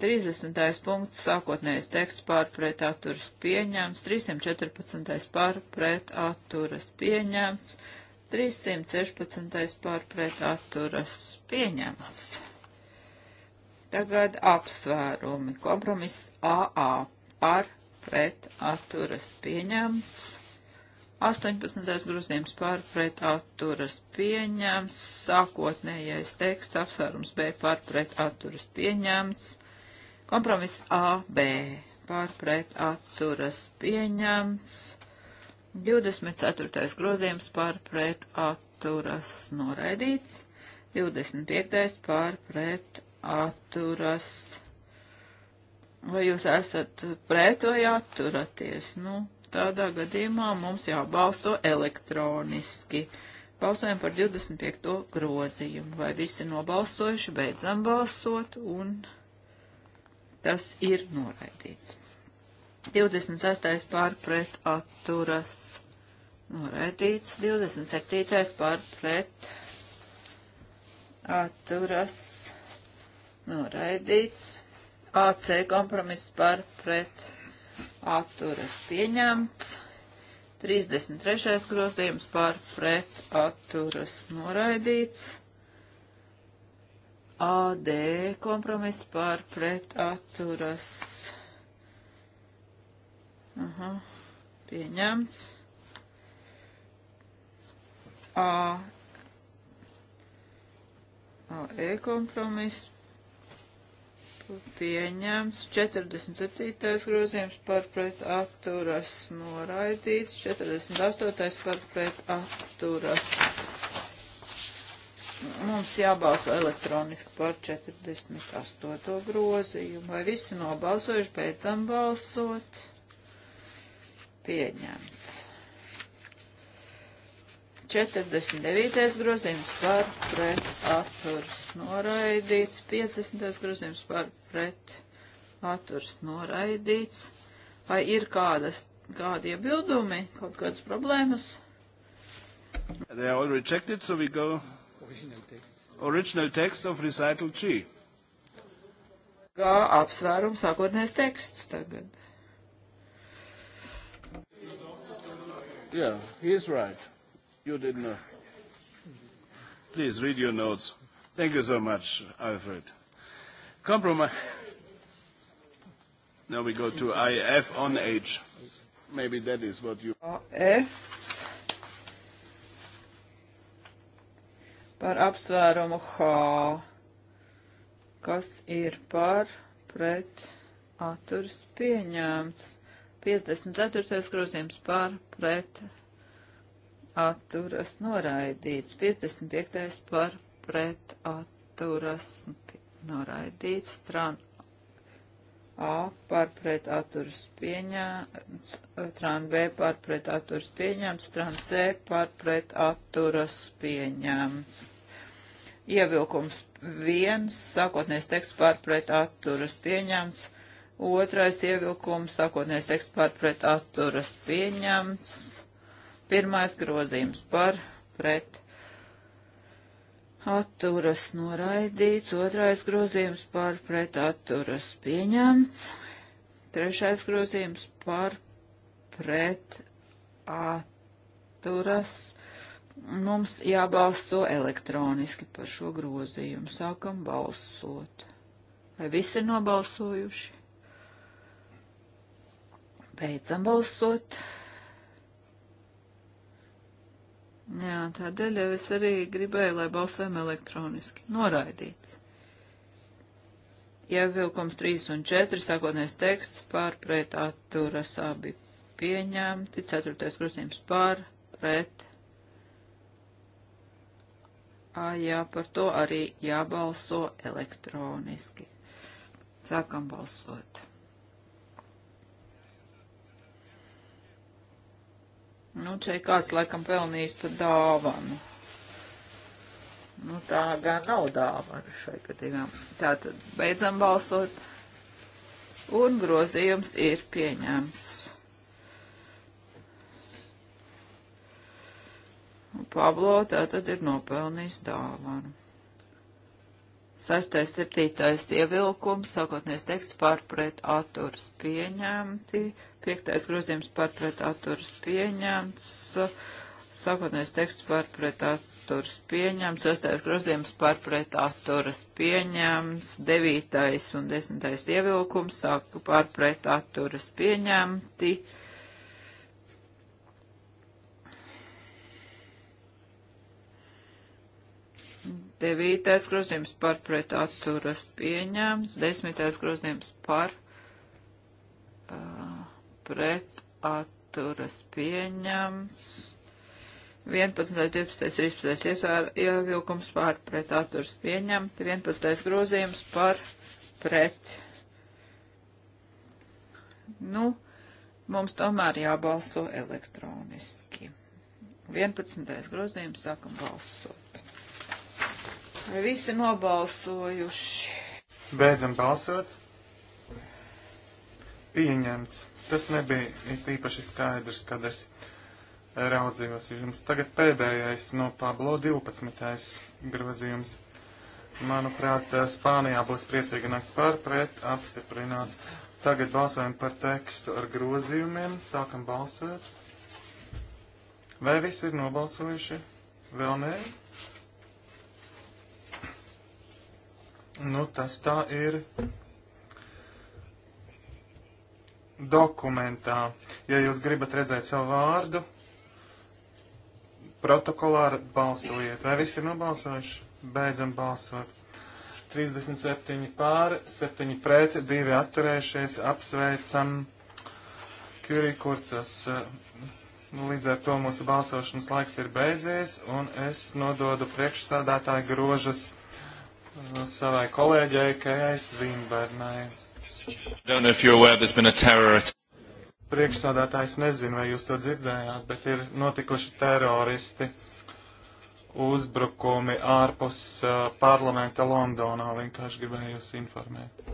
30. punkts, sākotnējais teksts pārpret atturas pieņemts, 314. pārpret atturas pieņemts, 316. pārpret atturas pieņemts. Tagad apsvērumi. Kompromiss AA par pret atturas pieņemts. 18. grozījums par pret atturas pieņemts. Sākotnējais teksts apsvērums B par pret atturas pieņemts. Kompromiss AB par pret atturas pieņemts. 24. grozījums par pret atturas noraidīts. 25. par pret atturas. Vai jūs esat pret vai atturaties? Nu, tādā gadījumā mums jābalso elektroniski. Balsojam par 25. grozījumu. Vai visi nobalsojuši, beidzam balsot, un tas ir noraidīts. 26. pār pret atturas noraidīts, 27. pār pret atturas noraidīts. AC kompromiss par pret atturas pieņemts. 33. grozījums par pret atturas noraidīts. AD kompromiss par pret atturas Aha, pieņemts. A, A, E kompromiss pieņems 47. grozījums par pret atturas noraidīts, 48. par pret atturas. Mums jābalso elektroniski par 48. grozījumu. Vai visi nobalsojuši, beidzam balsot? Pieņemts. 49. grozījums par pret atturs noraidīts, 50. grozījums par pret atturs noraidīts. Vai ir kādas, kādi iebildumi, kaut kādas problēmas? They are all rejected, so we go original text, original text of recital G. Kā apsvērums sākotnējais teksts tagad. Yeah, he is right. You didn't know. Please read your notes. Thank you so much, Alfred. Compromise. Now we go to IF on H. Maybe that is what you. F. Par apsvērumu H. Kas ir par pret atturs pieņēmts? 54. grozījums par pret atturs atturas noraidīts. 55. par pret atturas noraidīts. Tran A par pret atturas pieņemts. Tran B par pret atturas pieņemts. Tran C par pret atturas pieņemts. Ievilkums viens, sākotnēs teksts par pret atturas pieņemts. Otrais ievilkums, sākotnēs teksts par pret atturas pieņemts Pirmais grozījums par pret atturas noraidīts, otrais grozījums par pret atturas pieņemts, trešais grozījums par pret atturas. Mums jābalso elektroniski par šo grozījumu. Sākam balsot. Vai visi ir nobalsojuši? Beidzam balsot. Jā, tādēļ jau es arī gribēju, lai balsojam elektroniski. Noraidīts. Ievilkums 3 un 4, sākotnēs teksts pār pret atturas abi pieņemti, 4. grozījums pār pret. Ā, jā, par to arī jābalso elektroniski. Sākam balsot. Nu, šeit kāds laikam pelnījis par dāvanu. Nu, tā gan nav dāvana šai gadījumā. Tā tad beidzam balsot. Un grozījums ir pieņemts. Un Pablo tā tad ir nopelnījis dāvanu. Sastais, septītais ievilkums, sākotnēs teksts pārpret atturs pieņemti, Piektais grozījums pārpretāturs pieņemts. Sākotnējais teksts pārpretāturs pieņemts. Sestais grozījums pārpretāturs pieņemts. Devītais un desmitais ievilkums sāk pārpretāturs pieņemti. Devītais grozījums par pret atturas pieņēmums, desmitais grozījums par uh, pret atturas pieņemts. 11, 12, 13 iesvēr, ievilkums pār pret atturas pieņemt. 11 grozījums par pret. Nu, mums tomēr jābalso elektroniski. 11. grozījums sākam balsot. Vai visi nobalsojuši? Beidzam balsot. Pieņemts. Tas nebija īpaši skaidrs, kad es raudzījos jums. Tagad pēdējais no Pablo 12. grozījums. Manuprāt, Spānijā būs priecīga nakts pārpret, apstiprināts. Tagad balsojam par tekstu ar grozījumiem, sākam balsot. Vai visi ir nobalsojuši? Vēl nē? Nu, tas tā ir dokumentā. Ja jūs gribat redzēt savu vārdu, protokolā ar balsojiet. Vai visi ir nobalsojuši? Beidzam balsot. 37 pār, 7 pret, 2 atturējušies. Apsveicam Kurī Kurcas. Līdz ar to mūsu balsošanas laiks ir beidzies, un es nododu priekšstādātāju grožas uh, savai kolēģei Kējai Svimbernai. Priekšsādātājs nezinu, vai jūs to dzirdējāt, bet ir notikuši teroristi uzbrukumi ārpus uh, parlamenta Londonā. Vienkārši gribēju jūs informēt.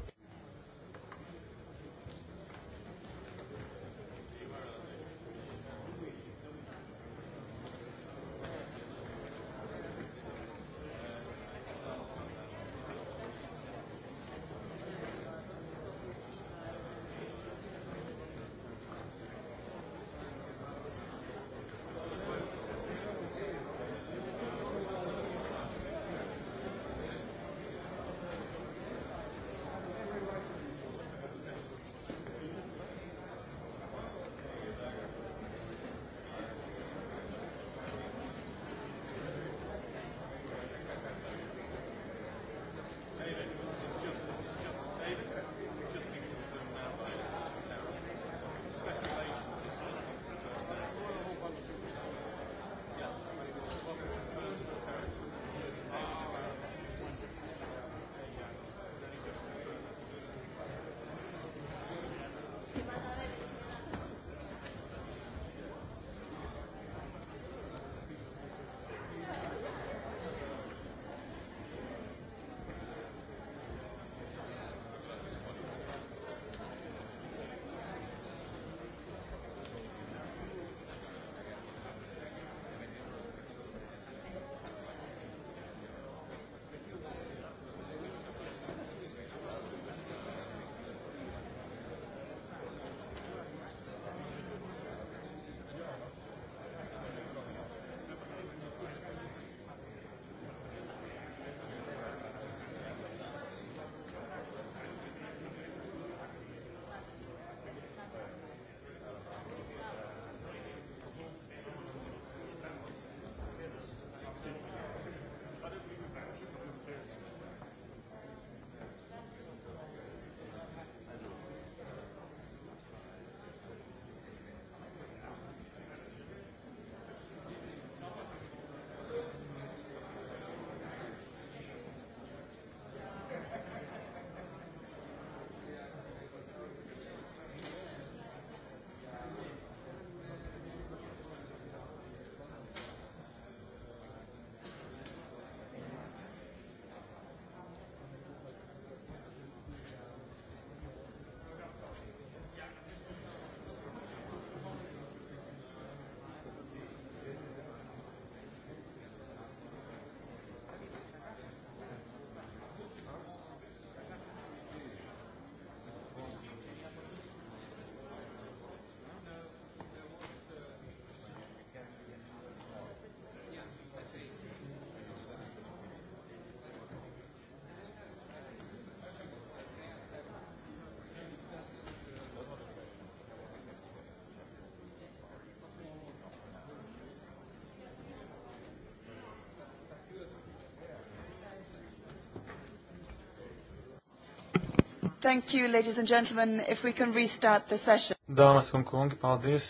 Thank you, ladies and gentlemen, if we can restart the session. Dāmas un kungi, paldies.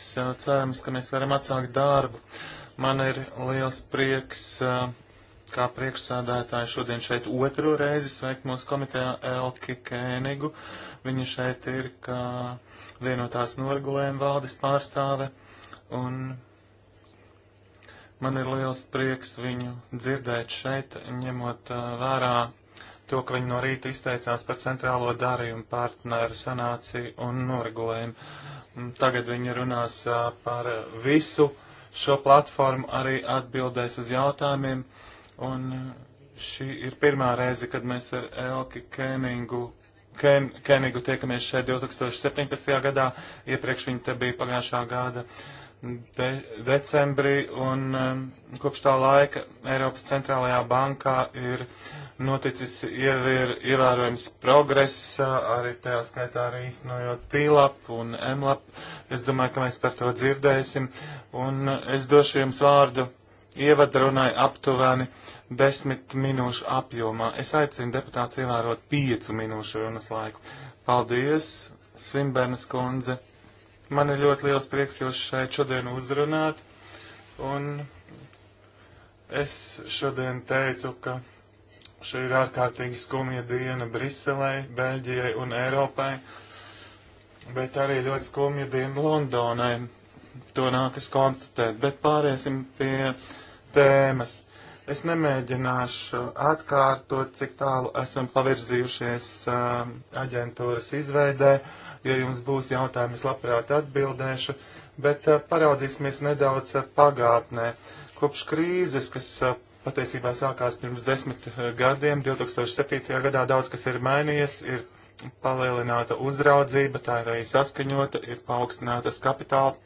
Cerams, ka mēs varam atsākt darbu. Man ir liels prieks, kā priekšsādātāju šodien šeit otro reizi sveikt mūsu komitejā Elki Kēnigu. Viņa šeit ir kā vienotās noregulējuma valdes pārstāve. Un man ir liels prieks viņu dzirdēt šeit, ņemot vērā to, ka viņi no rīta izteicās par centrālo darījumu partneru sanāciju un noregulējumu. Tagad viņi runās par visu šo platformu, arī atbildēs uz jautājumiem. Un šī ir pirmā reize, kad mēs ar Elki Kēningu, Kēn, Kēningu tiekamies šeit 2017. gadā. Iepriekš viņi te bija pagājušā gada. Uh, de decembrī, un um, kopš tā laika Eiropas centrālajā bankā ir noticis ievir, ievērojams progress, uh, arī tajā skaitā arī īstenojot TILAP un MLAP. Es domāju, ka mēs par to dzirdēsim, un uh, es došu jums vārdu ievadrunai aptuveni desmit minūšu apjomā. Es aicinu deputāts ievērot piecu minūšu runas laiku. Paldies, Svinbernas kundze! Man ir ļoti liels prieks jūs šeit šodien uzrunāt. Un es šodien teicu, ka šī ir ārkārtīgi skumja diena Briselei, Beļģijai un Eiropai, bet arī ļoti skumja diena Londonai. To nākas konstatēt. Bet pāriesim pie tēmas. Es nemēģināšu atkārtot, cik tālu esam pavirzījušies uh, aģentūras izveidē. Uh, Ja jums būs jautājumi, es labprāt atbildēšu, bet eh, paraudzīsimies nedaudz eh, pagātnē. Kopš krīzes, kas eh, patiesībā sākās pirms desmit gadiem, 2007. gadā daudz kas ir mainījies, ir palielināta uzraudzība, tā ir arī saskaņota, ir paaugstinātas kapitāla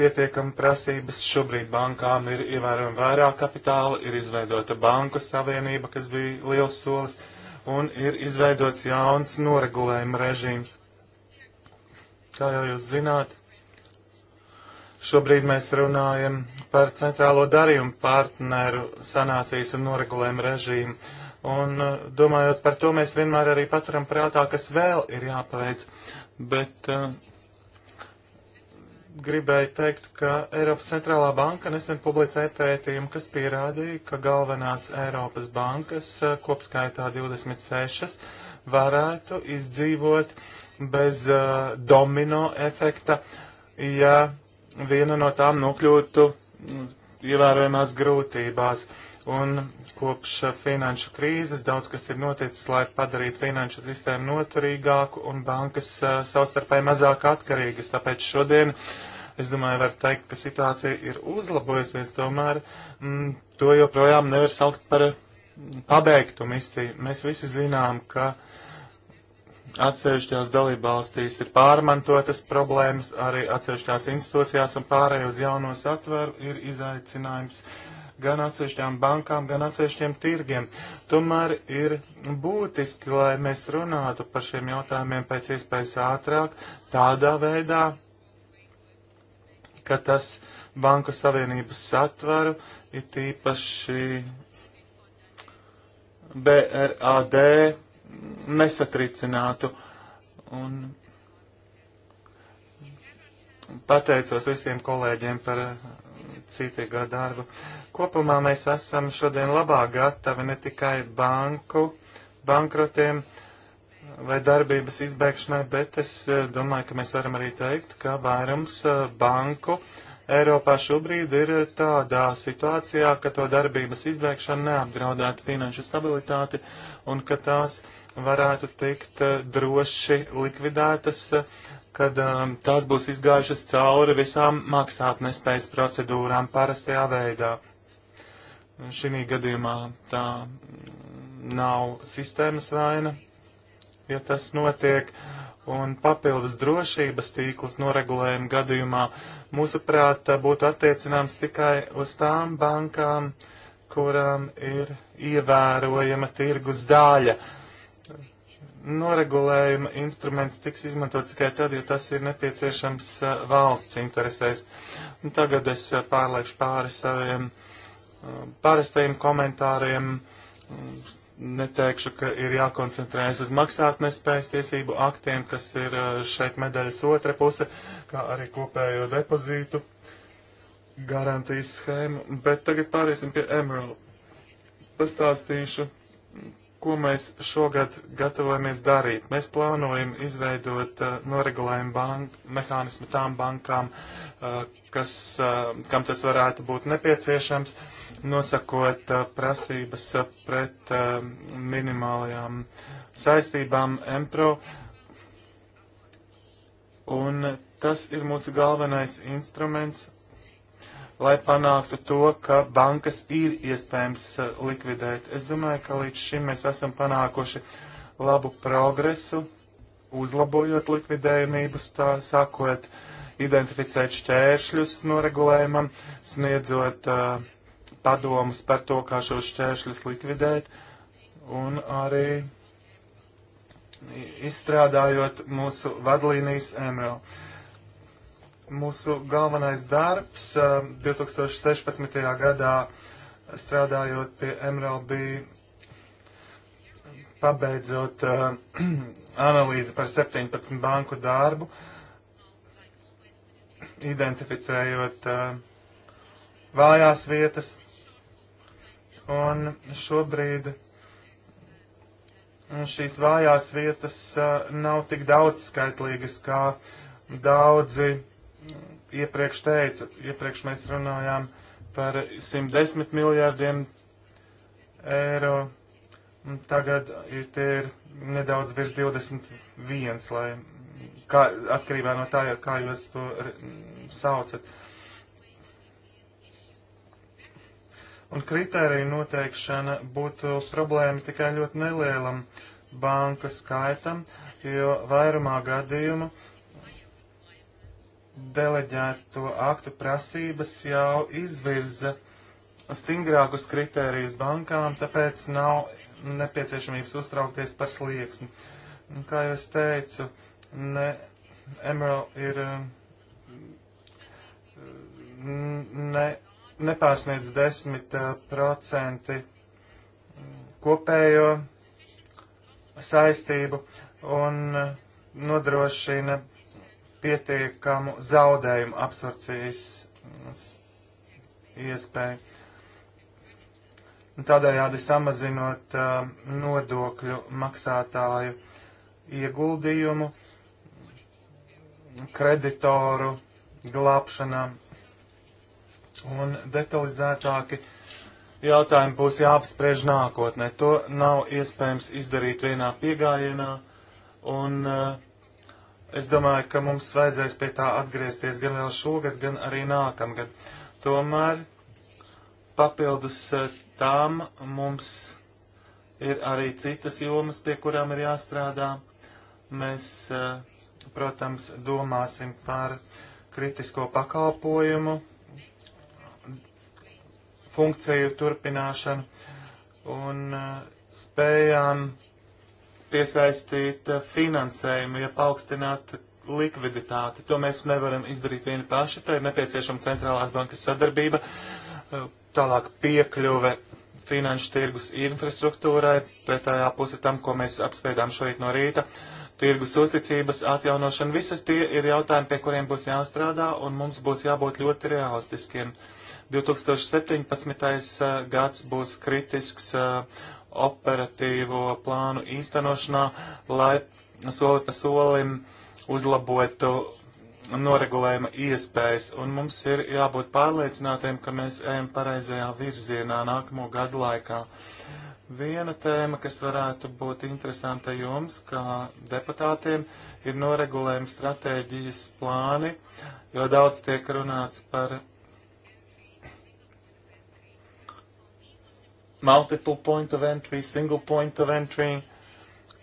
pietiekama prasības. Šobrīd bankām ir ievērojami vairāk kapitāla, ir izveidota banku savienība, kas bija liels solis, un ir izveidots jauns noregulējuma režīms. Kā jau jūs zināt, šobrīd mēs runājam par centrālo darījumu partneru sanācijas un noregulējumu režīmu. Un uh, domājot par to, mēs vienmēr arī paturam prātā, kas vēl ir jāpaveic. Bet uh, gribēju teikt, ka Eiropas centrālā banka nesen publicēja pētījumu, kas pierādīja, ka galvenās Eiropas bankas, uh, kopskaitā 26, varētu izdzīvot uh, bez uh, domino efekta, ja viena no tām nokļūtu ievērojamās grūtībās. Un kopš uh, finanšu krīzes daudz kas ir noticis, lai padarītu finanšu sistēmu noturīgāku un bankas uh, savstarpēji mazāk atkarīgas. Tāpēc šodien, es domāju, var teikt, ka situācija ir uzlabojusies, tomēr mm, to joprojām nevar saukt par pabeigtu misiju. Mēs visi zinām, ka uh, atsevišķās dalībvalstīs ir pārmantotas problēmas, arī atsevišķās institūcijās un pārējo uz jauno satveru ir izaicinājums gan atsevišķām bankām, gan atsevišķiem tirgiem. Tomēr ir būtiski, lai mēs runātu par šiem jautājumiem pēc iespējas ātrāk, tādā veidā, ka tas Banku Savienības satvaru ir tīpaši BRAD nesatricinātu. Un pateicos visiem kolēģiem par eh, citīgā darbu. Kopumā mēs esam šodien labā gatavi ne tikai banku, bankrotiem vai darbības izbēgšanai, bet es eh, domāju, ka mēs varam arī teikt, ka vairums eh, banku uh, Eiropā šobrīd ir tādā situācijā, ka to darbības izbēgšana neapdraudētu finanšu stabilitāti un ka tās varētu tikt eh, droši likvidētas, kad um, tās būs izgājušas cauri visām maksātnespējas procedūrām parastajā veidā. Šī gadījumā tā nav sistēmas vaina, ja tas notiek. Uh, un papildus drošības tīklus noregulējuma gadījumā, mūsuprāt, būtu attiecināms tikai uz tām bankām, kurām ir ievērojama tirgus daļa. Noregulējuma instruments tiks izmantots tikai tad, ja tas ir nepieciešams eh, valsts interesēs. Un tagad es eh, pārlieku pāri saviem eh, parastajiem komentāriem mm, neteikšu, ka ir jākoncentrējas uz maksātnespējas tiesību aktiem, kas ir uh, šeit medaļas otra puse, kā arī kopējo depozītu garantijas schēmu. Bet tagad pāriesim pie Emerald. Pastāstīšu ko mēs šogad gatavojamies darīt. Mēs plānojam izveidot uh, noregulējumu bank, mehānismu tām bankām, uh, kas, uh, kam tas varētu būt nepieciešams, nosakot uh, prasības uh, pret uh, minimālajām saistībām MPRO. Un tas ir mūsu galvenais instruments lai panāktu to, ka bankas ir iespējams uh, likvidēt. Es domāju, ka līdz šim mēs esam panākuši labu progresu, uzlabojot likvidējumību, stā, sākot identificēt šķēršļus noregulējumam, sniedzot uh, padomus par to, kā šos šķēršļus likvidēt, un arī izstrādājot mūsu vadlīnijas MRL. Mūsu galvenais darbs 2016. Eh, gadā strādājot pie MRLB, pabeidzot eh, *clears throat* analīzi par 17 banku darbu, identificējot eh, vājās vietas. Un šobrīd šīs vājās vietas nav tik daudz skaitlīgas, kā daudzi iepriekš teica, iepriekš mēs runājām par 110 miljārdiem eiro, un tagad tie ir nedaudz virs 21, lai kā, atkarībā no tā, kā jūs to saucat. Un kritērija noteikšana būtu problēma tikai ļoti nelielam banku skaitam, jo vairumā gadījumu uh, deleģēto aktu prasības jau izvirza stingrākus kritērijus bankām, tāpēc nav nepieciešamības uztraukties par slieksni. Un, kā jau es teicu, ne, Emerald ir um, ne, nepārsniedz 10% uh, kopējo saistību un uh, nodrošina pietiekamu zaudējumu absorpcijas iespēju. Tādējādi samazinot uh, nodokļu maksātāju ieguldījumu kreditoru glābšanā un detalizētāki jautājumi būs jāapspriež nākotnē. To nav iespējams izdarīt vienā piegājienā, un uh, Es domāju, ka mums vajadzēs pie tā atgriezties gan vēl šogad, gan arī nākamgad. Tomēr papildus eh, tām mums ir arī citas jomas, pie kurām ir jāstrādā. Mēs, eh, protams, domāsim par kritisko pakalpojumu, funkciju turpināšanu un eh, spējām piesaistīt eh, finansējumu, ja paaugstināt likviditāti. To mēs nevaram izdarīt vieni paši, tai ir nepieciešama centrālās bankas sadarbība, eh, tālāk piekļuve finanšu tirgus infrastruktūrai, pretējā puse tam, ko mēs apspēdām šorīt no rīta. Tirgus uzticības atjaunošana, visas tie ir jautājumi, pie kuriem būs jāstrādā, un mums būs jābūt ļoti realistiskiem. 2017. gads būs kritisks uh, operatīvo plānu īstenošanā, lai soli pa solim uzlabotu noregulējuma iespējas, un mums ir jābūt pārliecinātiem, ka mēs ejam pareizajā virzienā nākamo gadu laikā. Viena tēma, kas varētu būt interesanta jums, kā deputātiem, ir noregulējuma stratēģijas plāni, jo daudz tiek runāts par multiple point of entry, single point of entry,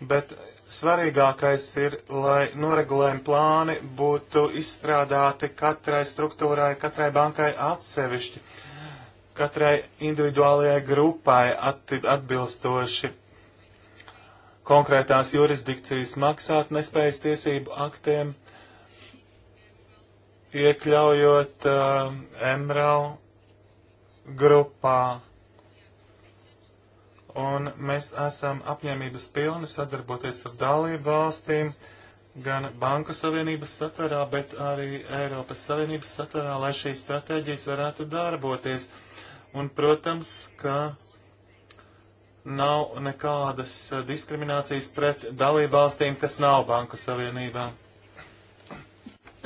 bet svarīgākais ir, lai noregulējumi plāni būtu izstrādāti katrai struktūrai, katrai bankai atsevišķi, katrai individuālajai grupai atbilstoši konkrētās jurisdikcijas maksāt nespējas tiesību aktiem, iekļaujot uh, MRL grupā un mēs esam apņēmības pilni sadarboties ar dalību valstīm gan Banku Savienības satvarā, bet arī Eiropas Savienības satvarā, lai šīs stratēģijas varētu darboties. Un, protams, ka nav nekādas diskriminācijas pret dalībvalstīm, kas nav Banku Savienībā.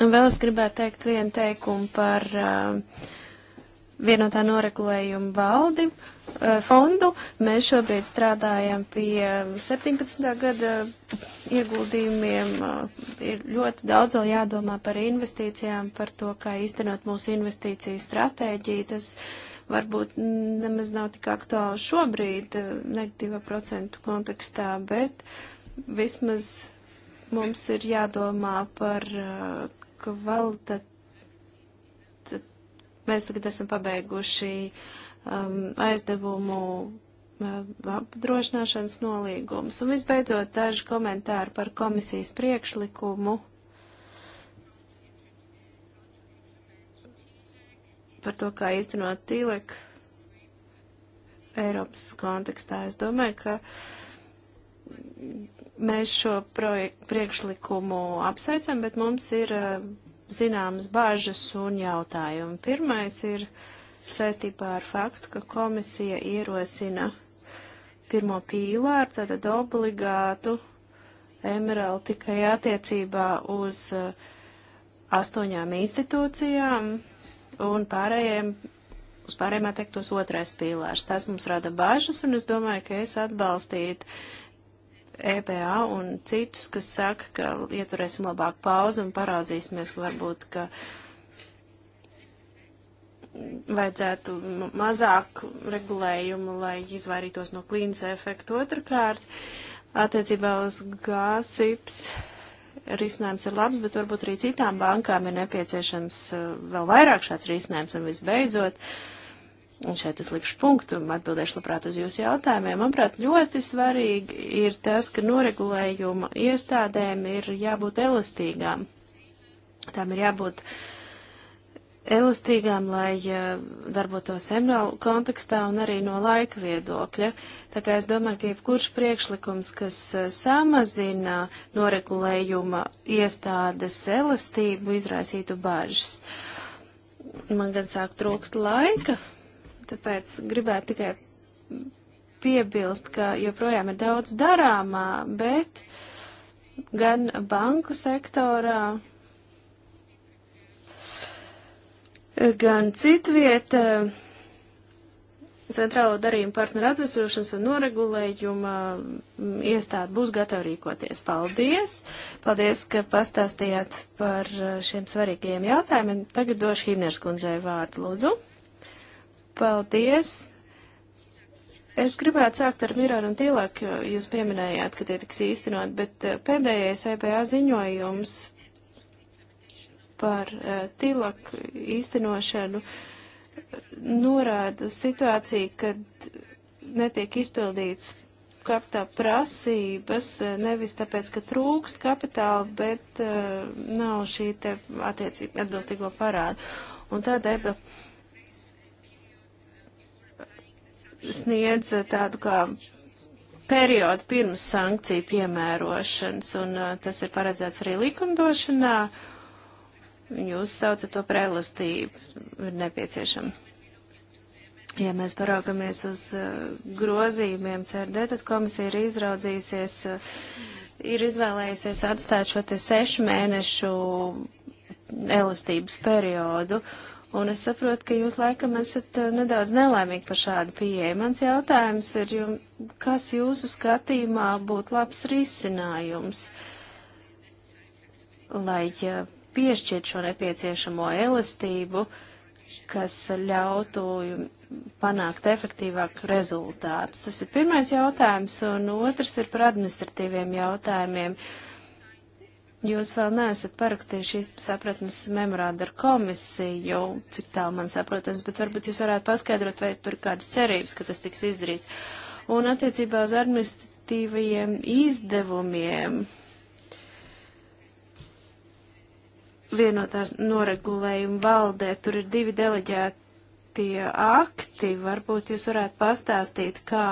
Vēl es gribētu teikt vienu teikumu par uh, vienotā noregulējumu valdi. Uh, Eh, fondu. Mēs šobrīd strādājam pie 17. gada ieguldījumiem. Eh, ir ļoti daudz vēl jādomā par investīcijām, par to, kā īstenot mūsu investīciju stratēģiju. Tas varbūt nemaz nav tik aktuāli šobrīd eh, negatīva procentu kontekstā, bet vismaz mums ir jādomā par kvalitāti. Mēs tagad esam pabeiguši uh, um, aizdevumu uh, apdrošināšanas nolīgumus. Un visbeidzot daži komentāri par komisijas priekšlikumu par to, kā īstenot tīlek Eiropas kontekstā. Es domāju, ka mēs šo priekšlikumu apsveicam, bet mums ir uh, zināmas bāžas un jautājumi. Pirmais ir. Uh, saistībā ar faktu, ka komisija ierosina pirmo pīlāru, tātad obligātu emeraldu tikai attiecībā uz eh, astoņām institūcijām un pārējiem, uz pārējiem attiektos otrais pīlārs. Tas mums rada bažas, un es domāju, ka es atbalstītu EPA un citus, kas saka, ka ieturēsim labāk pauzi un paraudzīsimies, ka varbūt, ka uh, vajadzētu mazāk regulējumu, lai izvairītos no klīnas efektu. Otrakārt, attiecībā uz gāzips risinājums ir labs, bet varbūt arī citām bankām ir nepieciešams uh, vēl vairāk šāds risinājums. Un visbeidzot, un šeit es likšu punktu, atbildēšu labprāt uz jūsu jautājumiem, manuprāt, ļoti svarīgi ir tas, ka noregulējuma iestādēm ir jābūt elastīgām. Tām ir jābūt uh, elastīgām, lai darbotos MRL kontekstā un arī no laika viedokļa. Tā kā es domāju, ka jebkurš priekšlikums, kas eh, samazina noregulējuma iestādes elastību, izraisītu bažas. Man gan sāk trūkt laika, tāpēc gribētu tikai piebilst, ka joprojām ir daudz darāmā, bet gan banku sektorā, gan citviet eh, centrālo darījumu partneru atvesošanas un noregulējuma mm, iestāde būs gatava rīkoties. Paldies! Paldies, ka pastāstījāt par eh, šiem svarīgajiem jautājumiem. Tagad došu Himners kundzei vārdu, lūdzu. Paldies! Es gribētu sākt ar Miroru un Tīlāku, jo eh, jūs pieminējāt, ka tie tiks īstenot, bet pēdējais EPA ziņojums par eh, tilak īstenošanu norāda situāciju, kad netiek izpildīts kapitāla prasības, eh, nevis tāpēc, ka trūkst kapitāla, bet uh, nav šī te attiecība atbilstīgo parādu. Un tāda eba sniedz tādu kā periodu pirms sankciju piemērošanas, un uh, tas ir paredzēts arī likumdošanā, Jūs saucat to par elastību, ir nepieciešama. Ja mēs paraugamies uz uh, grozījumiem CRD, tad komisija ir izraudzījusies, uh, ir izvēlējusies atstāt šo te sešu mēnešu elastības periodu. Un es saprotu, ka jūs laikam esat uh, nedaudz nelaimīgi par šādu pieeju. Mans jautājums ir, kas jūsu skatījumā būtu labs risinājums, lai piešķirt šo nepieciešamo elastību, kas ļautu panākt efektīvāku rezultātu. Tas ir pirmais jautājums, un otrs ir par administratīviem jautājumiem. Jūs vēl neesat parakstījuši sapratnes memorādu ar komisiju, cik tālu man saprotams, bet varbūt jūs varētu paskaidrot, vai tur ir kādas cerības, ka tas tiks izdarīts. Un attiecībā uz administratīvajiem izdevumiem vienotās noregulējuma valdē. Tur ir divi deleģētie akti. Varbūt jūs varētu pastāstīt, kā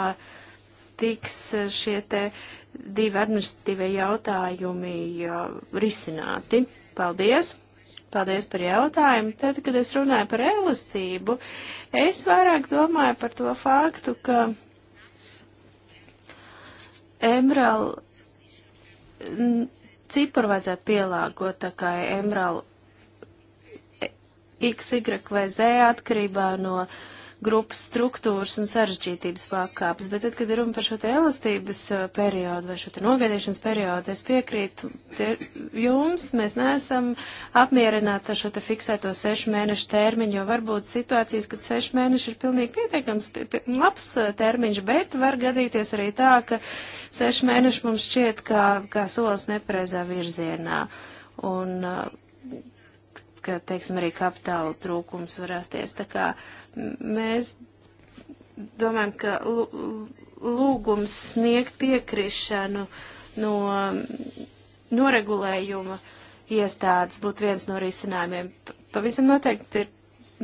tiks šie te divi administratīvie jautājumi risināti. Paldies! Paldies par jautājumu. Tad, kad es runāju par elastību, es vairāk domāju par to faktu, ka Emerald Cipru vajadzētu pielāgot tā kā emralu XY vai Z atkarībā no uh, grupas struktūras un sarežģītības pakāpes. Bet tad, kad ir runa par šo te elastības eh, periodu vai šo te nogaidīšanas periodu, es piekrītu jums, mēs neesam apmierināti ar šo te fiksēto sešu mēnešu termiņu, jo varbūt situācijas, kad sešu mēneši ir pilnīgi pietiekams, labs eh, termiņš, bet var gadīties arī tā, ka sešu mēneši mums šķiet kā, kā solis nepareizā virzienā. Un, eh, ka, teiksim, arī kapitāla trūkums var rasties. Tā kā uh, Mēs domājam, ka lūgums sniegt piekrišanu no noregulējuma iestādes būtu viens no risinājumiem. Pavisam noteikti ir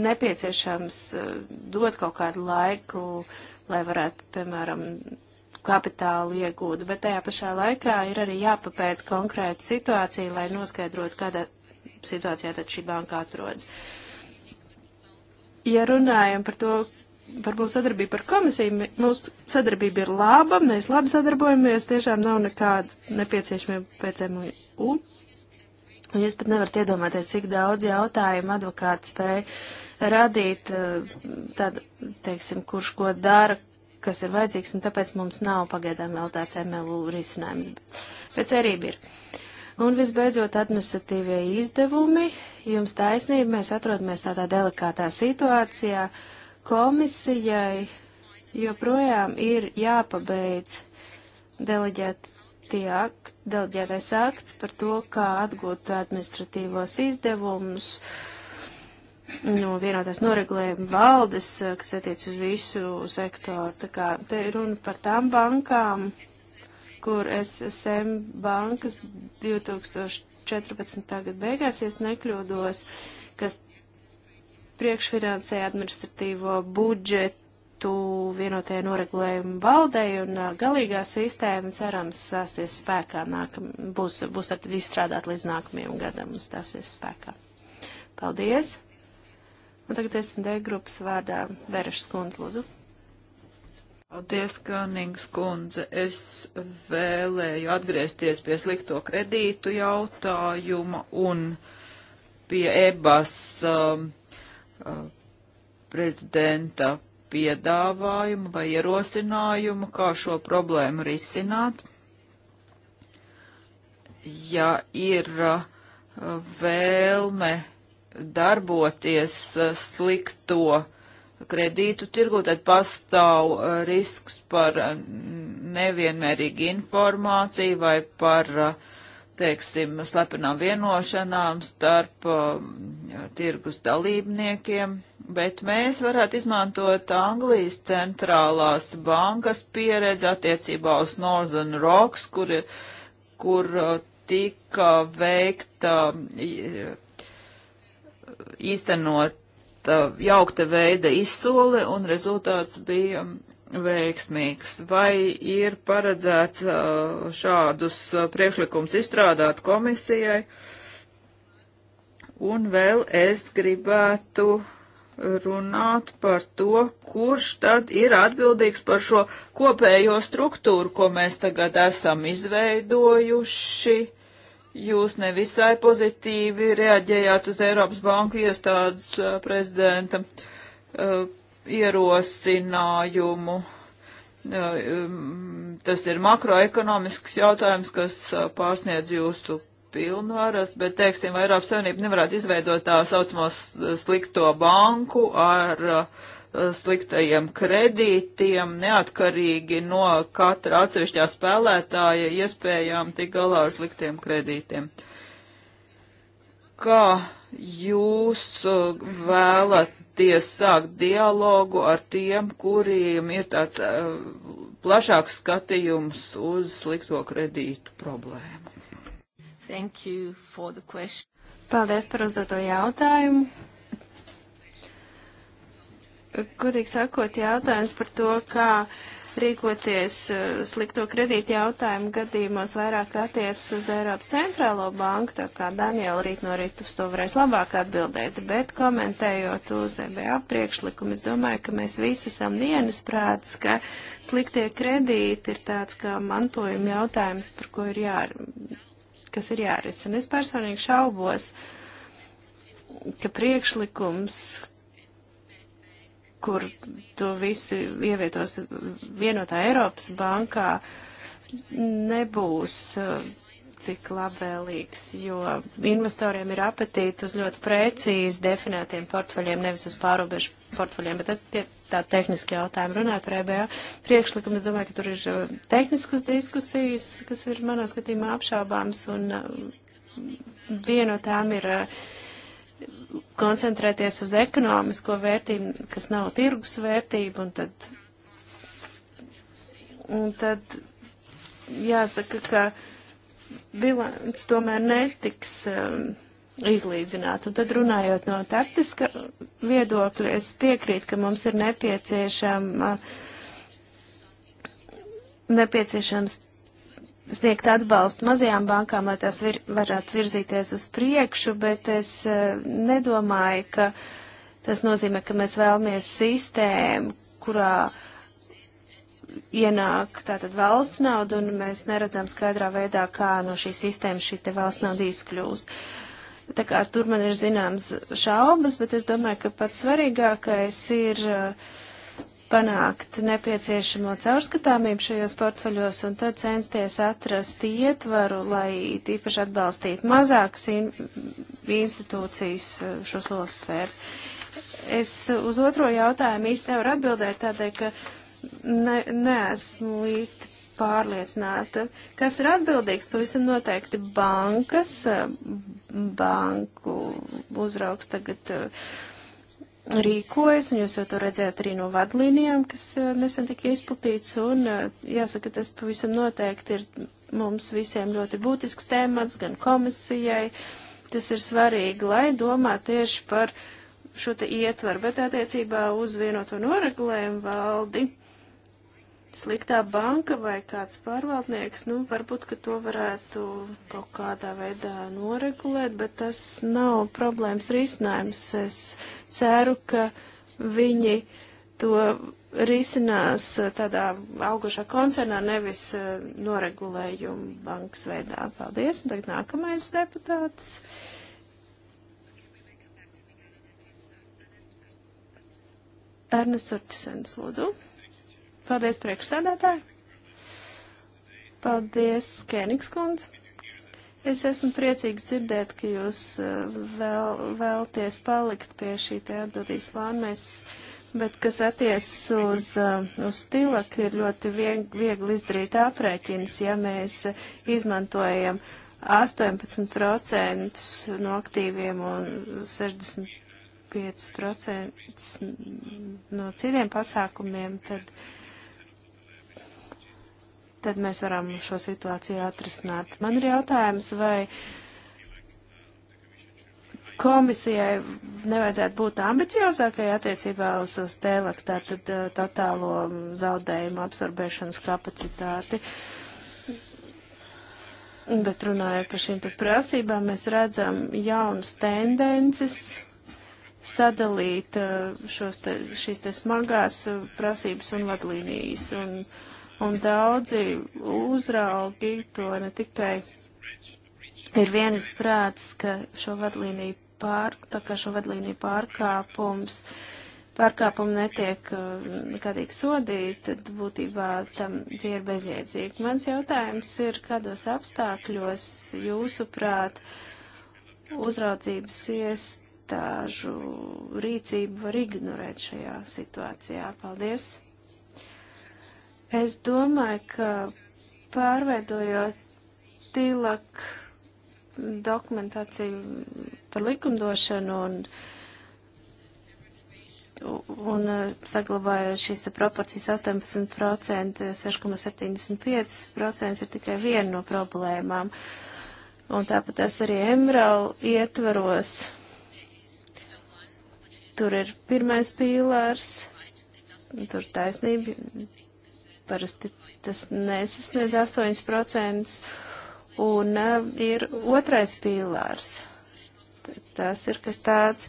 nepieciešams eh, dot kaut kādu laiku, lai varētu, piemēram, kapitālu iegūt, bet tajā pašā laikā ir arī jāpapēta konkrēta situācija, lai noskaidrotu, kādā situācijā tad šī banka atrodas. Uh, ja runājam par to, par mūsu sadarbību ar komisiju, mūsu sadarbība ir laba, mēs labi sadarbojamies, tiešām nav nekāda nepieciešamība pēc MU. Un jūs pat nevarat iedomāties, cik daudz jautājumu advokāts spēja radīt, eh, tad, teiksim, kurš ko dara, kas ir vajadzīgs, un tāpēc mums nav pagaidām vēl tāds MLU risinājums. Bet cerība ir. Un visbeidzot, administratīvie izdevumi. Uh, jums taisnība, mēs atrodamies tādā delikātā situācijā. Komisijai joprojām ir jāpabeidz deleģēt akt, deleģētais akts par to, kā atgūt administratīvos izdevumus no vienotās noregulējuma valdes, kas attiec uz visu sektoru. Tā kā te ir runa par tām bankām, kur SSM bankas 2000 14. gada beigās, ja nekļūdos, kas priekšfinansēja administratīvo budžetu vienotajai noregulējumu valdei un galīgā sistēma cerams sāsties spēkā, nākam, būs, būs tad izstrādāt līdz nākamajam gadam un stāsies spēkā. Paldies! Un tagad esmu D grupas vārdā Verešas kundze, lūdzu. Paldies, Kanings kundze. Es vēlēju atgriezties pie slikto kredītu jautājuma un pie EBAS um, uh, prezidenta piedāvājumu vai ierosinājumu, kā šo problēmu risināt. Ja ir uh, vēlme darboties uh, slikto kredītu tirgu, tad pastāv uh, risks par uh, nevienmērīgu informāciju vai par, uh, teiksim, slepenām vienošanām starp tirgus dalībniekiem, bet mēs varētu izmantot Anglijas centrālās bankas pieredzi attiecībā uz Northern Rocks, kur, kur tika veikta īstenot jaukta veida izsole un rezultāts bija veiksmīgs. Vai ir paredzēts šādus priekšlikums izstrādāt komisijai? Un vēl es gribētu runāt par to, kurš tad ir atbildīgs par šo kopējo struktūru, ko mēs tagad esam izveidojuši jūs nevisai pozitīvi reaģējāt uz Eiropas Banku iestādes prezidenta uh, ierosinājumu. Uh, tas ir makroekonomisks jautājums, kas pārsniedz jūsu pilnvaras, bet, teiksim, vai Eiropas Savienība nevarētu izveidot tā saucamos slikto banku ar uh, sliktajiem kredītiem, neatkarīgi no katra atsevišķā spēlētāja iespējām tik galā ar sliktiem kredītiem. Kā jūs uh, vēlaties sākt dialogu ar tiem, kuriem ir tāds uh, plašāks skatījums uz slikto kredītu problēmu? Thank you for the question. Paldies par uzdoto jautājumu godīgi sakot, jautājums par to, kā rīkoties eh, slikto kredītu jautājumu gadījumos vairāk attiecas uz Eiropas centrālo banku, tā kā Daniela rīt no rīta uz to varēs labāk atbildēt, bet komentējot uz EBA priekšlikumu, es domāju, ka mēs visi esam vienisprāts, ka sliktie kredīti ir tāds kā mantojuma jautājums, par ko ir jār, kas ir jārisina. Es personīgi šaubos, ka priekšlikums, kur to visi ievietos vienotā Eiropas bankā, nebūs tik eh, labvēlīgs, jo investoriem ir apetīti uz ļoti precīzi definētiem portfeļiem, nevis uz pārobežu portfeļiem, bet tas tie tā tehniski jautājumi runāja par EBA priekšlikumu. Es domāju, ka tur ir eh, tehniskas diskusijas, kas ir manā skatījumā apšaubāms, un eh, viena no tām ir uh, koncentrēties uz ekonomisko vērtību, kas nav tirgus vērtība, un tad, un tad jāsaka, ka bilants tomēr netiks um, izlīdzināt. Un tad runājot no taktiska viedokļa, es piekrītu, ka mums ir nepieciešama nepieciešams sniegt atbalstu mazajām bankām, lai tās vir, varētu virzīties uz priekšu, bet es eh, nedomāju, ka tas nozīmē, ka mēs vēlamies sistēmu, kurā ienāk tātad valsts nauda, un mēs neredzam skaidrā veidā, kā no šīs sistēmas šī te valsts nauda izkļūst. Tā kā tur man ir zināms šaubas, bet es domāju, ka pats svarīgākais ir uh, panākt nepieciešamo caurskatāmību šajos portfeļos un tad censties atrast ietvaru, lai tīpaši atbalstītu mazākas in institūcijas eh, šos lolas tvērt. Es uz otro jautājumu īsti nevaru atbildēt tādēļ, ka ne, neesmu īsti pārliecināta. Kas ir atbildīgs? Pavisam noteikti bankas, banku uzrauks tagad. Uh, rīkojas, un jūs jau to redzējāt arī no vadlīnijām, kas eh, nesen tika izplatīts, un eh, jāsaka, tas pavisam noteikti ir mums visiem ļoti būtisks tēmats, gan komisijai. Tas ir svarīgi, lai domā tieši par šo te ietvaru, bet attiecībā uz vienoto noregulējumu valdi sliktā banka vai kāds pārvaldnieks, nu, varbūt, ka to varētu kaut kādā veidā noregulēt, bet tas nav problēmas risinājums. Es ceru, ka viņi to risinās uh, tādā augušā koncernā, nevis uh, noregulējumu bankas veidā. Paldies, un tagad nākamais deputāts. Ernests Ortisens, lūdzu. Paldies, priekšsēdētāji. Paldies, Kēnigs kundze. Es esmu priecīgs dzirdēt, ka jūs uh, vēl, vēlties palikt pie šī te atbildības lāmēs, bet kas attiecas uz, uh, uz tilaku, ir ļoti vieg, viegli izdarīt aprēķins, ja mēs izmantojam 18% no aktīviem un 65% no citiem pasākumiem, tad tad mēs varam šo situāciju atrisināt. Man ir jautājums, vai komisijai nevajadzētu būt ambiciozākai attiecībā uz, uz tēlak, tātad uh, totālo zaudējumu absorbēšanas kapacitāti. Bet runājot par šīm prasībām, mēs redzam jaunas tendences sadalīt uh, šos te, šīs te smagās uh, prasības un vadlīnijas. Un, uh, un daudzi uzraugi to ne tikai ir vienas prāts, ka šo vadlīniju pār, tā kā šo vadlīniju pārkāpums, pārkāpumu netiek uh, nekādīgi sodīti, tad būtībā tam tie ir bezjēdzīgi. Mans jautājums ir, kādos apstākļos jūsuprāt uzraudzības iestāžu rīcību var ignorēt šajā situācijā? Paldies! Es domāju, ka pārveidojot tīlāk dokumentāciju par likumdošanu un, un uh, saglabājot šīs te proporcijas 18%, 6,75% ir tikai viena no problēmām. Un tāpat tas arī Emrau ietvaros. Tur ir pirmais pīlārs, tur taisnība, parasti tas nesasniedz 8%, un uh, ir otrais pīlārs. Tas ir kas tāds,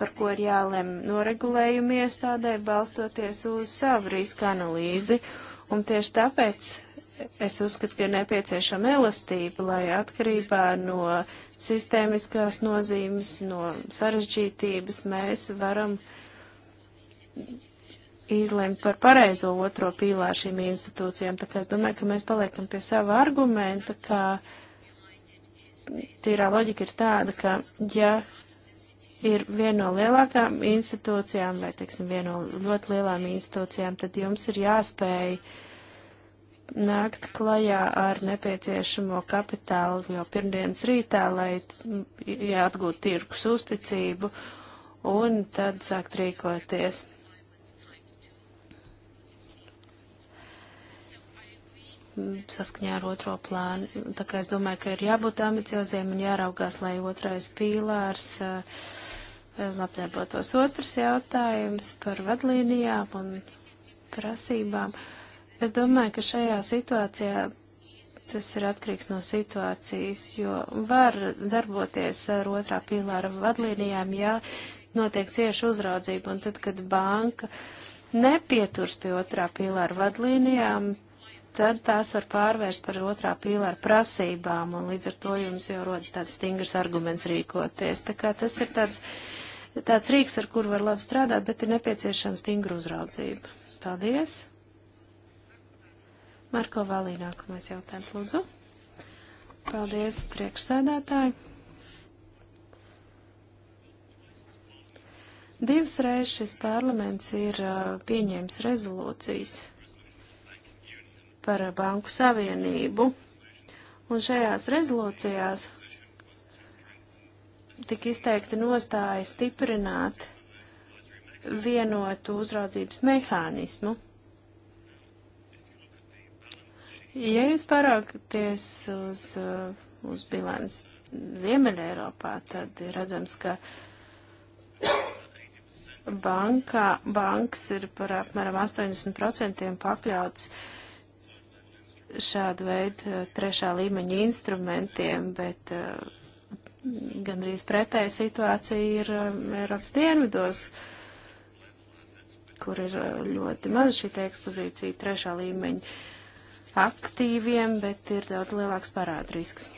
par ko ir jālem noregulējumi iestādē, balstoties uz savu riska analīzi, un tieši tāpēc es uzskatu, ka ir nepieciešama elastība, lai atkarībā no sistēmiskās nozīmes, no sarežģītības mēs varam izlemt par pareizo otro pīlāru šīm institūcijām. Tā kā es domāju, ka mēs paliekam pie sava argumenta, ka tīrā loģika ir tāda, ka ja ir viena no lielākām institūcijām vai, teiksim, viena no ļoti lielām institūcijām, tad jums ir jāspēj nākt klajā ar nepieciešamo kapitālu jau pirmdienas rītā, lai atgūtu tirkus uzticību un tad sākt rīkoties. saskaņā ar otro plānu. Tā kā es domāju, ka ir jābūt ambicioziem un jāraugās, lai otrais pīlārs eh, labdarbotos. Otrs jautājums par vadlīnijām un prasībām. Es domāju, ka šajā situācijā tas ir atkarīgs no situācijas, jo var darboties ar otrā pīlāra vadlīnijām, ja notiek cieši uzraudzība, un tad, kad banka nepieturas pie otrā pīlāra vadlīnijām, tad tās var pārvērst par otrā pīlāra prasībām, un līdz ar to jums jau rodas tāds stingrs arguments rīkoties. Tā kā tas ir tāds, tāds rīks, ar kuru var labi strādāt, bet ir nepieciešama stingra uzraudzība. Paldies! Marko Valī nākamais jautājums, lūdzu. Paldies, priekšsēdētāji. Divas reizes šis parlaments ir pieņēmis rezolūcijas par Banku Savienību. Un šajās rezolūcijās tika izteikta nostāja stiprināt vienotu uzraudzības mehānismu. Ja jūs paraugties uz, uz bilans Ziemeļa Eiropā, tad ir redzams, ka bankā, banks ir par apmēram 80% pakļauts uh, šādu veidu eh, trešā līmeņa instrumentiem, bet eh, gandrīz pretēja situācija ir eh, Eiropas dienvidos, kur ir ļoti maz šī ekspozīcija trešā līmeņa aktīviem, bet ir daudz lielāks parādrisks.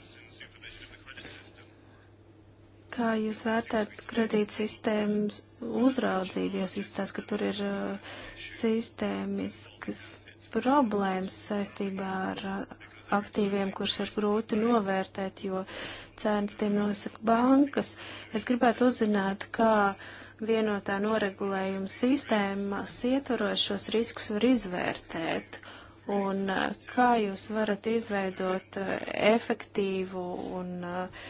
Kā jūs vērtētu kredītsistēmas uzraudzību, jo izstāsta, ka tur ir sistēmiskas problēmas saistībā ar uh, aktīviem, kurus ir grūti novērtēt, jo cenas tiem nosaka bankas. Es gribētu uzzināt, kā vienotā noregulējuma sistēmas ietvaros šos riskus var izvērtēt un uh, kā jūs varat izveidot uh, efektīvu un uh,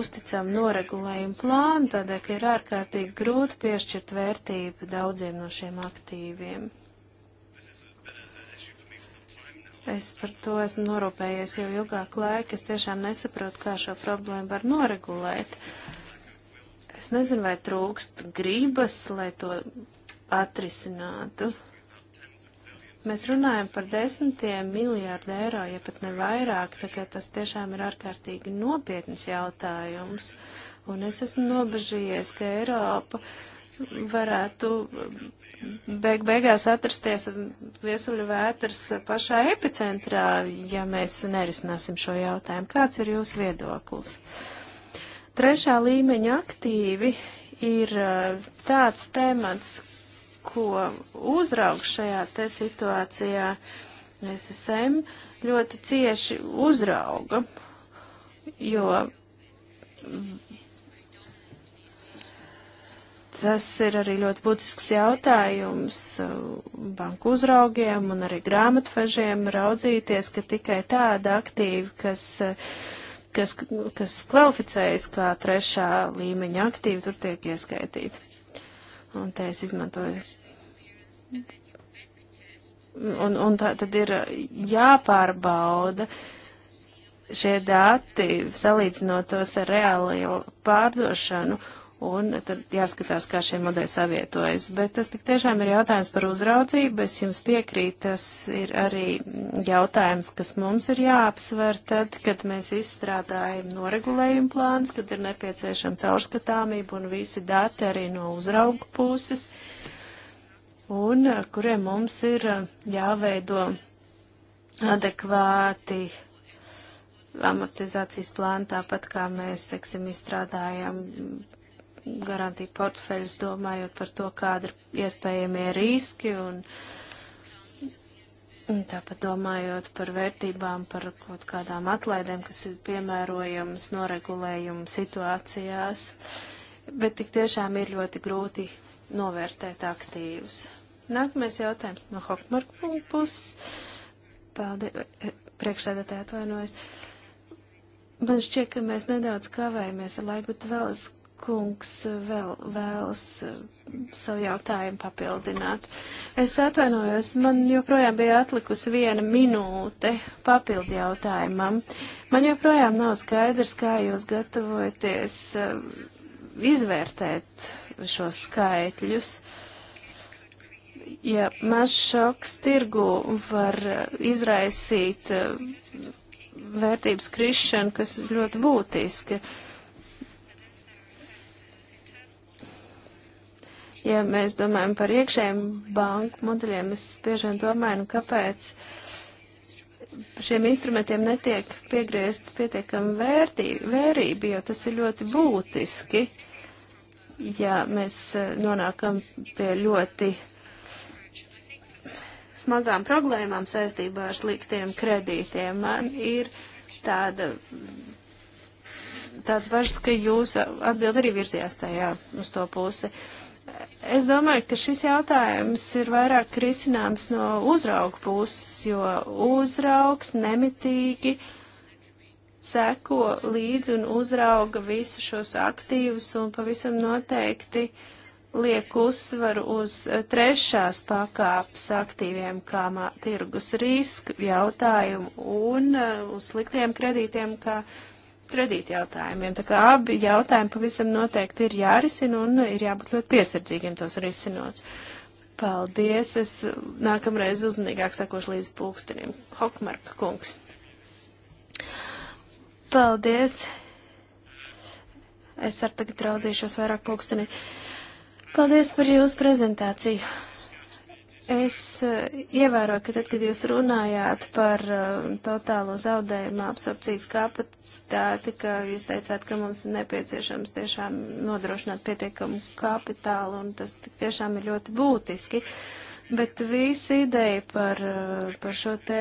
uzticamu noregulējumu plānu, tādēļ, ka ir ārkārtīgi grūti piešķirt vērtību daudziem no šiem aktīviem. Es par to esmu norūpējies jau ilgāk laika. Es tiešām nesaprotu, kā šo problēmu var noregulēt. Es nezinu, vai trūkst grības, lai to atrisinātu. Mēs runājam par desmitiem miljārdu eiro, ja pat ne vairāk, tā kā tas tiešām ir ārkārtīgi nopietns jautājums. Un es esmu nobežījies, ka Eiropa. Uh, varētu beig beigās atrasties viesuļu vētras pašā epicentrā, ja mēs nerisināsim šo jautājumu. Kāds ir jūsu viedoklis? Trešā līmeņa aktīvi ir eh, tāds temats, ko uzraug šajā te situācijā SSM ļoti cieši uzrauga, jo Tas ir arī ļoti būtisks jautājums uh, banku uzraugiem un arī grāmatvežiem raudzīties, ka tikai tāda aktīva, kas, uh, kas, kas kvalificējas kā trešā līmeņa aktīva, tur tiek ieskaitīta. Un te es izmantoju. Un, un tā tad ir jāpārbauda šie dati, salīdzinot tos ar reālo pārdošanu un tad jāskatās, kā šie modeļi savietojas. Bet tas tik tiešām ir jautājums par uzraudzību, es jums piekrītu, tas ir arī jautājums, kas mums ir jāapsver tad, kad mēs izstrādājam noregulējumu plāns, kad ir nepieciešama caurskatāmība un visi dati arī no uzraugu puses, un eh, kuriem mums ir eh, jāveido adekvāti amortizācijas plānu, tāpat kā mēs, teiksim, izstrādājam garantiju portfeļus, domājot par to, kāda ir iespējamie riski un, un tāpat domājot par vērtībām, par kaut kādām atlaidēm, kas ir piemērojamas noregulējumu situācijās. Bet tik tiešām ir ļoti grūti novērtēt aktīvus. Nākamais jautājums no Hokmarka puses. Paldies, eh, priekšsēdētāji atvainojas. Man šķiet, ka mēs nedaudz kavējamies ar laiku, bet vēl es kungs vēl vēlas eh, savu jautājumu papildināt. Es atvainojos, man joprojām bija atlikusi viena minūte papildu jautājumam. Man joprojām nav skaidrs, kā jūs gatavojaties eh, izvērtēt šos skaitļus. Ja mazs šoks tirgu var izraisīt eh, vērtības krišanu, kas ļoti būtiski. Uh, ja mēs domājam par iekšējiem banku modeļiem, es bieži vien domāju, nu kāpēc šiem instrumentiem netiek piegriezt pietiekami vērtī, vērība, jo tas ir ļoti būtiski, ja mēs eh, nonākam pie ļoti smagām problēmām saistībā ar sliktiem kredītiem. Man ir tāda, tāds važs, ka jūs atbild arī virzījās tajā uz to pusi. Uh, Es domāju, ka šis jautājums ir vairāk risināms no uzrauga puses, jo uzraugs nemitīgi seko līdzi un uzrauga visu šos aktīvus un pavisam noteikti liek uzsvaru uz trešās pakāpes aktīviem, kā tirgus riska jautājumu un uh, uz sliktiem kredītiem, kā kredīti jautājumiem. Tā kā abi jautājumi pavisam noteikti ir jārisina un ir jābūt ļoti piesardzīgiem tos risinot. Paldies, es nākamreiz uzmanīgāk sakošu līdz pulksteniem. Hokmarka kungs. Paldies. Es ar tagad raudzīšos vairāk pulksteni. Paldies par jūsu prezentāciju. Es eh, ievēroju, ka tad, kad jūs runājāt par eh, totālo zaudējumu absorpcijas kapacitāti, ka jūs teicāt, ka mums ir nepieciešams tiešām nodrošināt pietiekamu kapitālu, un tas tiešām ir ļoti būtiski. Bet visa ideja par, eh, par šo te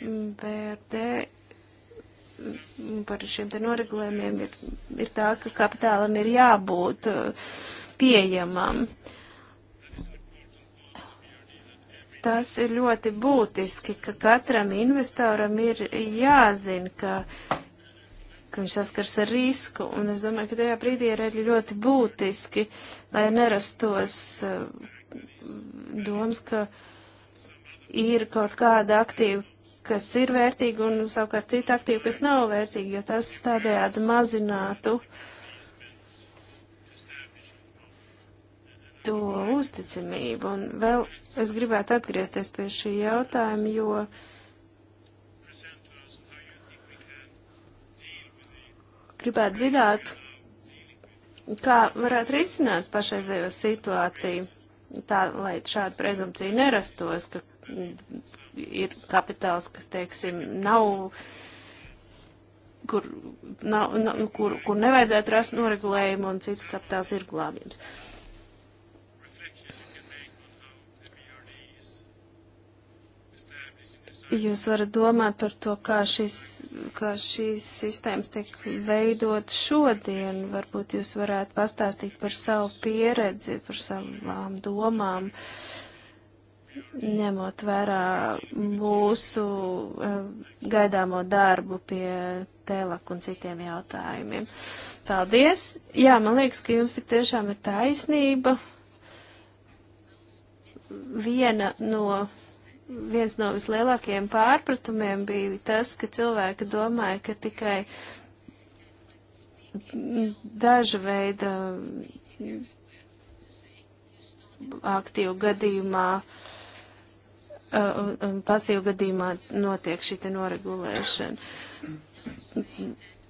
BRD, mm, mm, par šiem te noregulējumiem ir, ir tā, ka kapitālam ir jābūt pieejamam. Uh, Tas ir ļoti būtiski, ka katram investoram ir jāzina, ka, ka viņš saskars ar risku, un es domāju, ka tajā brīdī ir arī ļoti būtiski, lai nerastos eh, domas, ka ir kaut kāda aktīva kas ir vērtīgi un savukārt cita aktīva, kas nav vērtīga, jo tas tādējādi mazinātu uh, to uzticamību. Un vēl es gribētu atgriezties pie šī jautājuma, jo. Gribētu zināt, kā varētu risināt pašreizējo situāciju, tā lai šāda prezumcija nerastos, ka ir kapitāls, kas, teiksim, nav kur, nav, nav, kur, kur nevajadzētu rast noregulējumu un cits kapitāls ir glābjams. Uh, Jūs varat domāt par to, kā šīs, kā šīs sistēmas tiek veidot šodien. Varbūt jūs varētu pastāstīt par savu pieredzi, par savām domām, ņemot vērā mūsu eh, gaidāmo darbu pie telak un citiem jautājumiem. Paldies! Jā, man liekas, ka jums tik tiešām ir taisnība. Viena no viens no vislielākajiem pārpratumiem bija tas, ka cilvēki domāja, ka tikai daža veida mm, aktīvu gadījumā, uh, pasīvu gadījumā notiek šī te noregulēšana.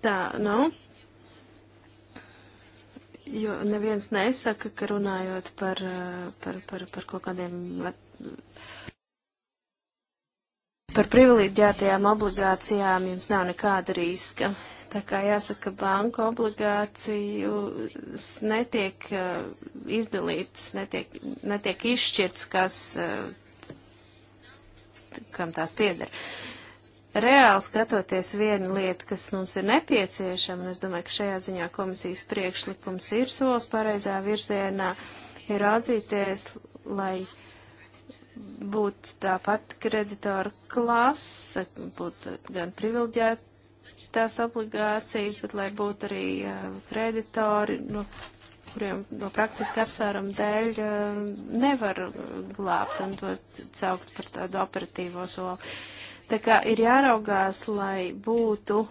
Tā, nu. No? Jo neviens nesaka, ka runājot par, uh, par, par, par kaut kādiem Par privileģētajām obligācijām jums nav nekāda riska. Tā kā jāsaka, banka obligācijas netiek uh, izdalītas, netiek, netiek izšķirts, kas, uh, kam tās pieder. Reāli skatoties viena lieta, kas mums ir nepieciešama, un es domāju, ka šajā ziņā komisijas priekšlikums ir solis pareizā virzienā, ir atzīties, lai uh, būtu tāpat kreditoru klase, būtu gan privileģētās obligācijas, bet lai būtu arī eh, kreditori, no nu, kuriem no praktiski apsvērumu dēļ eh, nevar glābt un to saukt par tādu operatīvo soli. Tā kā ir jāraugās, lai būtu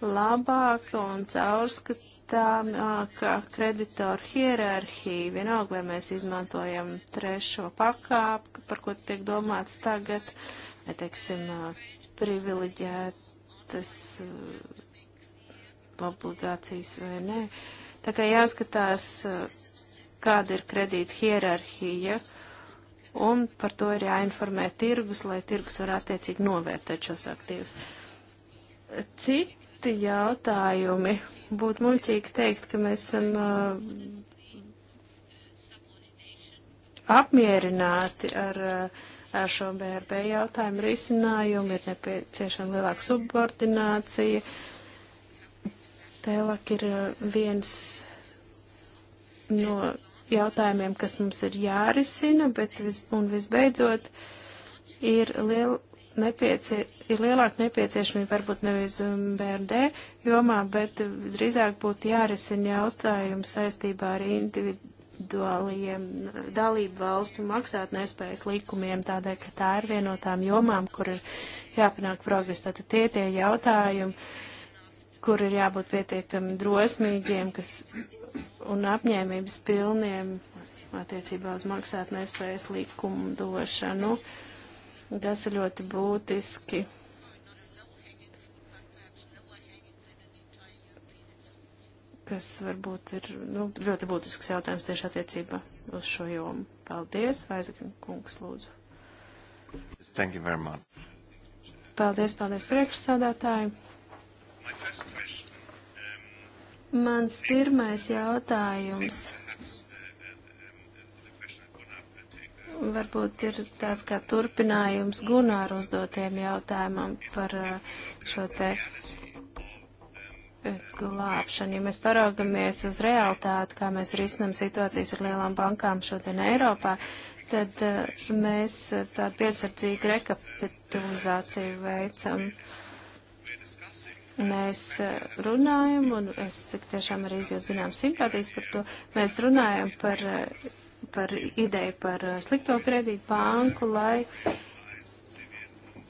labāka un caurskatā uzskatām, ka kreditoru hierarhija, vienalga, vai mēs izmantojam trešo pakāpu, par ko tiek domāts tagad, vai, teiksim, privileģētas obligācijas vai nē. Tā kā jāskatās, kāda ir kredīta hierarhija, un par to ir jāinformē tirgus, lai tirgus var attiecīgi novērtēt šos aktīvus. Cik citi jautājumi. Būtu muļķīgi teikt, ka mēs esam apmierināti ar, ar šo BRB jautājumu risinājumu, ir nepieciešama lielāka subordinācija. Tēlāk ir viens no jautājumiem, kas mums ir jārisina, bet vis, un visbeidzot ir liela nepiecie, ir lielāka nepieciešamība varbūt nevis um, BRD jomā, bet uh, drīzāk būtu jārisina jautājums saistībā ar individuāliem uh, dalību valstu maksātnespējas likumiem, tādēļ, ka tā ir vienotām jomām, kur ir jāpanāk progress. Tātad tie tie jautājumi, kur ir jābūt pietiekami drosmīgiem kas, un apņēmības pilniem attiecībā uz maksātnespējas likumu došanu. Nu, Tas ir ļoti būtiski. kas varbūt ir nu, ļoti būtisks jautājums tieši attiecībā uz šo jomu. Paldies, Vaisakam kungs, lūdzu. Thank you very much. Paldies, paldies priekšsādātāji. Um, Mans pirmais jautājums varbūt ir tāds kā turpinājums Gunāru uzdotiem jautājumam par uh, šo te uh, glābšanu. Ja mēs paraugamies uz realitāti, kā mēs risinam situācijas ar lielām bankām šodien Eiropā, tad uh, mēs tādu piesardzīgu rekapitalizāciju veicam. Mēs runājam, un es tiešām arī izjūtu zinām simpātijas par to, mēs runājam par par ideju par uh, slikto kredītu banku, lai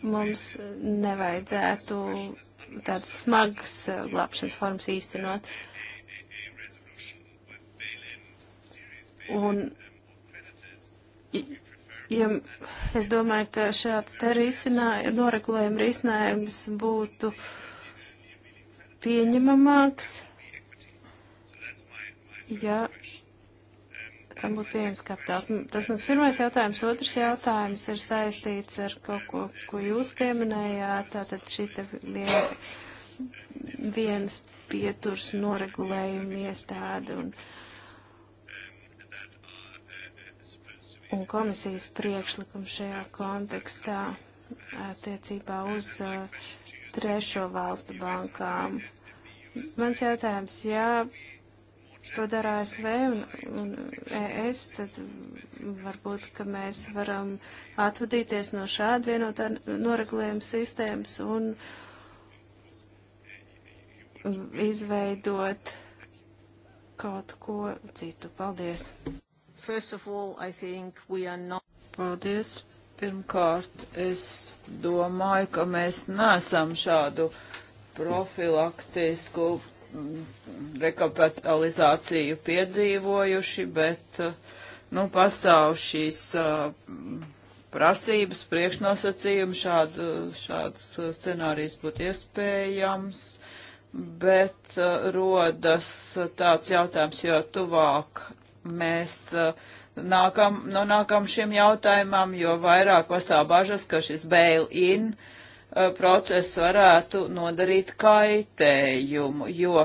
mums uh, nevajadzētu tādas smagas uh, glābšanas formas īstenot. Un, ja es domāju, ka šāda te risinājuma, noregulējuma risinājums būtu pieņemamāks, ja tam būtu pieejams kapitāls. Tas mans pirmais jautājums. Otrs jautājums ir saistīts ar kaut ko, ko jūs pieminējāt. Tātad šī te vien, viens pieturs noregulējuma iestāde un, un komisijas priekšlikums šajā kontekstā attiecībā uz uh, trešo valstu bankām. Mans jautājums, jā. Ja to dara ASV un, un ES, tad varbūt, ka mēs varam atvadīties no šāda vienotā noregulējuma sistēmas un izveidot kaut ko citu. Paldies! All, not... Paldies! Pirmkārt, es domāju, ka mēs nesam šādu profilaktisku rekapitalizāciju piedzīvojuši, bet eh, nu, pastāv šīs eh, prasības, priekšnosacījumi, šād, šāds scenārijs būtu iespējams, bet eh, rodas tāds jautājums, jo tuvāk mēs nākam, nu, nākam šim jautājumam, jo vairāk pastāv bažas, ka šis bail-in uh, Uh, process varētu nodarīt kaitējumu, jo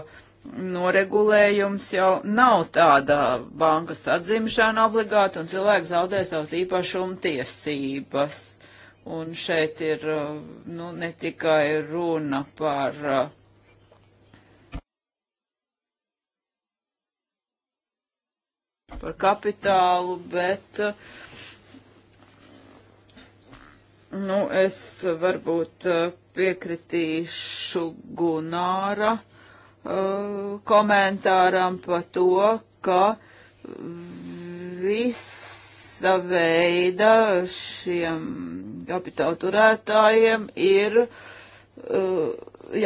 noregulējums jau nav tāda bankas atzimšana obligāti un cilvēks zaudē savas īpašuma tiesības. Un šeit ir uh, nu, ne tikai runa par uh, par kapitālu, bet uh, Nu, es varbūt eh, piekritīšu Gunāra uh, komentāram par to, ka visa veida šiem kapitāla turētājiem ir uh,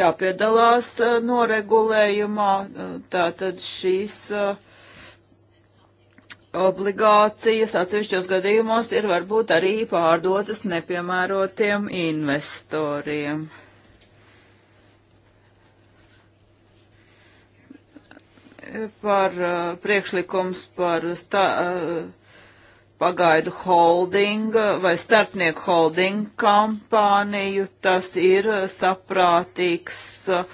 jāpiedalās noregulējumā. Tātad šīs uh, obligācijas atsevišķos gadījumos ir varbūt arī pārdotas nepiemērotiem investoriem. Par uh, priekšlikums par stā, uh, pagaidu holdinga vai starpnieku holdinga kampāniju, tas ir saprātīgs uh,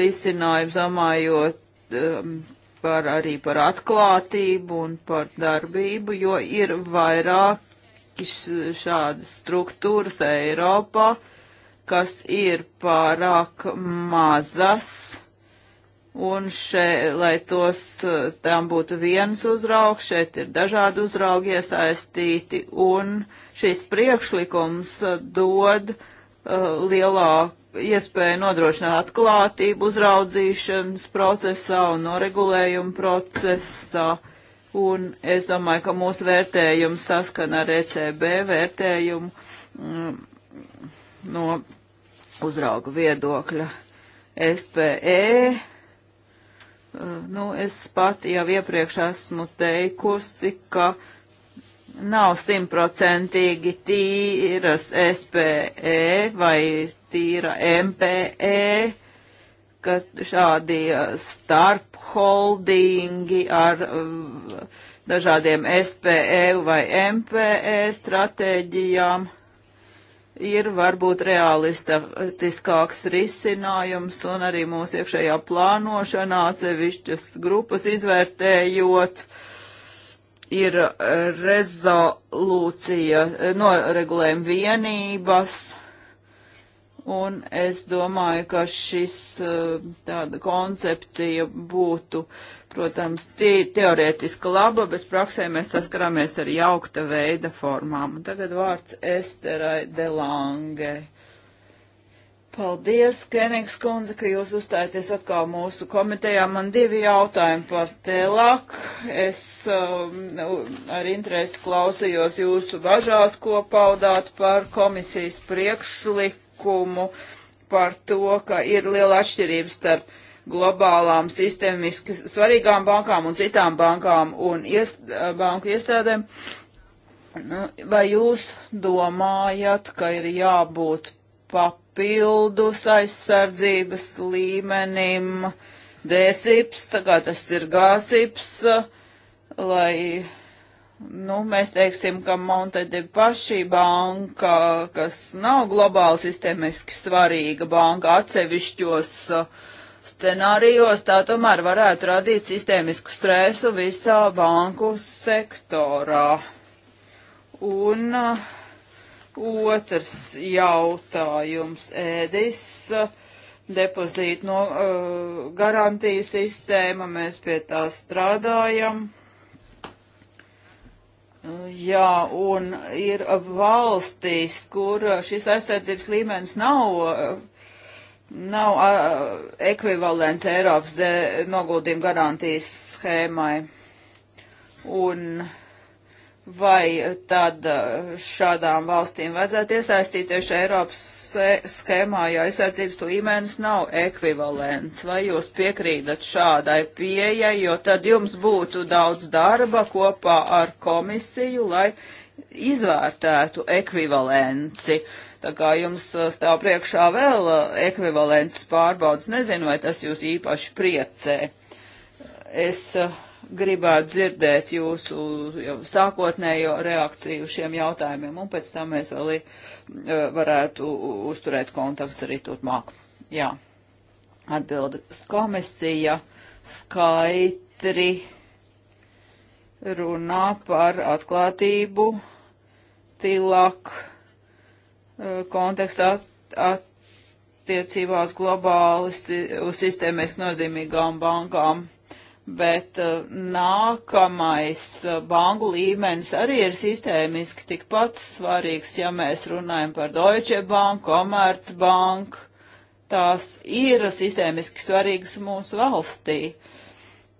risinājums, domājot um, par, arī par atklātību un par darbību, jo ir vairāki šādas struktūras Eiropā, kas ir pārāk mazas. Un šeit, lai tos, tām būtu viens uzraugs, šeit ir dažādi uzraugi iesaistīti, un šis priekšlikums dod uh, lielāku iespēja nodrošināt atklātību uzraudzīšanas procesā un noregulējumu procesā. Un es domāju, ka mūsu vērtējums saskana ar ECB vērtējumu mm, no uzrauga viedokļa. SPE, mm, nu, es pati jau iepriekš esmu teikusi, ka uh, nav simtprocentīgi tīras SPE vai tīra MPE, ka šādi uh, starpholdingi ar uh, dažādiem SPE vai MPE stratēģijām ir varbūt realistiskāks risinājums un arī mūsu iekšējā plānošanā cevišķas grupas izvērtējot uh, ir eh, rezolūcija eh, noregulējuma vienības. Un es domāju, ka šis eh, tāda koncepcija būtu, protams, teorētiski laba, bet praksē mēs saskarāmies ar jaukta veida formām. Un tagad vārds Esterai Delange. Paldies, Kenigs kundze, ka jūs uzstājaties atkal mūsu komitejā. Man divi jautājumi par telak. Es um, nu, ar interesi klausījos jūsu bažās, ko paudāt par komisijas priekšlikumu, par to, ka ir liela atšķirība starp globālām sistēmiski svarīgām bankām un citām bankām un iest, banku iestādēm. Nu, vai jūs domājat, ka ir jābūt pap papildus aizsardzības līmenim dēsips, tagad tas ir gāsips, lai, nu, mēs teiksim, ka Montede paši banka, kas nav globāli sistēmiski svarīga banka atsevišķos uh, scenārijos tā tomēr varētu radīt sistēmisku stresu visā banku sektorā. Un uh, Otrs jautājums ēdis depozītu no uh, garantiju sistēma, mēs pie tā strādājam. Jā, un ir valstīs, kur šis aizsardzības līmenis nav, nav a, ekvivalents Eiropas noguldījuma garantijas schēmai. Un uh, Vai tad uh, šādām valstīm vajadzētu iesaistīties Eiropas schēmā, ja aizsardzības līmenis nav ekvivalents? Vai jūs piekrītat šādai pieejai, jo tad jums būtu daudz darba kopā ar komisiju, lai izvērtētu ekvivalenci? Tā kā jums uh, stāv priekšā vēl uh, ekvivalents pārbaudas, nezinu, vai tas jūs īpaši priecē. Es uh, gribētu dzirdēt jūsu sākotnējo reakciju šiem jautājumiem, un pēc tam mēs vēl eh, varētu uzturēt kontakts arī turpmāk. Jā, atbildes komisija skaitri runā par atklātību, tilak eh, kontekstā attiecībās globāli uz sistēmiski nozīmīgām bankām bet uh, nākamais eh, banku līmenis arī ir sistēmiski tikpat svarīgs, ja mēs runājam par Deutsche Bank, Commerzbank. Tās ir sistēmiski svarīgas mūsu valstī.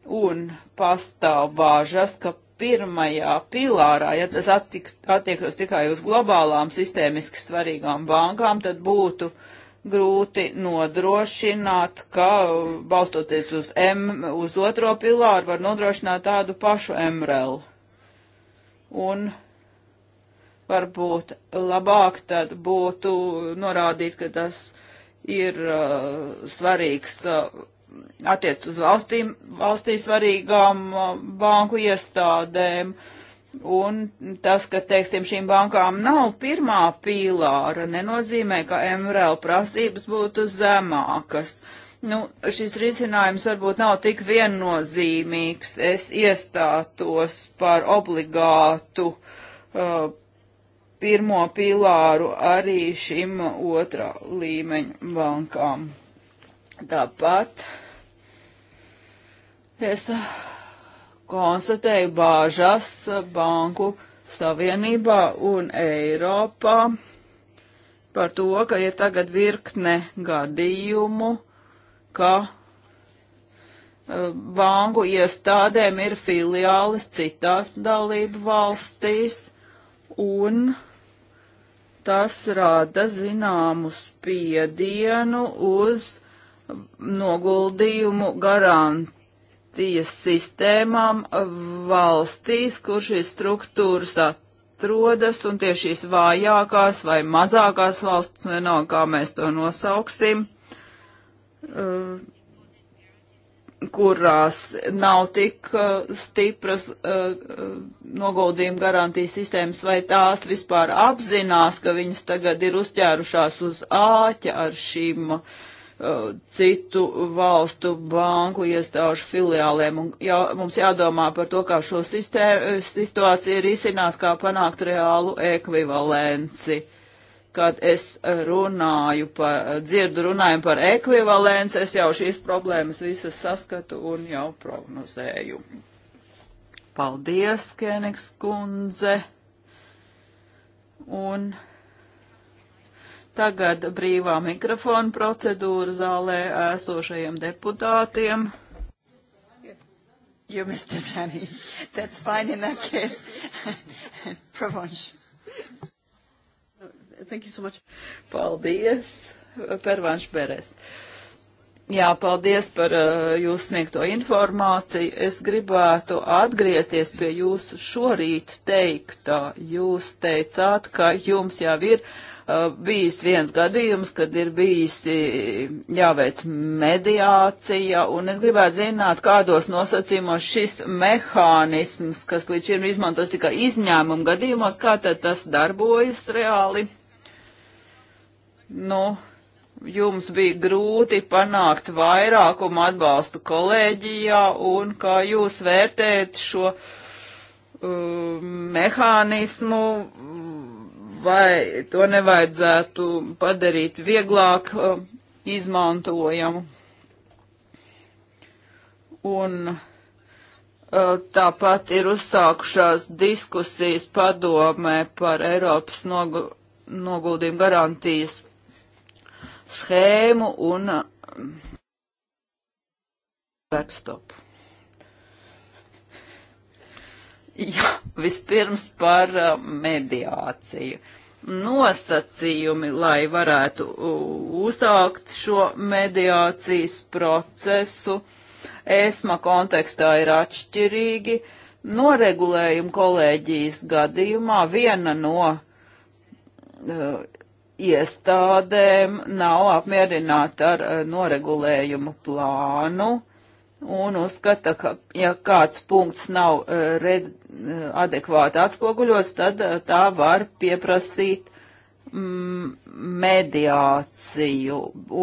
Un pastāv bāžas, ka pirmajā pilārā, ja tas attiektos tikai uz globālām sistēmiski svarīgām bankām, tad būtu uh, grūti nodrošināt, ka balstoties uz, M, uz otro pilāru var nodrošināt tādu pašu MRL. Un varbūt labāk tad būtu norādīt, ka tas ir uh, svarīgs uh, attiec uz valstīm, valstī svarīgām uh, banku iestādēm. Uh, Un tas, ka, teiksim, šīm bankām nav pirmā pīlāra, nenozīmē, ka MRL prasības būtu zemākas. Nu, šis risinājums varbūt nav tik viennozīmīgs. Es iestātos par obligātu uh, pirmo pīlāru arī šim otrā līmeņa bankām. Tāpat es. Uh, konstatēja bāžas banku savienībā un Eiropā par to, ka ir tagad virkne gadījumu, ka e, banku iestādēm ir filiālis citās dalību valstīs, un tas rada zināmu spiedienu uz noguldījumu garantu tiesas sistēmām valstīs, kur šīs struktūras atrodas, un tieši šīs vājākās vai mazākās valsts, vienalga, kā mēs to nosauksim, eh, kurās nav tik eh, stipras eh, noguldījuma garantijas sistēmas, vai tās vispār apzinās, ka viņas tagad ir uzķērušās uz āķa ar šīm uh, Uh, citu valstu banku iestāžu filiālēm. Un jā, mums jādomā par to, kā šo sistēmu, situāciju risināt, kā panākt reālu ekvivalenci. Kad es runāju par, dzirdu runājumu par ekvivalenci, es jau šīs problēmas visas saskatu un jau prognozēju. Paldies, Kenigs kundze. Un Tagad brīvā mikrofona procedūra zālē esošajiem deputātiem. You, Mr. Zani. That's fine in that case. *laughs* Provence. Thank you so much. Paldies, Pervanš Beres. Jā, paldies par uh, jūsu sniegto informāciju. Es gribētu atgriezties pie jūsu šorīt teiktā. Jūs teicāt, ka jums jau ir uh, Uh, bijis viens gadījums, kad ir bijis jāveic mediācija, un es gribētu zināt, kādos nosacījumos šis mehānisms, kas līdz šim ir izmantos tikai izņēmumu gadījumos, kā tad tas darbojas reāli. Nu, jums bija grūti panākt vairākumu atbalstu kolēģijā, un kā jūs vērtējat šo uh, mehānismu vai to nevajadzētu padarīt vieglāk uh, izmantojamu. Un uh, tāpat ir uzsākušās diskusijas padomē par Eiropas nogu, noguldījumu garantijas schēmu un uh, backstopu. Jā, vispirms par mediāciju nosacījumi, lai varētu uzsākt šo mediācijas procesu. ESMA kontekstā ir atšķirīgi. Noregulējuma kolēģijas gadījumā viena no uh, iestādēm nav apmierināta ar uh, noregulējumu plānu. Uh, un uzskata, ka ja kāds punkts nav e, red, e, adekvāti atspoguļots, tad e, tā var pieprasīt mm, mediāciju,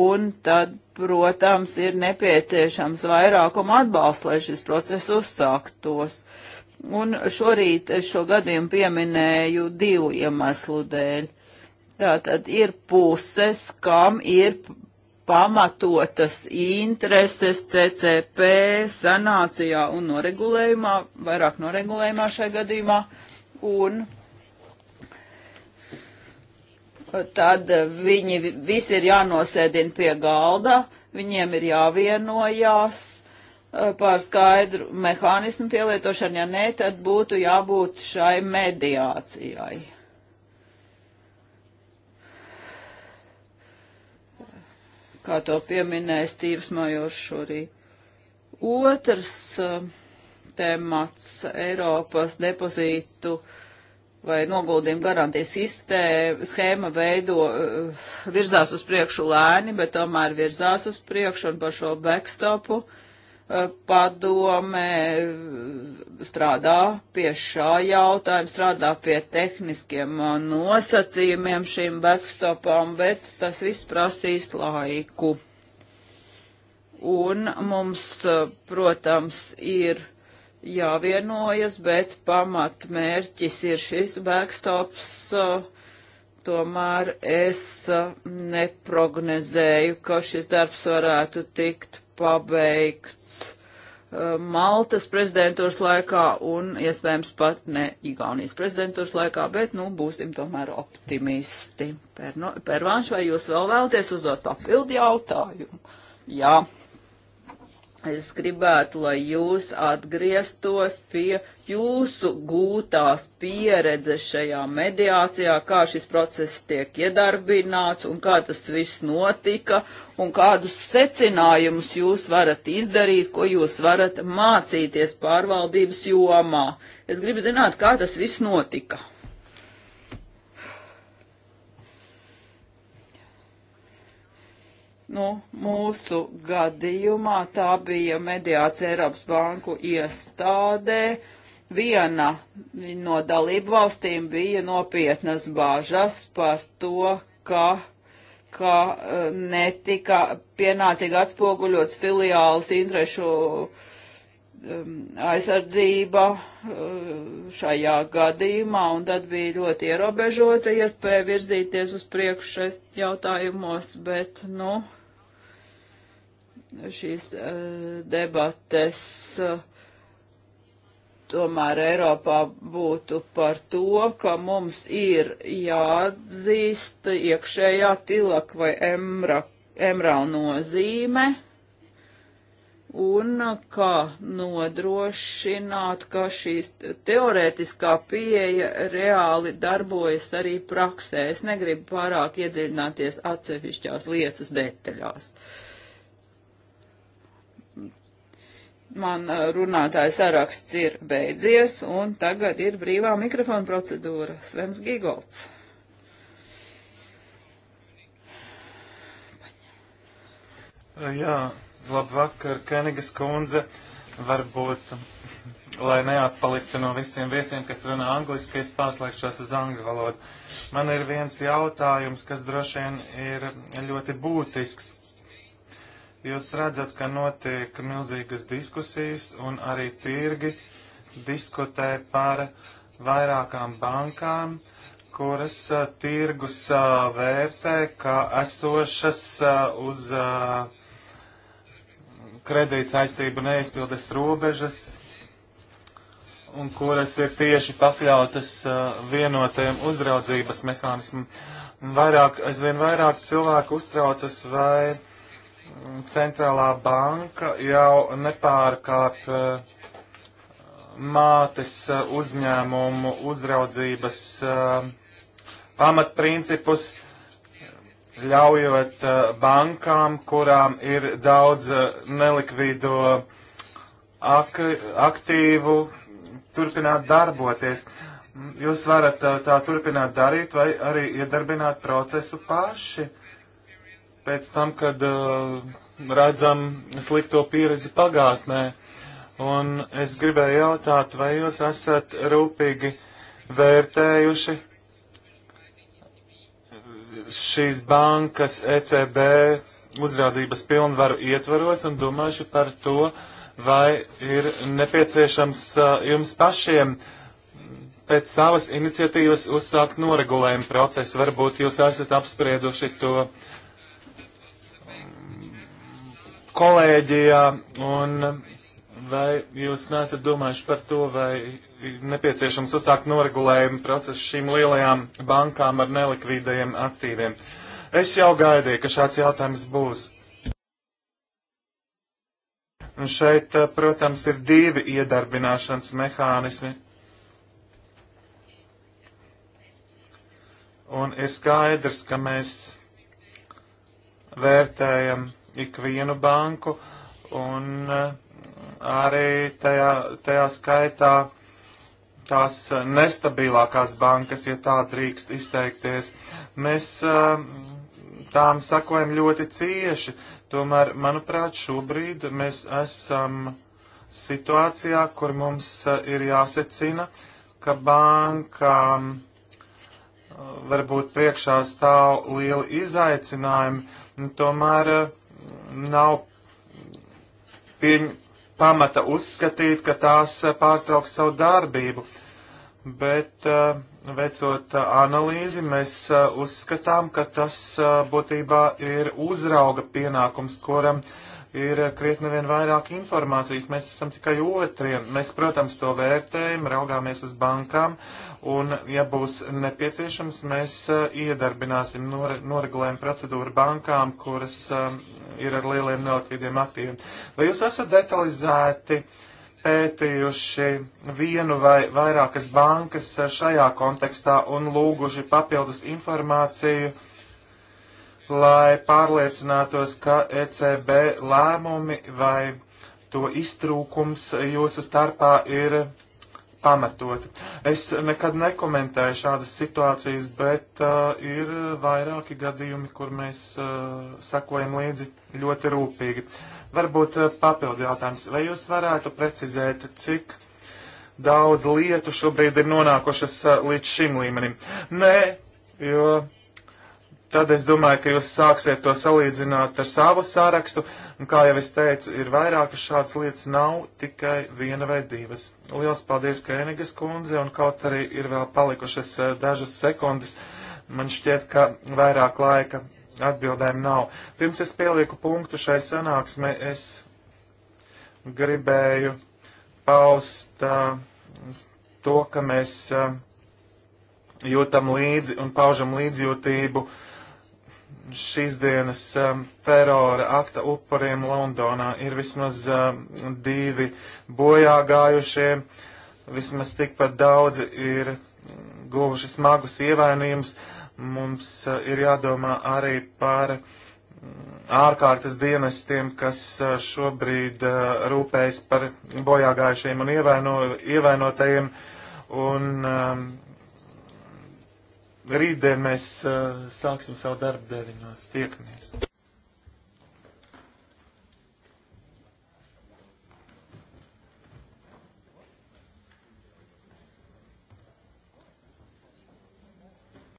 un tad, protams, ir nepieciešams vairākuma atbalsts, lai šis process uzsāktos. Un šorīt es šo gadījumu pieminēju divu iemeslu dēļ. Tātad ir puses, kam ir pamatotas intereses CCP sanācijā un noregulējumā, vairāk noregulējumā šajā gadījumā, un tad viņi visi ir jānosēdina pie galda, viņiem ir jāvienojās eh, par skaidru mehānismu pielietošanu, ja nē, tad būtu jābūt šai mediācijai. kā to pieminēja Stīvs Majors šorīt. Otrs uh, temats Eiropas depozītu vai noguldījumu garantijas sistēma, schēma veido, eh, virzās uz priekšu lēni, bet tomēr virzās uz priekšu un par šo backstopu Eh, padome eh, strādā pie šā jautājuma, strādā pie tehniskiem eh, nosacījumiem šīm backstopām, bet tas viss prasīs laiku. Un mums, protams, ir jāvienojas, bet pamatmērķis ir šis backstops. Tomēr es neprognozēju, ka šis darbs varētu tikt pabeigts uh, Maltas prezidentūras laikā un iespējams pat ne Igaunijas prezidentūras laikā, bet, nu, būsim tomēr optimisti. Pērvanš, no, vai jūs vēl vēlaties uzdot papildu jautājumu? Jā. Ja. Es gribētu, lai jūs atgrieztos pie jūsu gūtās pieredzes šajā mediācijā, kā šis process tiek iedarbināts un kā tas viss notika un kādus secinājumus jūs varat izdarīt, ko jūs varat mācīties pārvaldības jomā. Es gribu zināt, kā tas viss notika. Nu, mūsu gadījumā tā bija mediācija Eiropas banku iestādē. Viena no dalību valstīm bija nopietnas bāžas par to, ka, ka e, netika pienācīgi atspoguļots filiāls interešu e, aizsardzība e, šajā gadījumā, un tad bija ļoti ierobežota iespēja virzīties uz priekšu šais jautājumos, bet, nu, šīs eh, debates eh, tomēr Eiropā būtu par to, ka mums ir jāatzīst iekšējā tilak vai emra, emrā nozīme un kā nodrošināt, ka šī teorētiskā pieeja reāli darbojas arī praksē. Es negribu pārāk iedziļināties atsevišķās lietas detaļās. Uh, man uh, runātājs saraksts ir beidzies, un tagad ir brīvā mikrofona procedūra. Svens Gigolds. Uh, jā, labvakar, Kenigas kundze. Varbūt, *laughs* lai neatpaliktu no visiem viesiem, kas runā angliski, es pārslēgšos uz angļu valodu. Man ir viens jautājums, kas droši vien ir ļoti būtisks Jūs redzat, ka notiek milzīgas diskusijas un arī tirgi diskutē par vairākām bankām, kuras a, tirgus a, vērtē, kā esošas a, uz kredīts aiztību neizpildes robežas un kuras ir tieši pakļautas vienotajam uzraudzības mehānismam. Vairāk, aizvien vairāk cilvēku uztraucas, vai centrālā banka jau nepārkāp eh, mātes eh, uzņēmumu uzraudzības eh, pamatprincipus, ļaujot bankām, kurām ir daudz nelikvido ak aktīvu, turpināt darboties. Jūs varat tā turpināt darīt vai arī iedarbināt procesu paši pēc tam, kad uh, redzam slikto pieredzi pagātnē. Un es gribēju jautāt, vai jūs esat rūpīgi vērtējuši šīs bankas ECB uzraudzības pilnvaru ietvaros un domājuši par to, vai ir nepieciešams uh, jums pašiem pēc savas iniciatīvas uzsākt noregulējumu procesu. Varbūt jūs esat apsprieduši to uh, kolēģijā, un vai jūs nesat domājuši par to, vai nepieciešams uzsākt noregulējumu procesu šīm lielajām bankām ar nelikvīdajiem aktīviem? Es jau gaidīju, ka šāds jautājums būs. Un šeit, eh, protams, ir divi iedarbināšanas mehānismi. Un ir skaidrs, ka mēs vērtējam ikvienu banku un eh, arī tajā, tajā skaitā tās nestabilākās bankas, ja tā drīkst izteikties. Mēs eh, tām sakojam ļoti cieši, tomēr, manuprāt, šobrīd mēs esam situācijā, kur mums eh, ir jāsecina, ka bankām varbūt priekšā stāv lieli izaicinājumi, tomēr nav pieņ, pamata uzskatīt, ka tās eh, pārtrauks savu darbību. Bet eh, veicot eh, analīzi, mēs uzskatām, ka tas būtībā ir uzrauga pienākums, kuram ir krietni vien vairāk informācijas. Mēs esam tikai otriem. Mēs, protams, to vērtējam, raugāmies uz bankām un, ja būs nepieciešams, mēs eh, iedarbināsim nore, noregulējumu procedūru bankām, kuras eh, ir ar lieliem nelikvidiem aktīviem. Vai jūs esat detalizēti pētījuši vienu vai vairākas bankas eh, šajā kontekstā un lūguši papildus informāciju? lai pārliecinātos, ka ECB lēmumi vai to iztrūkums jūsu starpā ir pamatota. Es nekad nekomentēju šādas situācijas, bet uh, ir vairāki gadījumi, kur mēs uh, sakojam līdzi ļoti rūpīgi. Varbūt uh, papildu jautājums, vai jūs varētu precizēt, cik daudz lietu šobrīd ir nonākušas uh, līdz šim līmenim? Nē, jo. Uh, tad es domāju, ka jūs sāksiet to salīdzināt ar savu sārakstu, un kā jau es teicu, ir vairākas šādas lietas, nav tikai viena vai divas. Liels paldies, Kēnigas kundze, un kaut arī ir vēl palikušas eh, dažas sekundes, man šķiet, ka vairāk laika atbildēm nav. Pirms es pielieku punktu šai sanāksmē, es gribēju paust uh, to, ka mēs uh, jūtam līdzi un paužam līdzjūtību uh, šīs dienas um, terora akta upuriem Londonā ir vismaz um, divi bojā gājušie, vismaz tikpat daudzi ir mm, guvuši smagus ievainojumus. Mums uh, ir jādomā arī par mm, ārkārtas dienestiem, kas uh, šobrīd uh, rūpējas par bojā gājušiem un ievaino, ievainotajiem. Un, um, Rītdien mēs uh, sāksim savu darbu deviņos. Tiekamies!